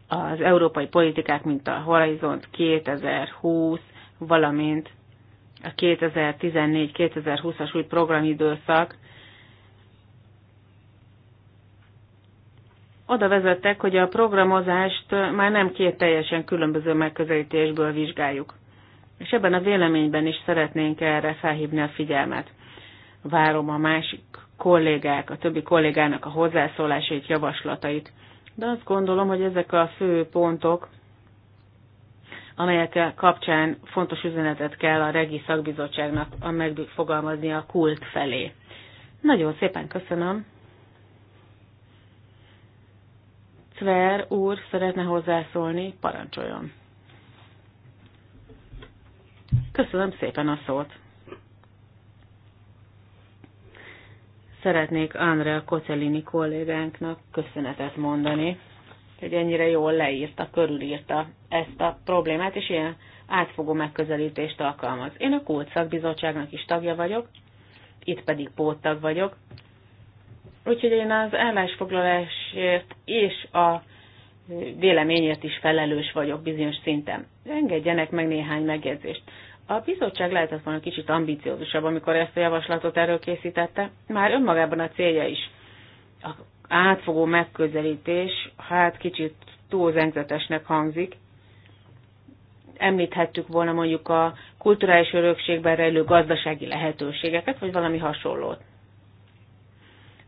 az európai politikák, mint a Horizont 2020, valamint a 2014-2020-as új programidőszak oda vezettek, hogy a programozást már nem két teljesen különböző megközelítésből vizsgáljuk. És ebben a véleményben is szeretnénk erre felhívni a figyelmet. Várom a másik kollégák, a többi kollégának a hozzászólásait, javaslatait de azt gondolom, hogy ezek a fő pontok, amelyek kapcsán fontos üzenetet kell a Regi Szakbizottságnak a megfogalmazni a kult felé. Nagyon szépen köszönöm. Cver úr szeretne hozzászólni, parancsoljon. Köszönöm szépen a szót. Szeretnék Andrea Kocelini kollégánknak köszönetet mondani, hogy ennyire jól leírta, körülírta ezt a problémát, és ilyen átfogó megközelítést alkalmaz. Én a Kult szakbizottságnak is tagja vagyok, itt pedig póttag vagyok, úgyhogy én az állásfoglalásért és a véleményért is felelős vagyok bizonyos szinten. Engedjenek meg néhány megjegyzést. A bizottság lehetett volna kicsit ambiciózusabb, amikor ezt a javaslatot előkészítette, már önmagában a célja is. A átfogó megközelítés, hát kicsit túlzengzetesnek hangzik. Említhettük volna mondjuk a kulturális örökségben rejlő gazdasági lehetőségeket, vagy valami hasonlót.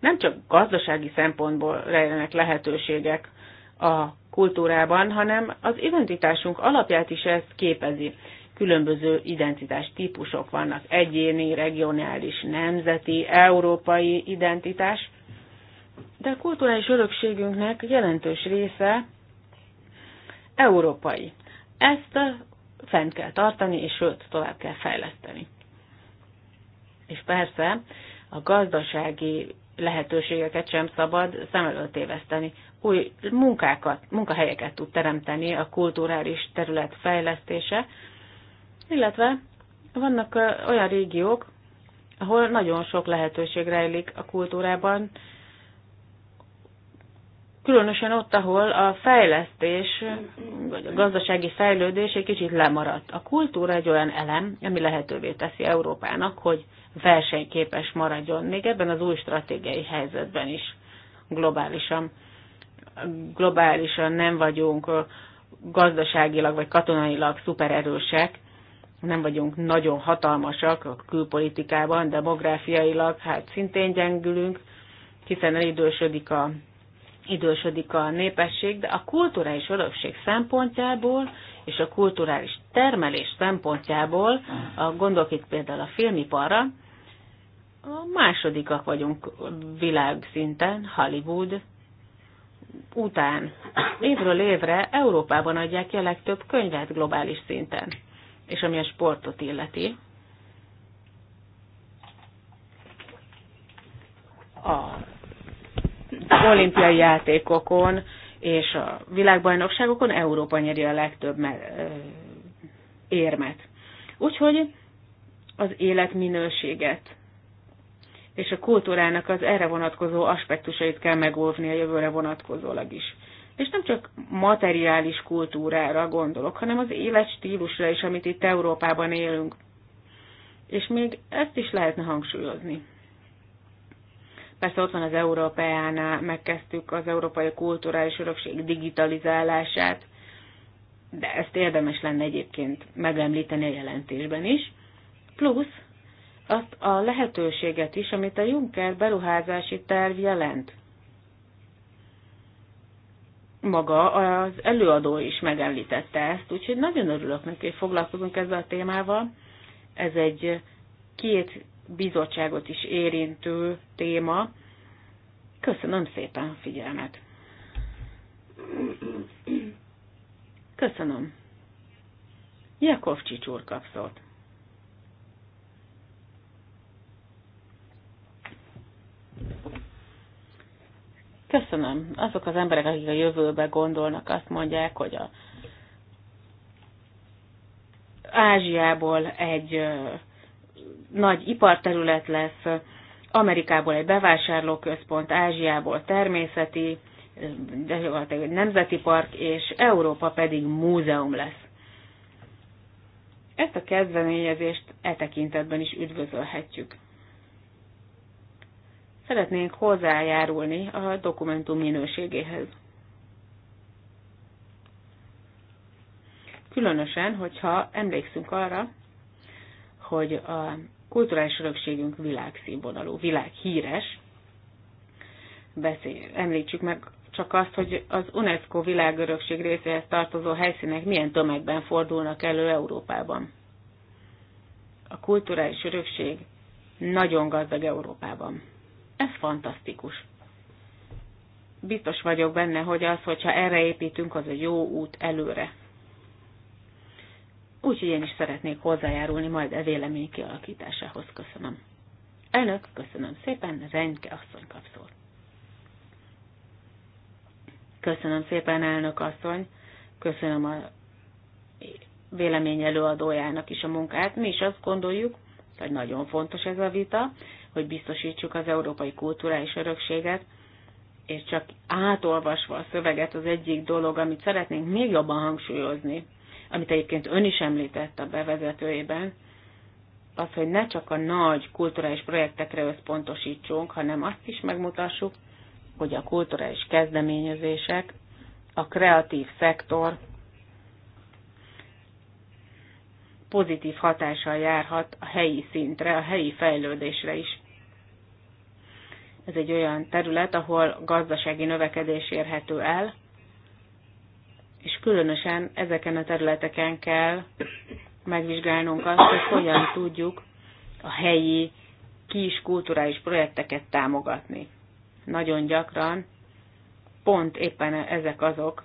Nem csak gazdasági szempontból rejlenek lehetőségek a kultúrában, hanem az identitásunk alapját is ezt képezi különböző identitás típusok vannak, egyéni, regionális, nemzeti, európai identitás, de a kulturális örökségünknek jelentős része európai. Ezt fent kell tartani, és sőt, tovább kell fejleszteni. És persze a gazdasági lehetőségeket sem szabad szem előtt éveszteni. Új munkákat, munkahelyeket tud teremteni a kulturális terület fejlesztése, illetve vannak olyan régiók, ahol nagyon sok lehetőség rejlik a kultúrában, különösen ott, ahol a fejlesztés, vagy a gazdasági fejlődés egy kicsit lemaradt. A kultúra egy olyan elem, ami lehetővé teszi Európának, hogy versenyképes maradjon, még ebben az új stratégiai helyzetben is globálisan. Globálisan nem vagyunk gazdaságilag vagy katonailag szupererősek, nem vagyunk nagyon hatalmasak a külpolitikában, demográfiailag hát szintén gyengülünk, hiszen elidősödik a, idősödik a népesség, de a kulturális örökség szempontjából és a kulturális termelés szempontjából, a, gondolk itt például a filmiparra, a másodikak vagyunk világszinten, Hollywood után. Évről évre Európában adják ki a legtöbb könyvet globális szinten és ami a sportot illeti. Az olimpiai játékokon és a világbajnokságokon Európa nyeri a legtöbb érmet. Úgyhogy az életminőséget és a kultúrának az erre vonatkozó aspektusait kell megóvni a jövőre vonatkozólag is és nem csak materiális kultúrára gondolok, hanem az életstílusra is, amit itt Európában élünk. És még ezt is lehetne hangsúlyozni. Persze ott van az Európeánál, megkezdtük az Európai Kulturális Örökség digitalizálását, de ezt érdemes lenne egyébként megemlíteni a jelentésben is. Plusz azt a lehetőséget is, amit a Juncker beruházási terv jelent maga az előadó is megemlítette ezt, úgyhogy nagyon örülök neki, hogy foglalkozunk ezzel a témával. Ez egy két bizottságot is érintő téma. Köszönöm szépen a figyelmet. Köszönöm. Jakov Csicsúr kapszott. Köszönöm. Azok az emberek, akik a jövőbe gondolnak, azt mondják, hogy a Ázsiából egy nagy iparterület lesz, Amerikából egy bevásárlóközpont, Ázsiából természeti, de egy nemzeti park, és Európa pedig múzeum lesz. Ezt a kezdeményezést e tekintetben is üdvözölhetjük. Szeretnénk hozzájárulni a dokumentum minőségéhez. Különösen, hogyha emlékszünk arra, hogy a kulturális örökségünk világszínvonalú, világhíres, beszél, említsük meg csak azt, hogy az UNESCO világörökség részéhez tartozó helyszínek milyen tömegben fordulnak elő Európában. A kulturális örökség nagyon gazdag Európában. Ez fantasztikus. Biztos vagyok benne, hogy az, hogyha erre építünk, az a jó út előre. Úgyhogy én is szeretnék hozzájárulni majd e vélemény kialakításához. Köszönöm. Elnök, köszönöm szépen, Renke asszony kapszol. Köszönöm szépen, elnök asszony. Köszönöm a vélemény előadójának is a munkát. Mi is azt gondoljuk, hogy nagyon fontos ez a vita, hogy biztosítsuk az európai kulturális örökséget, és csak átolvasva a szöveget az egyik dolog, amit szeretnénk még jobban hangsúlyozni, amit egyébként ön is említett a bevezetőjében, az, hogy ne csak a nagy kulturális projektekre összpontosítsunk, hanem azt is megmutassuk, hogy a kulturális kezdeményezések, a kreatív szektor pozitív hatással járhat a helyi szintre, a helyi fejlődésre is. Ez egy olyan terület, ahol gazdasági növekedés érhető el, és különösen ezeken a területeken kell megvizsgálnunk azt, hogy hogyan tudjuk a helyi kis kulturális projekteket támogatni. Nagyon gyakran pont éppen ezek azok,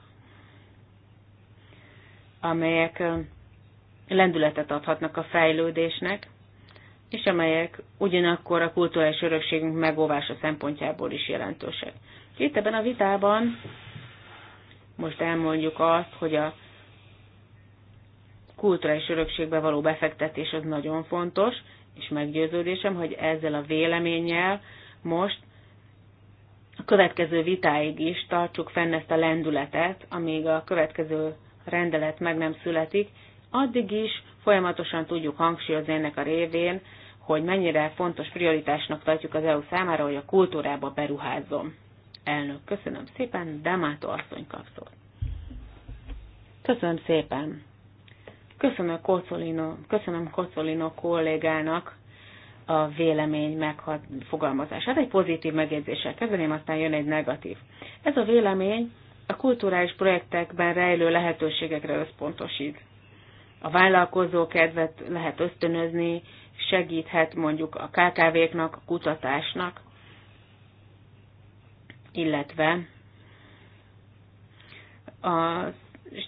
amelyek lendületet adhatnak a fejlődésnek, és amelyek ugyanakkor a kulturális örökségünk megóvása szempontjából is jelentősek. Itt ebben a vitában most elmondjuk azt, hogy a kulturális örökségbe való befektetés az nagyon fontos, és meggyőződésem, hogy ezzel a véleménnyel most a következő vitáig is tartsuk fenn ezt a lendületet, amíg a következő rendelet meg nem születik, addig is folyamatosan tudjuk hangsúlyozni ennek a révén, hogy mennyire fontos prioritásnak tartjuk az EU számára, hogy a kultúrába beruházzon. Elnök, köszönöm szépen, Damato asszony kapszol. Köszönöm szépen. Köszönöm Kocolino, köszönöm Kocolino kollégának a vélemény megfogalmazását. Egy pozitív megjegyzéssel kezdeném, aztán jön egy negatív. Ez a vélemény a kulturális projektekben rejlő lehetőségekre összpontosít. A vállalkozó kedvet lehet ösztönözni, segíthet mondjuk a KKV-knak, a kutatásnak, illetve a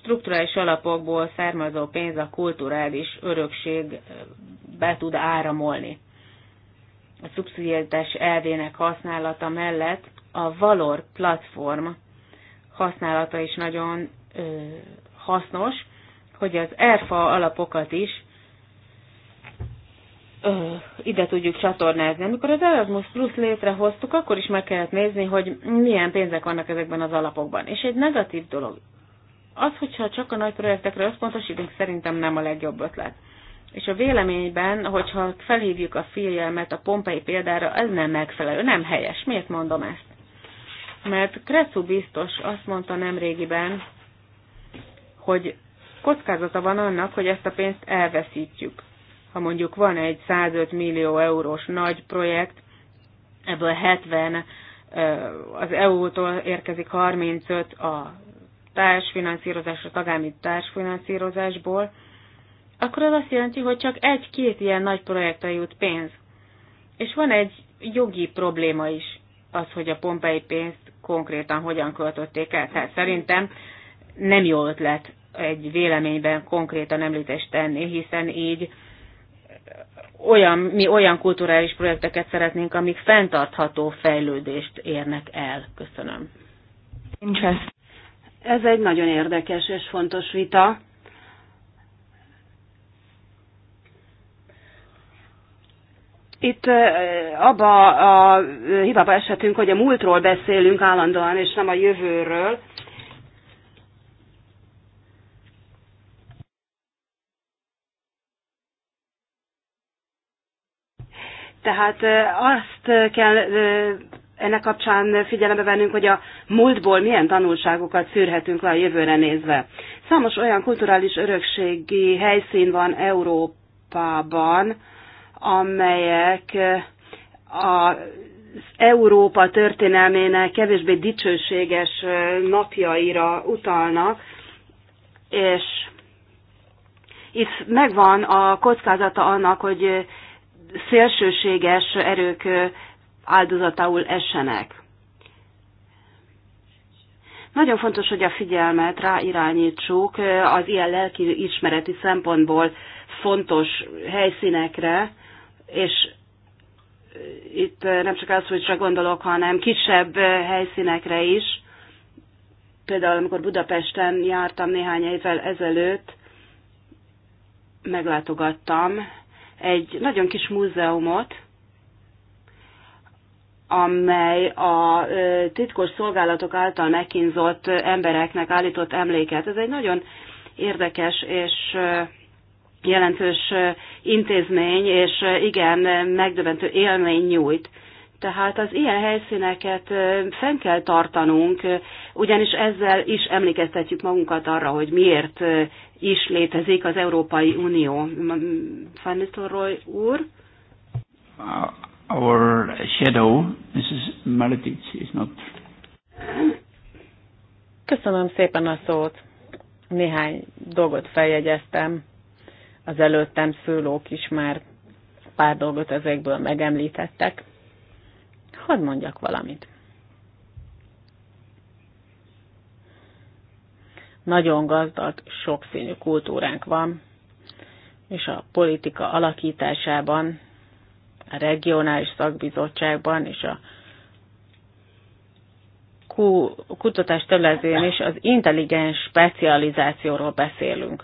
strukturális alapokból származó pénz a kulturális örökség be tud áramolni. A szubszidiáltás elvének használata mellett a Valor platform használata is nagyon ö, hasznos, hogy az ERFA alapokat is ö, ide tudjuk csatornázni. Amikor az Erasmus Plus létrehoztuk, akkor is meg kellett nézni, hogy milyen pénzek vannak ezekben az alapokban. És egy negatív dolog. Az, hogyha csak a nagy projektekre összpontosítunk, szerintem nem a legjobb ötlet. És a véleményben, hogyha felhívjuk a figyelmet a Pompei példára, ez nem megfelelő, nem helyes. Miért mondom ezt? Mert Krecu biztos azt mondta nemrégiben, hogy kockázata van annak, hogy ezt a pénzt elveszítjük ha mondjuk van egy 105 millió eurós nagy projekt, ebből 70 az EU-tól érkezik 35 a társfinanszírozásra, tagállami társfinanszírozásból, akkor az azt jelenti, hogy csak egy-két ilyen nagy projektre jut pénz. És van egy jogi probléma is, az, hogy a pompei pénzt konkrétan hogyan költötték el. Tehát szerintem nem jó ötlet egy véleményben konkrétan említést tenni, hiszen így olyan, mi olyan kulturális projekteket szeretnénk, amik fenntartható fejlődést érnek el. Köszönöm. Interest. Ez egy nagyon érdekes és fontos vita. Itt abba a hibába esetünk, hogy a múltról beszélünk állandóan, és nem a jövőről. Tehát azt kell ennek kapcsán figyelembe vennünk, hogy a múltból milyen tanulságokat szűrhetünk le a jövőre nézve. Számos olyan kulturális örökségi helyszín van Európában, amelyek a Európa történelmének kevésbé dicsőséges napjaira utalnak, és itt megvan a kockázata annak, hogy szélsőséges erők áldozataul essenek. Nagyon fontos, hogy a figyelmet ráirányítsuk az ilyen lelki ismereti szempontból fontos helyszínekre, és itt nem csak az, hogy csak gondolok, hanem kisebb helyszínekre is. Például amikor Budapesten jártam néhány évvel ezelőtt, meglátogattam egy nagyon kis múzeumot, amely a titkos szolgálatok által megkínzott embereknek állított emléket. Ez egy nagyon érdekes és jelentős intézmény, és igen, megdöbentő élmény nyújt. Tehát az ilyen helyszíneket fenn kell tartanunk, ugyanis ezzel is emlékeztetjük magunkat arra, hogy miért is létezik az Európai Unió. Fanny úr? Uh, our shadow, Mrs. Maletic is not... Köszönöm szépen a szót. Néhány dolgot feljegyeztem. Az előttem szőlók is már pár dolgot ezekből megemlítettek hadd mondjak valamit. Nagyon gazdag, sokszínű kultúránk van, és a politika alakításában, a regionális szakbizottságban és a kutatás területén is az intelligens specializációról beszélünk.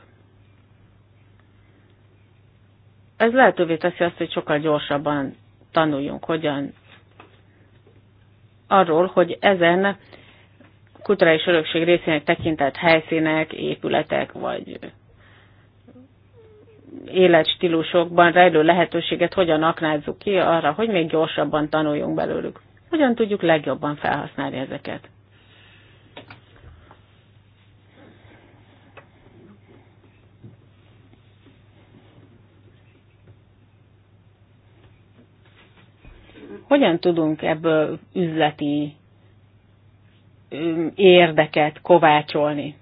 Ez lehetővé teszi azt, hogy sokkal gyorsabban tanuljunk, hogyan arról, hogy ezen kulturális örökség részének tekintett helyszínek, épületek vagy életstílusokban rejlő lehetőséget hogyan aknázzuk ki arra, hogy még gyorsabban tanuljunk belőlük. Hogyan tudjuk legjobban felhasználni ezeket? Hogyan tudunk ebből üzleti érdeket kovácsolni?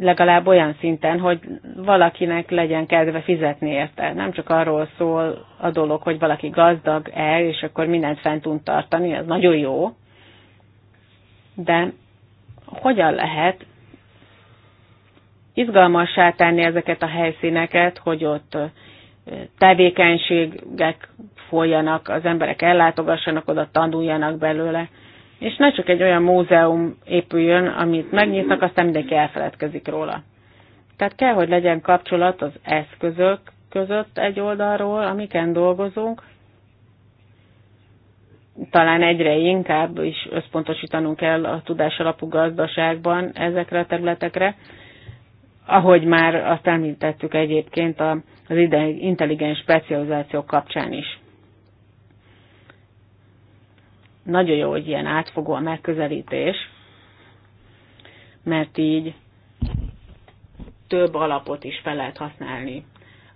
Legalább olyan szinten, hogy valakinek legyen kedve fizetni érte. Nem csak arról szól a dolog, hogy valaki gazdag el, és akkor mindent fent tud tartani, az nagyon jó. De hogyan lehet izgalmassá tenni ezeket a helyszíneket, hogy ott tevékenységek folyanak, az emberek ellátogassanak oda, tanuljanak belőle, és ne csak egy olyan múzeum épüljön, amit megnyitnak, aztán mindenki elfeledkezik róla. Tehát kell, hogy legyen kapcsolat az eszközök között egy oldalról, amiken dolgozunk, talán egyre inkább is összpontosítanunk kell a tudásalapú gazdaságban ezekre a területekre, ahogy már azt említettük egyébként az intelligens specializáció kapcsán is. Nagyon jó, hogy ilyen átfogó a megközelítés, mert így több alapot is fel lehet használni.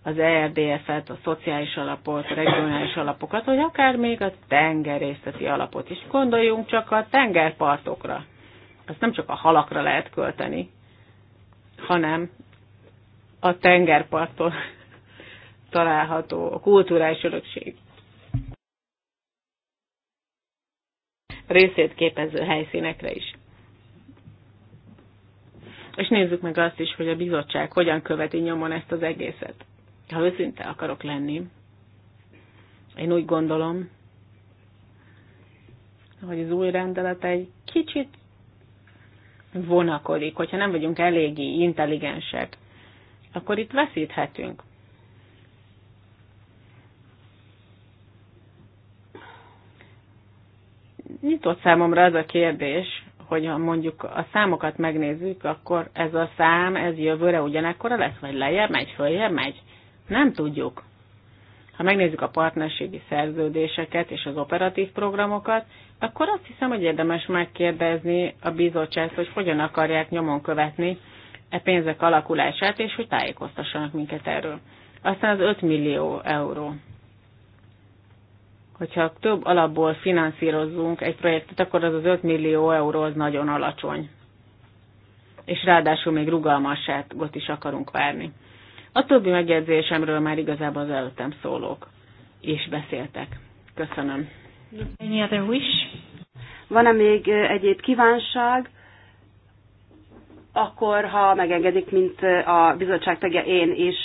Az ERDF-et, a szociális alapot, a regionális alapokat, vagy akár még a tengerészeti alapot is. Gondoljunk csak a tengerpartokra. Azt nem csak a halakra lehet költeni, hanem a tengerparton található a kulturális örökség részét képező helyszínekre is. És nézzük meg azt is, hogy a bizottság hogyan követi nyomon ezt az egészet. Ha őszinte akarok lenni, én úgy gondolom, hogy az új rendelet egy kicsit vonakodik, hogyha nem vagyunk eléggé intelligensek, akkor itt veszíthetünk. nyitott számomra az a kérdés, hogyha mondjuk a számokat megnézzük, akkor ez a szám, ez jövőre ugyanekkora lesz, vagy lejjebb megy, följebb megy? Nem tudjuk. Ha megnézzük a partnerségi szerződéseket és az operatív programokat, akkor azt hiszem, hogy érdemes megkérdezni a bizottságot, hogy hogyan akarják nyomon követni e pénzek alakulását, és hogy tájékoztassanak minket erről. Aztán az 5 millió euró hogyha több alapból finanszírozzunk egy projektet, akkor az az 5 millió euró az nagyon alacsony. És ráadásul még rugalmasságot is akarunk várni. A többi megjegyzésemről már igazából az előttem szólók és beszéltek. Köszönöm. Any other wish? Van-e még egyéb kívánság? Akkor, ha megengedik, mint a bizottság tagja, én is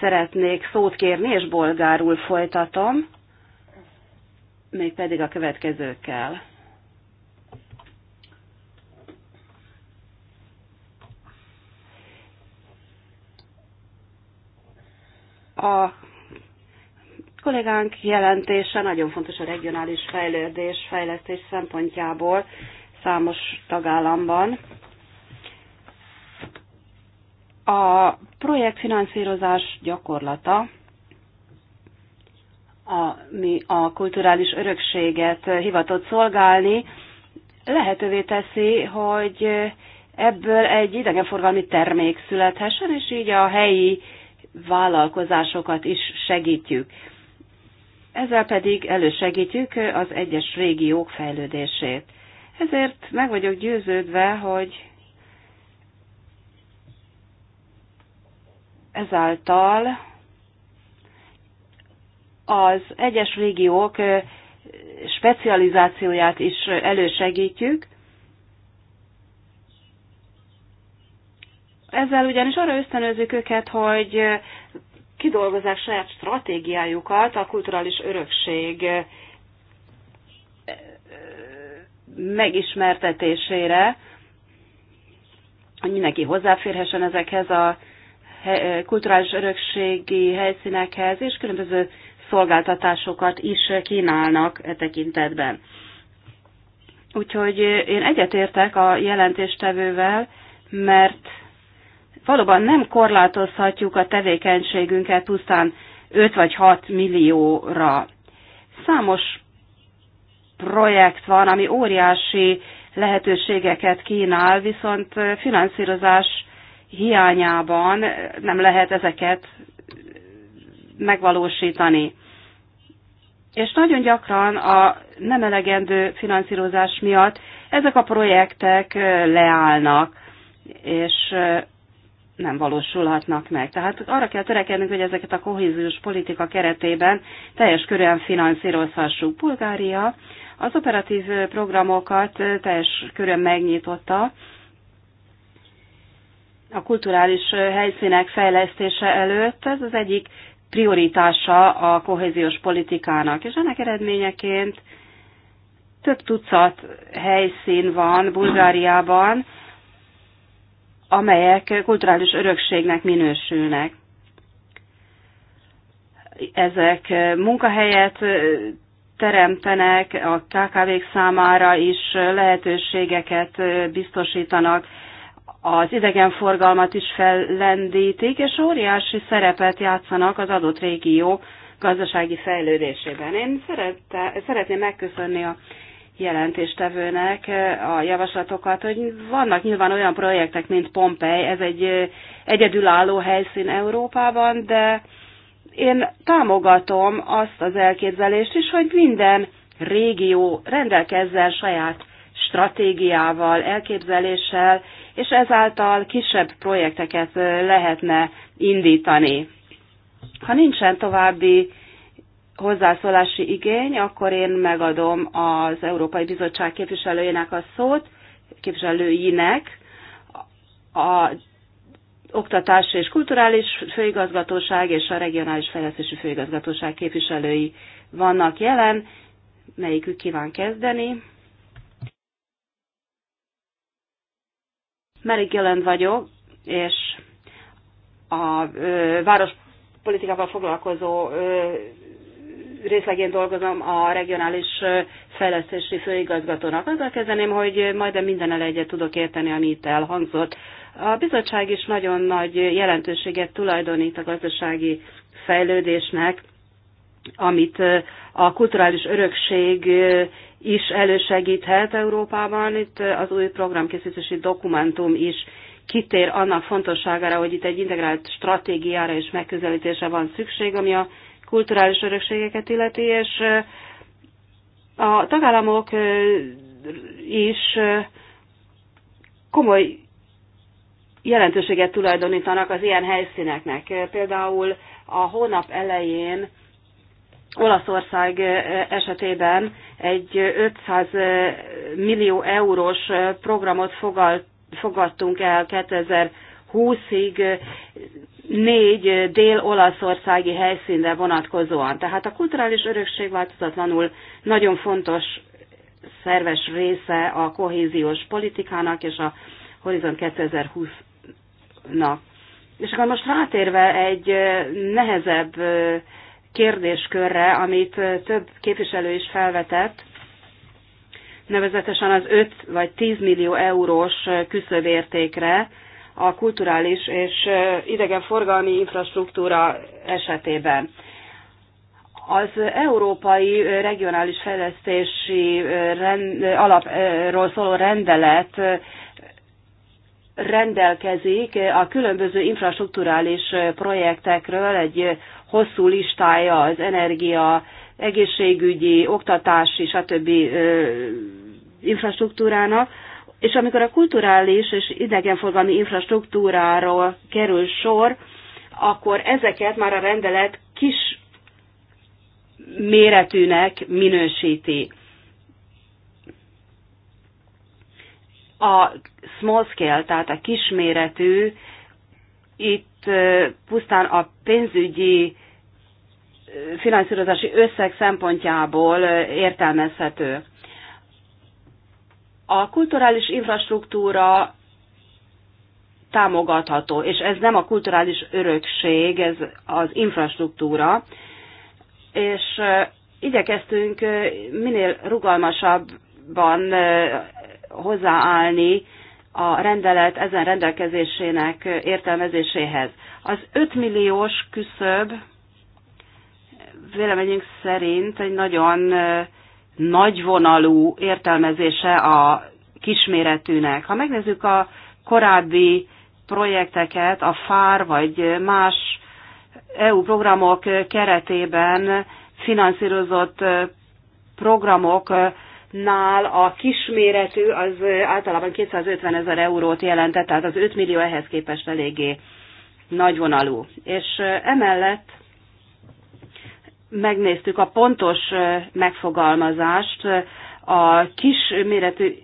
szeretnék szót kérni, és bolgárul folytatom még pedig a következőkkel. A kollégánk jelentése nagyon fontos a regionális fejlődés, fejlesztés szempontjából számos tagállamban. A projektfinanszírozás gyakorlata ami a kulturális örökséget hivatott szolgálni, lehetővé teszi, hogy ebből egy idegenforgalmi termék születhessen, és így a helyi vállalkozásokat is segítjük. Ezzel pedig elősegítjük az egyes régiók fejlődését. Ezért meg vagyok győződve, hogy ezáltal az egyes régiók specializációját is elősegítjük. Ezzel ugyanis arra ösztönözzük őket, hogy kidolgozzák saját stratégiájukat a kulturális örökség megismertetésére, hogy mindenki hozzáférhessen ezekhez a kulturális örökségi helyszínekhez, és különböző szolgáltatásokat is kínálnak e tekintetben. Úgyhogy én egyetértek a jelentéstevővel, mert valóban nem korlátozhatjuk a tevékenységünket pusztán 5 vagy 6 millióra. Számos projekt van, ami óriási lehetőségeket kínál, viszont finanszírozás hiányában nem lehet ezeket megvalósítani. És nagyon gyakran a nem elegendő finanszírozás miatt ezek a projektek leállnak, és nem valósulhatnak meg. Tehát arra kell törekednünk, hogy ezeket a kohéziós politika keretében teljes körűen finanszírozhassuk. Bulgária az operatív programokat teljes körűen megnyitotta, a kulturális helyszínek fejlesztése előtt. Ez az egyik prioritása a kohéziós politikának. És ennek eredményeként több tucat helyszín van Bulgáriában, amelyek kulturális örökségnek minősülnek. Ezek munkahelyet teremtenek, a KKV-k számára is lehetőségeket biztosítanak, az idegenforgalmat is fellendítik, és óriási szerepet játszanak az adott régió gazdasági fejlődésében. Én szerette, szeretném megköszönni a jelentéstevőnek a javaslatokat, hogy vannak nyilván olyan projektek, mint Pompei, ez egy egyedülálló helyszín Európában, de én támogatom azt az elképzelést is, hogy minden régió rendelkezzen saját stratégiával, elképzeléssel, és ezáltal kisebb projekteket lehetne indítani. Ha nincsen további hozzászólási igény, akkor én megadom az Európai Bizottság képviselőjének a szót, képviselőinek, a Oktatás és Kulturális Főigazgatóság és a Regionális Fejlesztési Főigazgatóság képviselői vannak jelen. Melyikük kíván kezdeni? Mary Gillen vagyok, és a ö, várospolitikával foglalkozó ö, részlegén dolgozom a regionális fejlesztési főigazgatónak. Azzal kezdeném, hogy majdnem minden egyet tudok érteni, ami itt elhangzott. A bizottság is nagyon nagy jelentőséget tulajdonít a gazdasági fejlődésnek, amit a kulturális örökség is elősegíthet Európában. Itt az új programkészítési dokumentum is kitér annak fontosságára, hogy itt egy integrált stratégiára és megközelítése van szükség, ami a kulturális örökségeket illeti, és a tagállamok is komoly jelentőséget tulajdonítanak az ilyen helyszíneknek. Például a hónap elején Olaszország esetében egy 500 millió eurós programot fogadtunk el 2020-ig négy dél-olaszországi helyszínre vonatkozóan. Tehát a kulturális örökség változatlanul nagyon fontos szerves része a kohéziós politikának és a Horizon 2020-nak. És akkor most rátérve egy nehezebb kérdéskörre, amit több képviselő is felvetett, nevezetesen az 5 vagy 10 millió eurós küszöbértékre a kulturális és idegenforgalmi infrastruktúra esetében. Az Európai Regionális Fejlesztési rend, Alapról szóló rendelet rendelkezik a különböző infrastruktúrális projektekről egy hosszú listája az energia, egészségügyi, oktatási, stb. infrastruktúrának, és amikor a kulturális és idegenforgalmi infrastruktúráról kerül sor, akkor ezeket már a rendelet kis méretűnek minősíti. A small scale, tehát a kisméretű itt pusztán a pénzügyi finanszírozási összeg szempontjából értelmezhető. A kulturális infrastruktúra támogatható, és ez nem a kulturális örökség, ez az infrastruktúra, és igyekeztünk minél rugalmasabban hozzáállni a rendelet ezen rendelkezésének értelmezéséhez. Az 5 milliós küszöb véleményünk szerint egy nagyon nagyvonalú értelmezése a kisméretűnek. Ha megnézzük a korábbi projekteket, a FAR vagy más EU programok keretében finanszírozott programok nál a kisméretű az általában 250 ezer eurót jelentett, tehát az 5 millió ehhez képest eléggé nagyvonalú. És emellett megnéztük a pontos megfogalmazást a kisméretű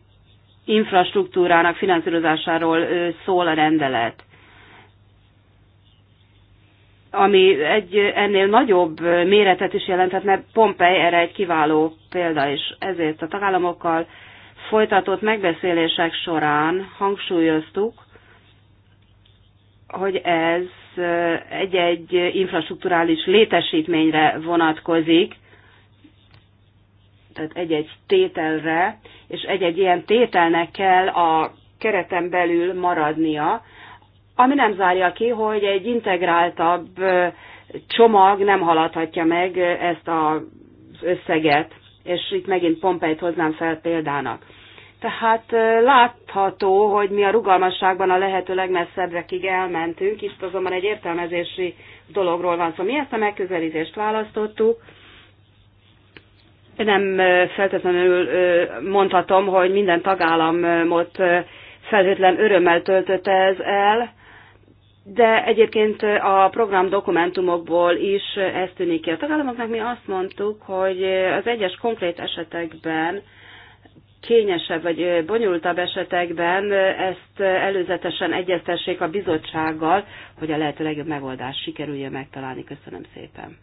infrastruktúrának finanszírozásáról szól a rendelet ami egy ennél nagyobb méretet is mert Pompei erre egy kiváló példa, és ezért a tagállamokkal folytatott megbeszélések során hangsúlyoztuk, hogy ez eh, egy-egy infrastruktúrális létesítményre vonatkozik, tehát egy-egy tételre, és egy-egy ilyen tételnek kell a kereten belül maradnia, ami nem zárja ki, hogy egy integráltabb csomag nem haladhatja meg ezt az összeget, és itt megint Pompeit hoznám fel példának. Tehát látható, hogy mi a rugalmasságban a lehető legmesszebbekig elmentünk, itt azonban egy értelmezési dologról van szó. Szóval mi ezt a megközelítést választottuk, nem feltétlenül mondhatom, hogy minden tagállamot felhőtlen örömmel töltött ez el, de egyébként a program dokumentumokból is ez tűnik ki. A tagállamoknak mi azt mondtuk, hogy az egyes konkrét esetekben, kényesebb vagy bonyolultabb esetekben ezt előzetesen egyeztessék a bizottsággal, hogy a lehető legjobb megoldás sikerüljön megtalálni. Köszönöm szépen.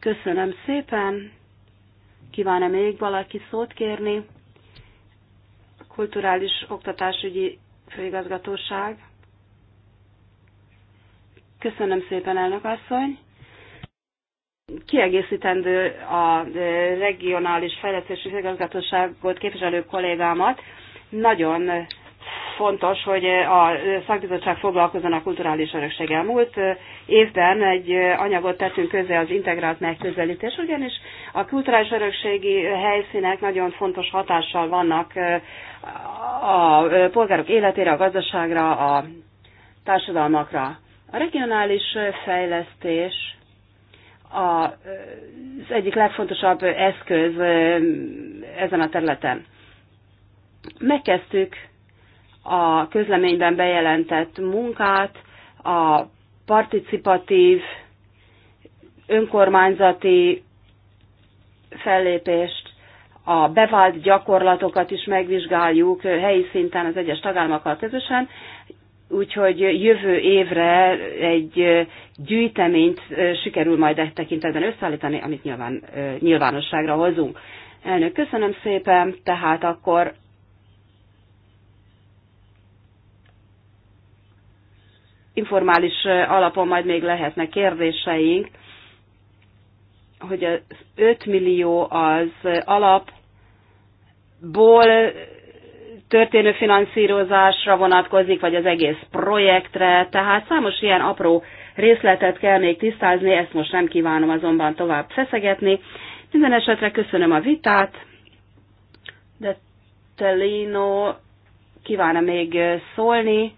Köszönöm szépen. Kíván-e még valaki szót kérni? Kulturális Oktatásügyi Főigazgatóság. Köszönöm szépen, elnök asszony. Kiegészítendő a e, regionális fejlesztési igazgatóságot képviselő kollégámat. Nagyon fontos, hogy a szakbizottság foglalkozzon a kulturális örökség elmúlt e, évben egy anyagot tettünk közé az integrált megközelítés, ugyanis a kulturális örökségi helyszínek nagyon fontos hatással vannak e, a polgárok életére, a gazdaságra, a társadalmakra. A regionális fejlesztés az egyik legfontosabb eszköz ezen a területen. Megkezdtük a közleményben bejelentett munkát, a participatív, önkormányzati fellépést, a bevált gyakorlatokat is megvizsgáljuk helyi szinten az egyes tagállamokkal közösen, Úgyhogy jövő évre egy gyűjteményt sikerül majd egy tekintetben összeállítani, amit nyilván, nyilvánosságra hozunk. Elnök, köszönöm szépen, tehát akkor informális alapon majd még lehetnek kérdéseink, hogy az 5 millió az alapból történő finanszírozásra vonatkozik, vagy az egész projektre, tehát számos ilyen apró részletet kell még tisztázni, ezt most nem kívánom azonban tovább feszegetni. Minden esetre köszönöm a vitát, de Telino kívánna még szólni.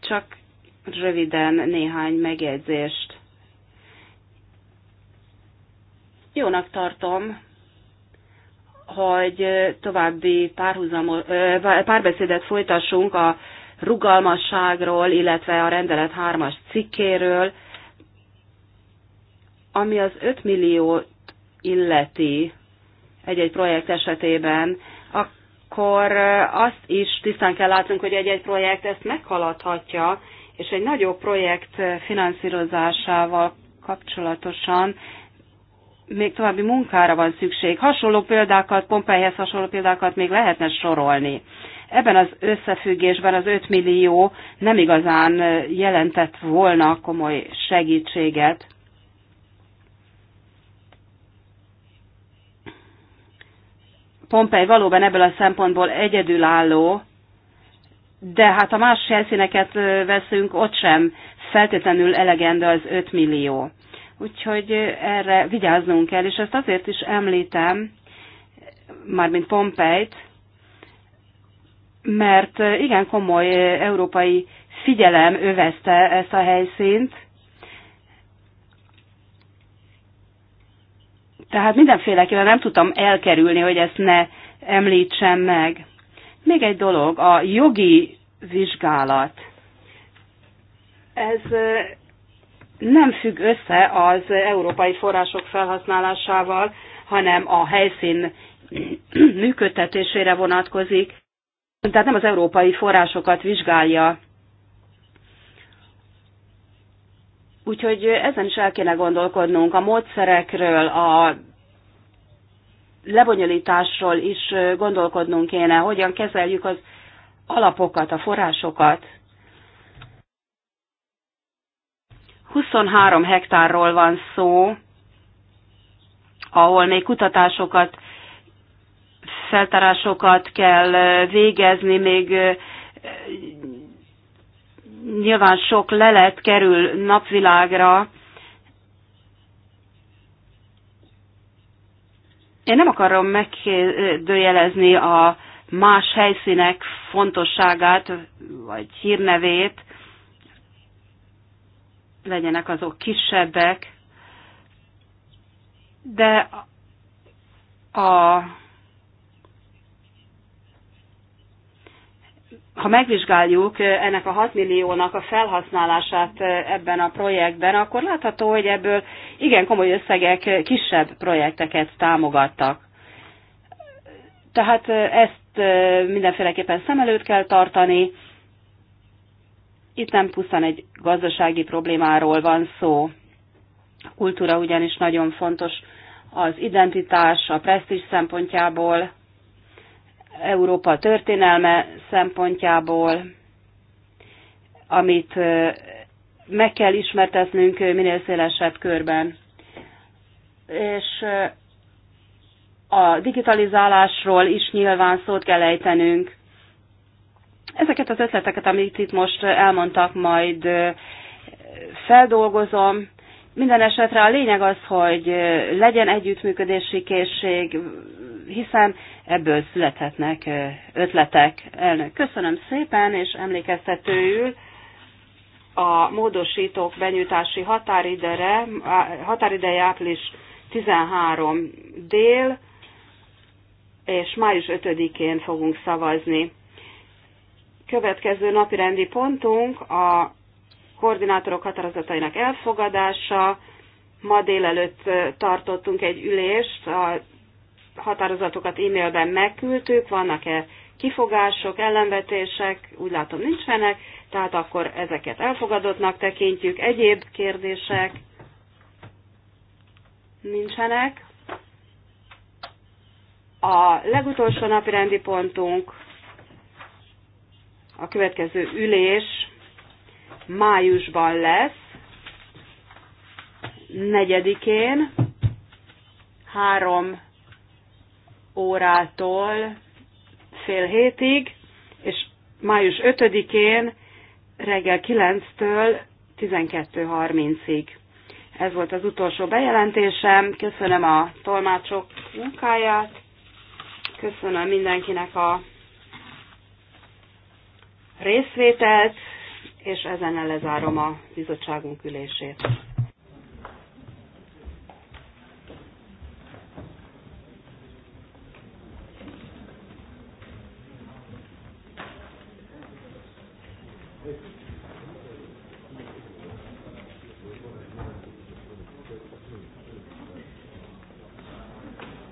Csak röviden néhány megjegyzést. Jónak tartom, hogy további párbeszédet folytassunk a rugalmasságról, illetve a rendelet 3-as cikkéről, ami az 5 milliót illeti egy-egy projekt esetében, akkor azt is tisztán kell látnunk, hogy egy-egy projekt ezt meghaladhatja, és egy nagyobb projekt finanszírozásával kapcsolatosan még további munkára van szükség. Hasonló példákat, Pompeihez hasonló példákat még lehetne sorolni. Ebben az összefüggésben az 5 millió nem igazán jelentett volna komoly segítséget. Pompei valóban ebből a szempontból egyedülálló, de hát ha más helyszíneket veszünk, ott sem feltétlenül elegendő az 5 millió. Úgyhogy erre vigyáznunk kell, és ezt azért is említem, mármint Pompejt, mert igen komoly európai figyelem övezte ezt a helyszínt, Tehát mindenféleképpen nem tudtam elkerülni, hogy ezt ne említsem meg. Még egy dolog, a jogi vizsgálat. Ez nem függ össze az európai források felhasználásával, hanem a helyszín működtetésére vonatkozik. Tehát nem az európai forrásokat vizsgálja. Úgyhogy ezen is el kéne gondolkodnunk a módszerekről, a lebonyolításról is gondolkodnunk kéne, hogyan kezeljük az alapokat, a forrásokat. 23 hektárról van szó, ahol még kutatásokat, feltárásokat kell végezni, még nyilván sok lelet kerül napvilágra. Én nem akarom megdőjelezni a más helyszínek fontosságát, vagy hírnevét, legyenek azok kisebbek, de a, ha megvizsgáljuk ennek a 6 milliónak a felhasználását ebben a projektben, akkor látható, hogy ebből igen komoly összegek kisebb projekteket támogattak. Tehát ezt mindenféleképpen szem előtt kell tartani, itt nem pusztán egy gazdasági problémáról van szó. A kultúra ugyanis nagyon fontos az identitás, a presztízs szempontjából, Európa történelme szempontjából, amit meg kell ismertetnünk minél szélesebb körben. És a digitalizálásról is nyilván szót kell ejtenünk, Ezeket az ötleteket, amit itt most elmondtak, majd feldolgozom. Minden esetre a lényeg az, hogy legyen együttműködési készség, hiszen ebből születhetnek ötletek. Elnök, köszönöm szépen, és emlékeztetőül a módosítók benyújtási határidere, határideje április 13 dél, és május 5-én fogunk szavazni. Következő napirendi pontunk a koordinátorok határozatainak elfogadása. Ma délelőtt tartottunk egy ülést, a határozatokat e-mailben megküldtük, vannak-e kifogások, ellenvetések, úgy látom nincsenek, tehát akkor ezeket elfogadottnak tekintjük. Egyéb kérdések nincsenek. A legutolsó napi rendi pontunk a következő ülés májusban lesz, negyedikén, három órától fél hétig, és május 5-én reggel 9-től 12.30-ig. Ez volt az utolsó bejelentésem. Köszönöm a tolmácsok munkáját, köszönöm mindenkinek a részvételt, és ezen lezárom a bizottságunk ülését.